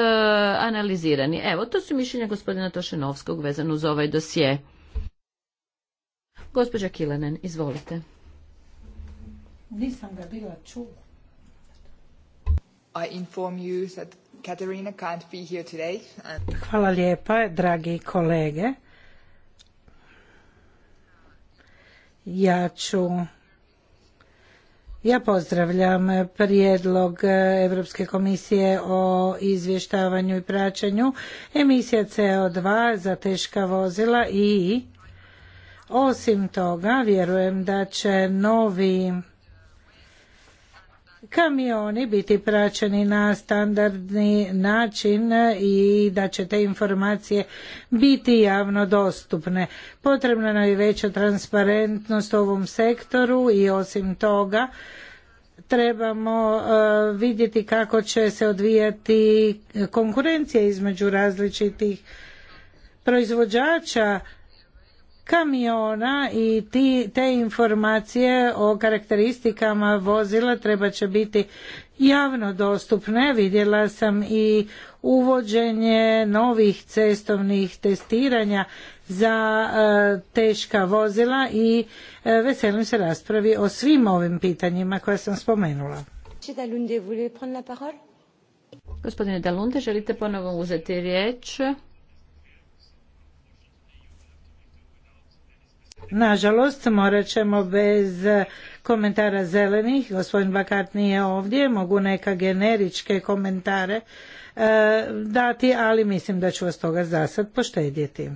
analizirani. Evo, to su mišljenja gospodina Tošenovskog vezano uz ovaj dosje. Gospođa Kilanen, izvolite. Nisam ga bila čula. Hvala lijepa, dragi kolege. Ja ja pozdravljam prijedlog Europske komisije o izvještavanju i praćenju emisija CO2 za teška vozila i osim toga vjerujem da će novi kamioni biti praćeni na standardni način i da će te informacije biti javno dostupne. Potrebna nam je veća transparentnost u ovom sektoru i osim toga trebamo e, vidjeti kako će se odvijati konkurencija između različitih proizvođača kamiona i te informacije o karakteristikama vozila treba će biti javno dostupne. Vidjela sam i uvođenje novih cestovnih testiranja za e, teška vozila i e, veselim se raspravi o svim ovim pitanjima koje sam spomenula. Gospodine Dalunde, želite ponovo uzeti riječ? Nažalost, morat ćemo bez komentara zelenih, gospodin Bakart nije ovdje, mogu neka generičke komentare e, dati, ali mislim da ću vas toga za sad poštedjeti.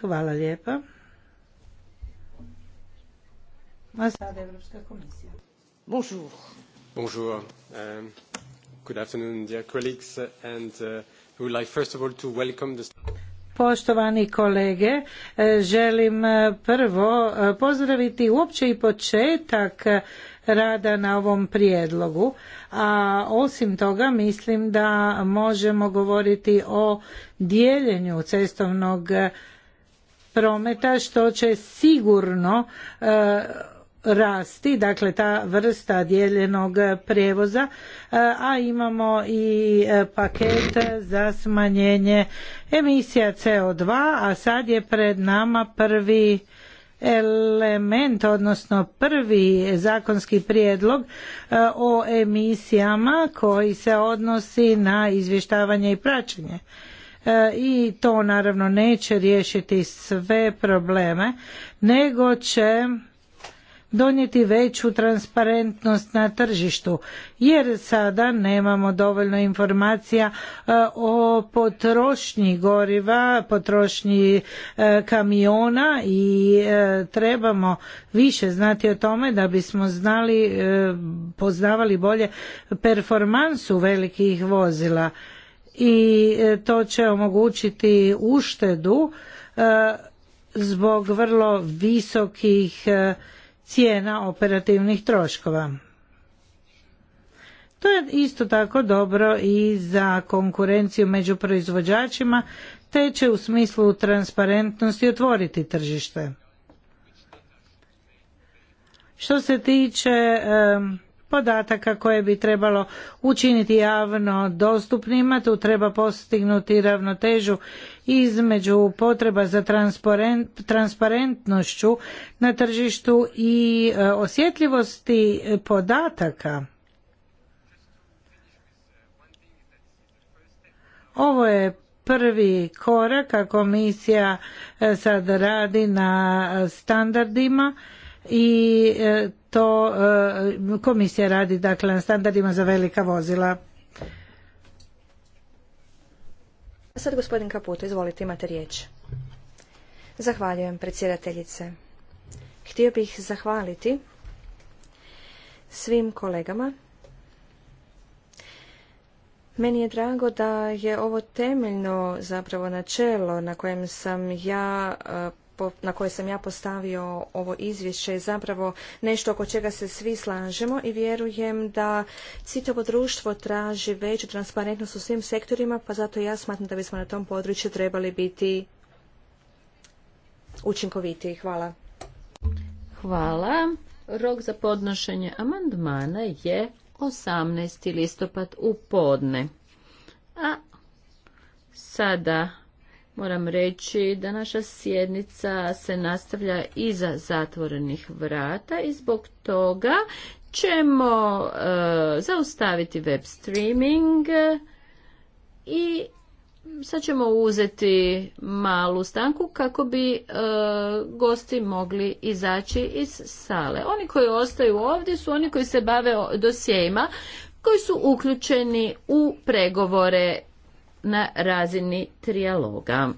Hvala lijepa. A sada Evropska komisija. Bonjour. Bonjour. Um, good afternoon, dear colleagues, and uh, would like first of all to welcome the... Poštovani kolege, e, želim e, prvo e, pozdraviti uopće i početak rada na ovom prijedlogu, a osim toga mislim da možemo govoriti o dijeljenju cestovnog prometa što će sigurno rasti, dakle ta vrsta dijeljenog prijevoza, e, a imamo i e, paket za smanjenje emisija CO2, a sad je pred nama prvi element, odnosno prvi zakonski prijedlog e, o emisijama koji se odnosi na izvještavanje i praćenje i to naravno neće riješiti sve probleme nego će donijeti veću transparentnost na tržištu jer sada nemamo dovoljno informacija e, o potrošnji goriva, potrošnji e, kamiona i e, trebamo više znati o tome da bismo znali, poznavali bolje performansu velikih vozila i to će omogućiti uštedu zbog vrlo visokih cijena operativnih troškova. To je isto tako dobro i za konkurenciju među proizvođačima, te će u smislu transparentnosti otvoriti tržište. Što se tiče podataka koje bi trebalo učiniti javno dostupnima, tu treba postignuti ravnotežu između potreba za transparentnošću na tržištu i e, osjetljivosti podataka. Ovo je prvi korak, a komisija e, sad radi na standardima i e, to komisija radi dakle na standardima za velika vozila. Sad gospodin Kaput, izvolite, imate riječ. Zahvaljujem, predsjedateljice. Htio bih zahvaliti svim kolegama. Meni je drago da je ovo temeljno zapravo načelo na kojem sam ja na koje sam ja postavio ovo izvješće je zapravo nešto oko čega se svi slažemo i vjerujem da citavo društvo traži veću transparentnost u svim sektorima, pa zato ja smatram da bismo na tom području trebali biti učinkovitiji. Hvala. Hvala. Rok za podnošenje amandmana je 18. listopad u podne. A sada Moram reći da naša sjednica se nastavlja iza zatvorenih vrata i zbog toga ćemo e, zaustaviti web streaming i sad ćemo uzeti malu stanku kako bi e, gosti mogli izaći iz sale. Oni koji ostaju ovdje su oni koji se bave dosjejima koji su uključeni u pregovore na razini trijaloga.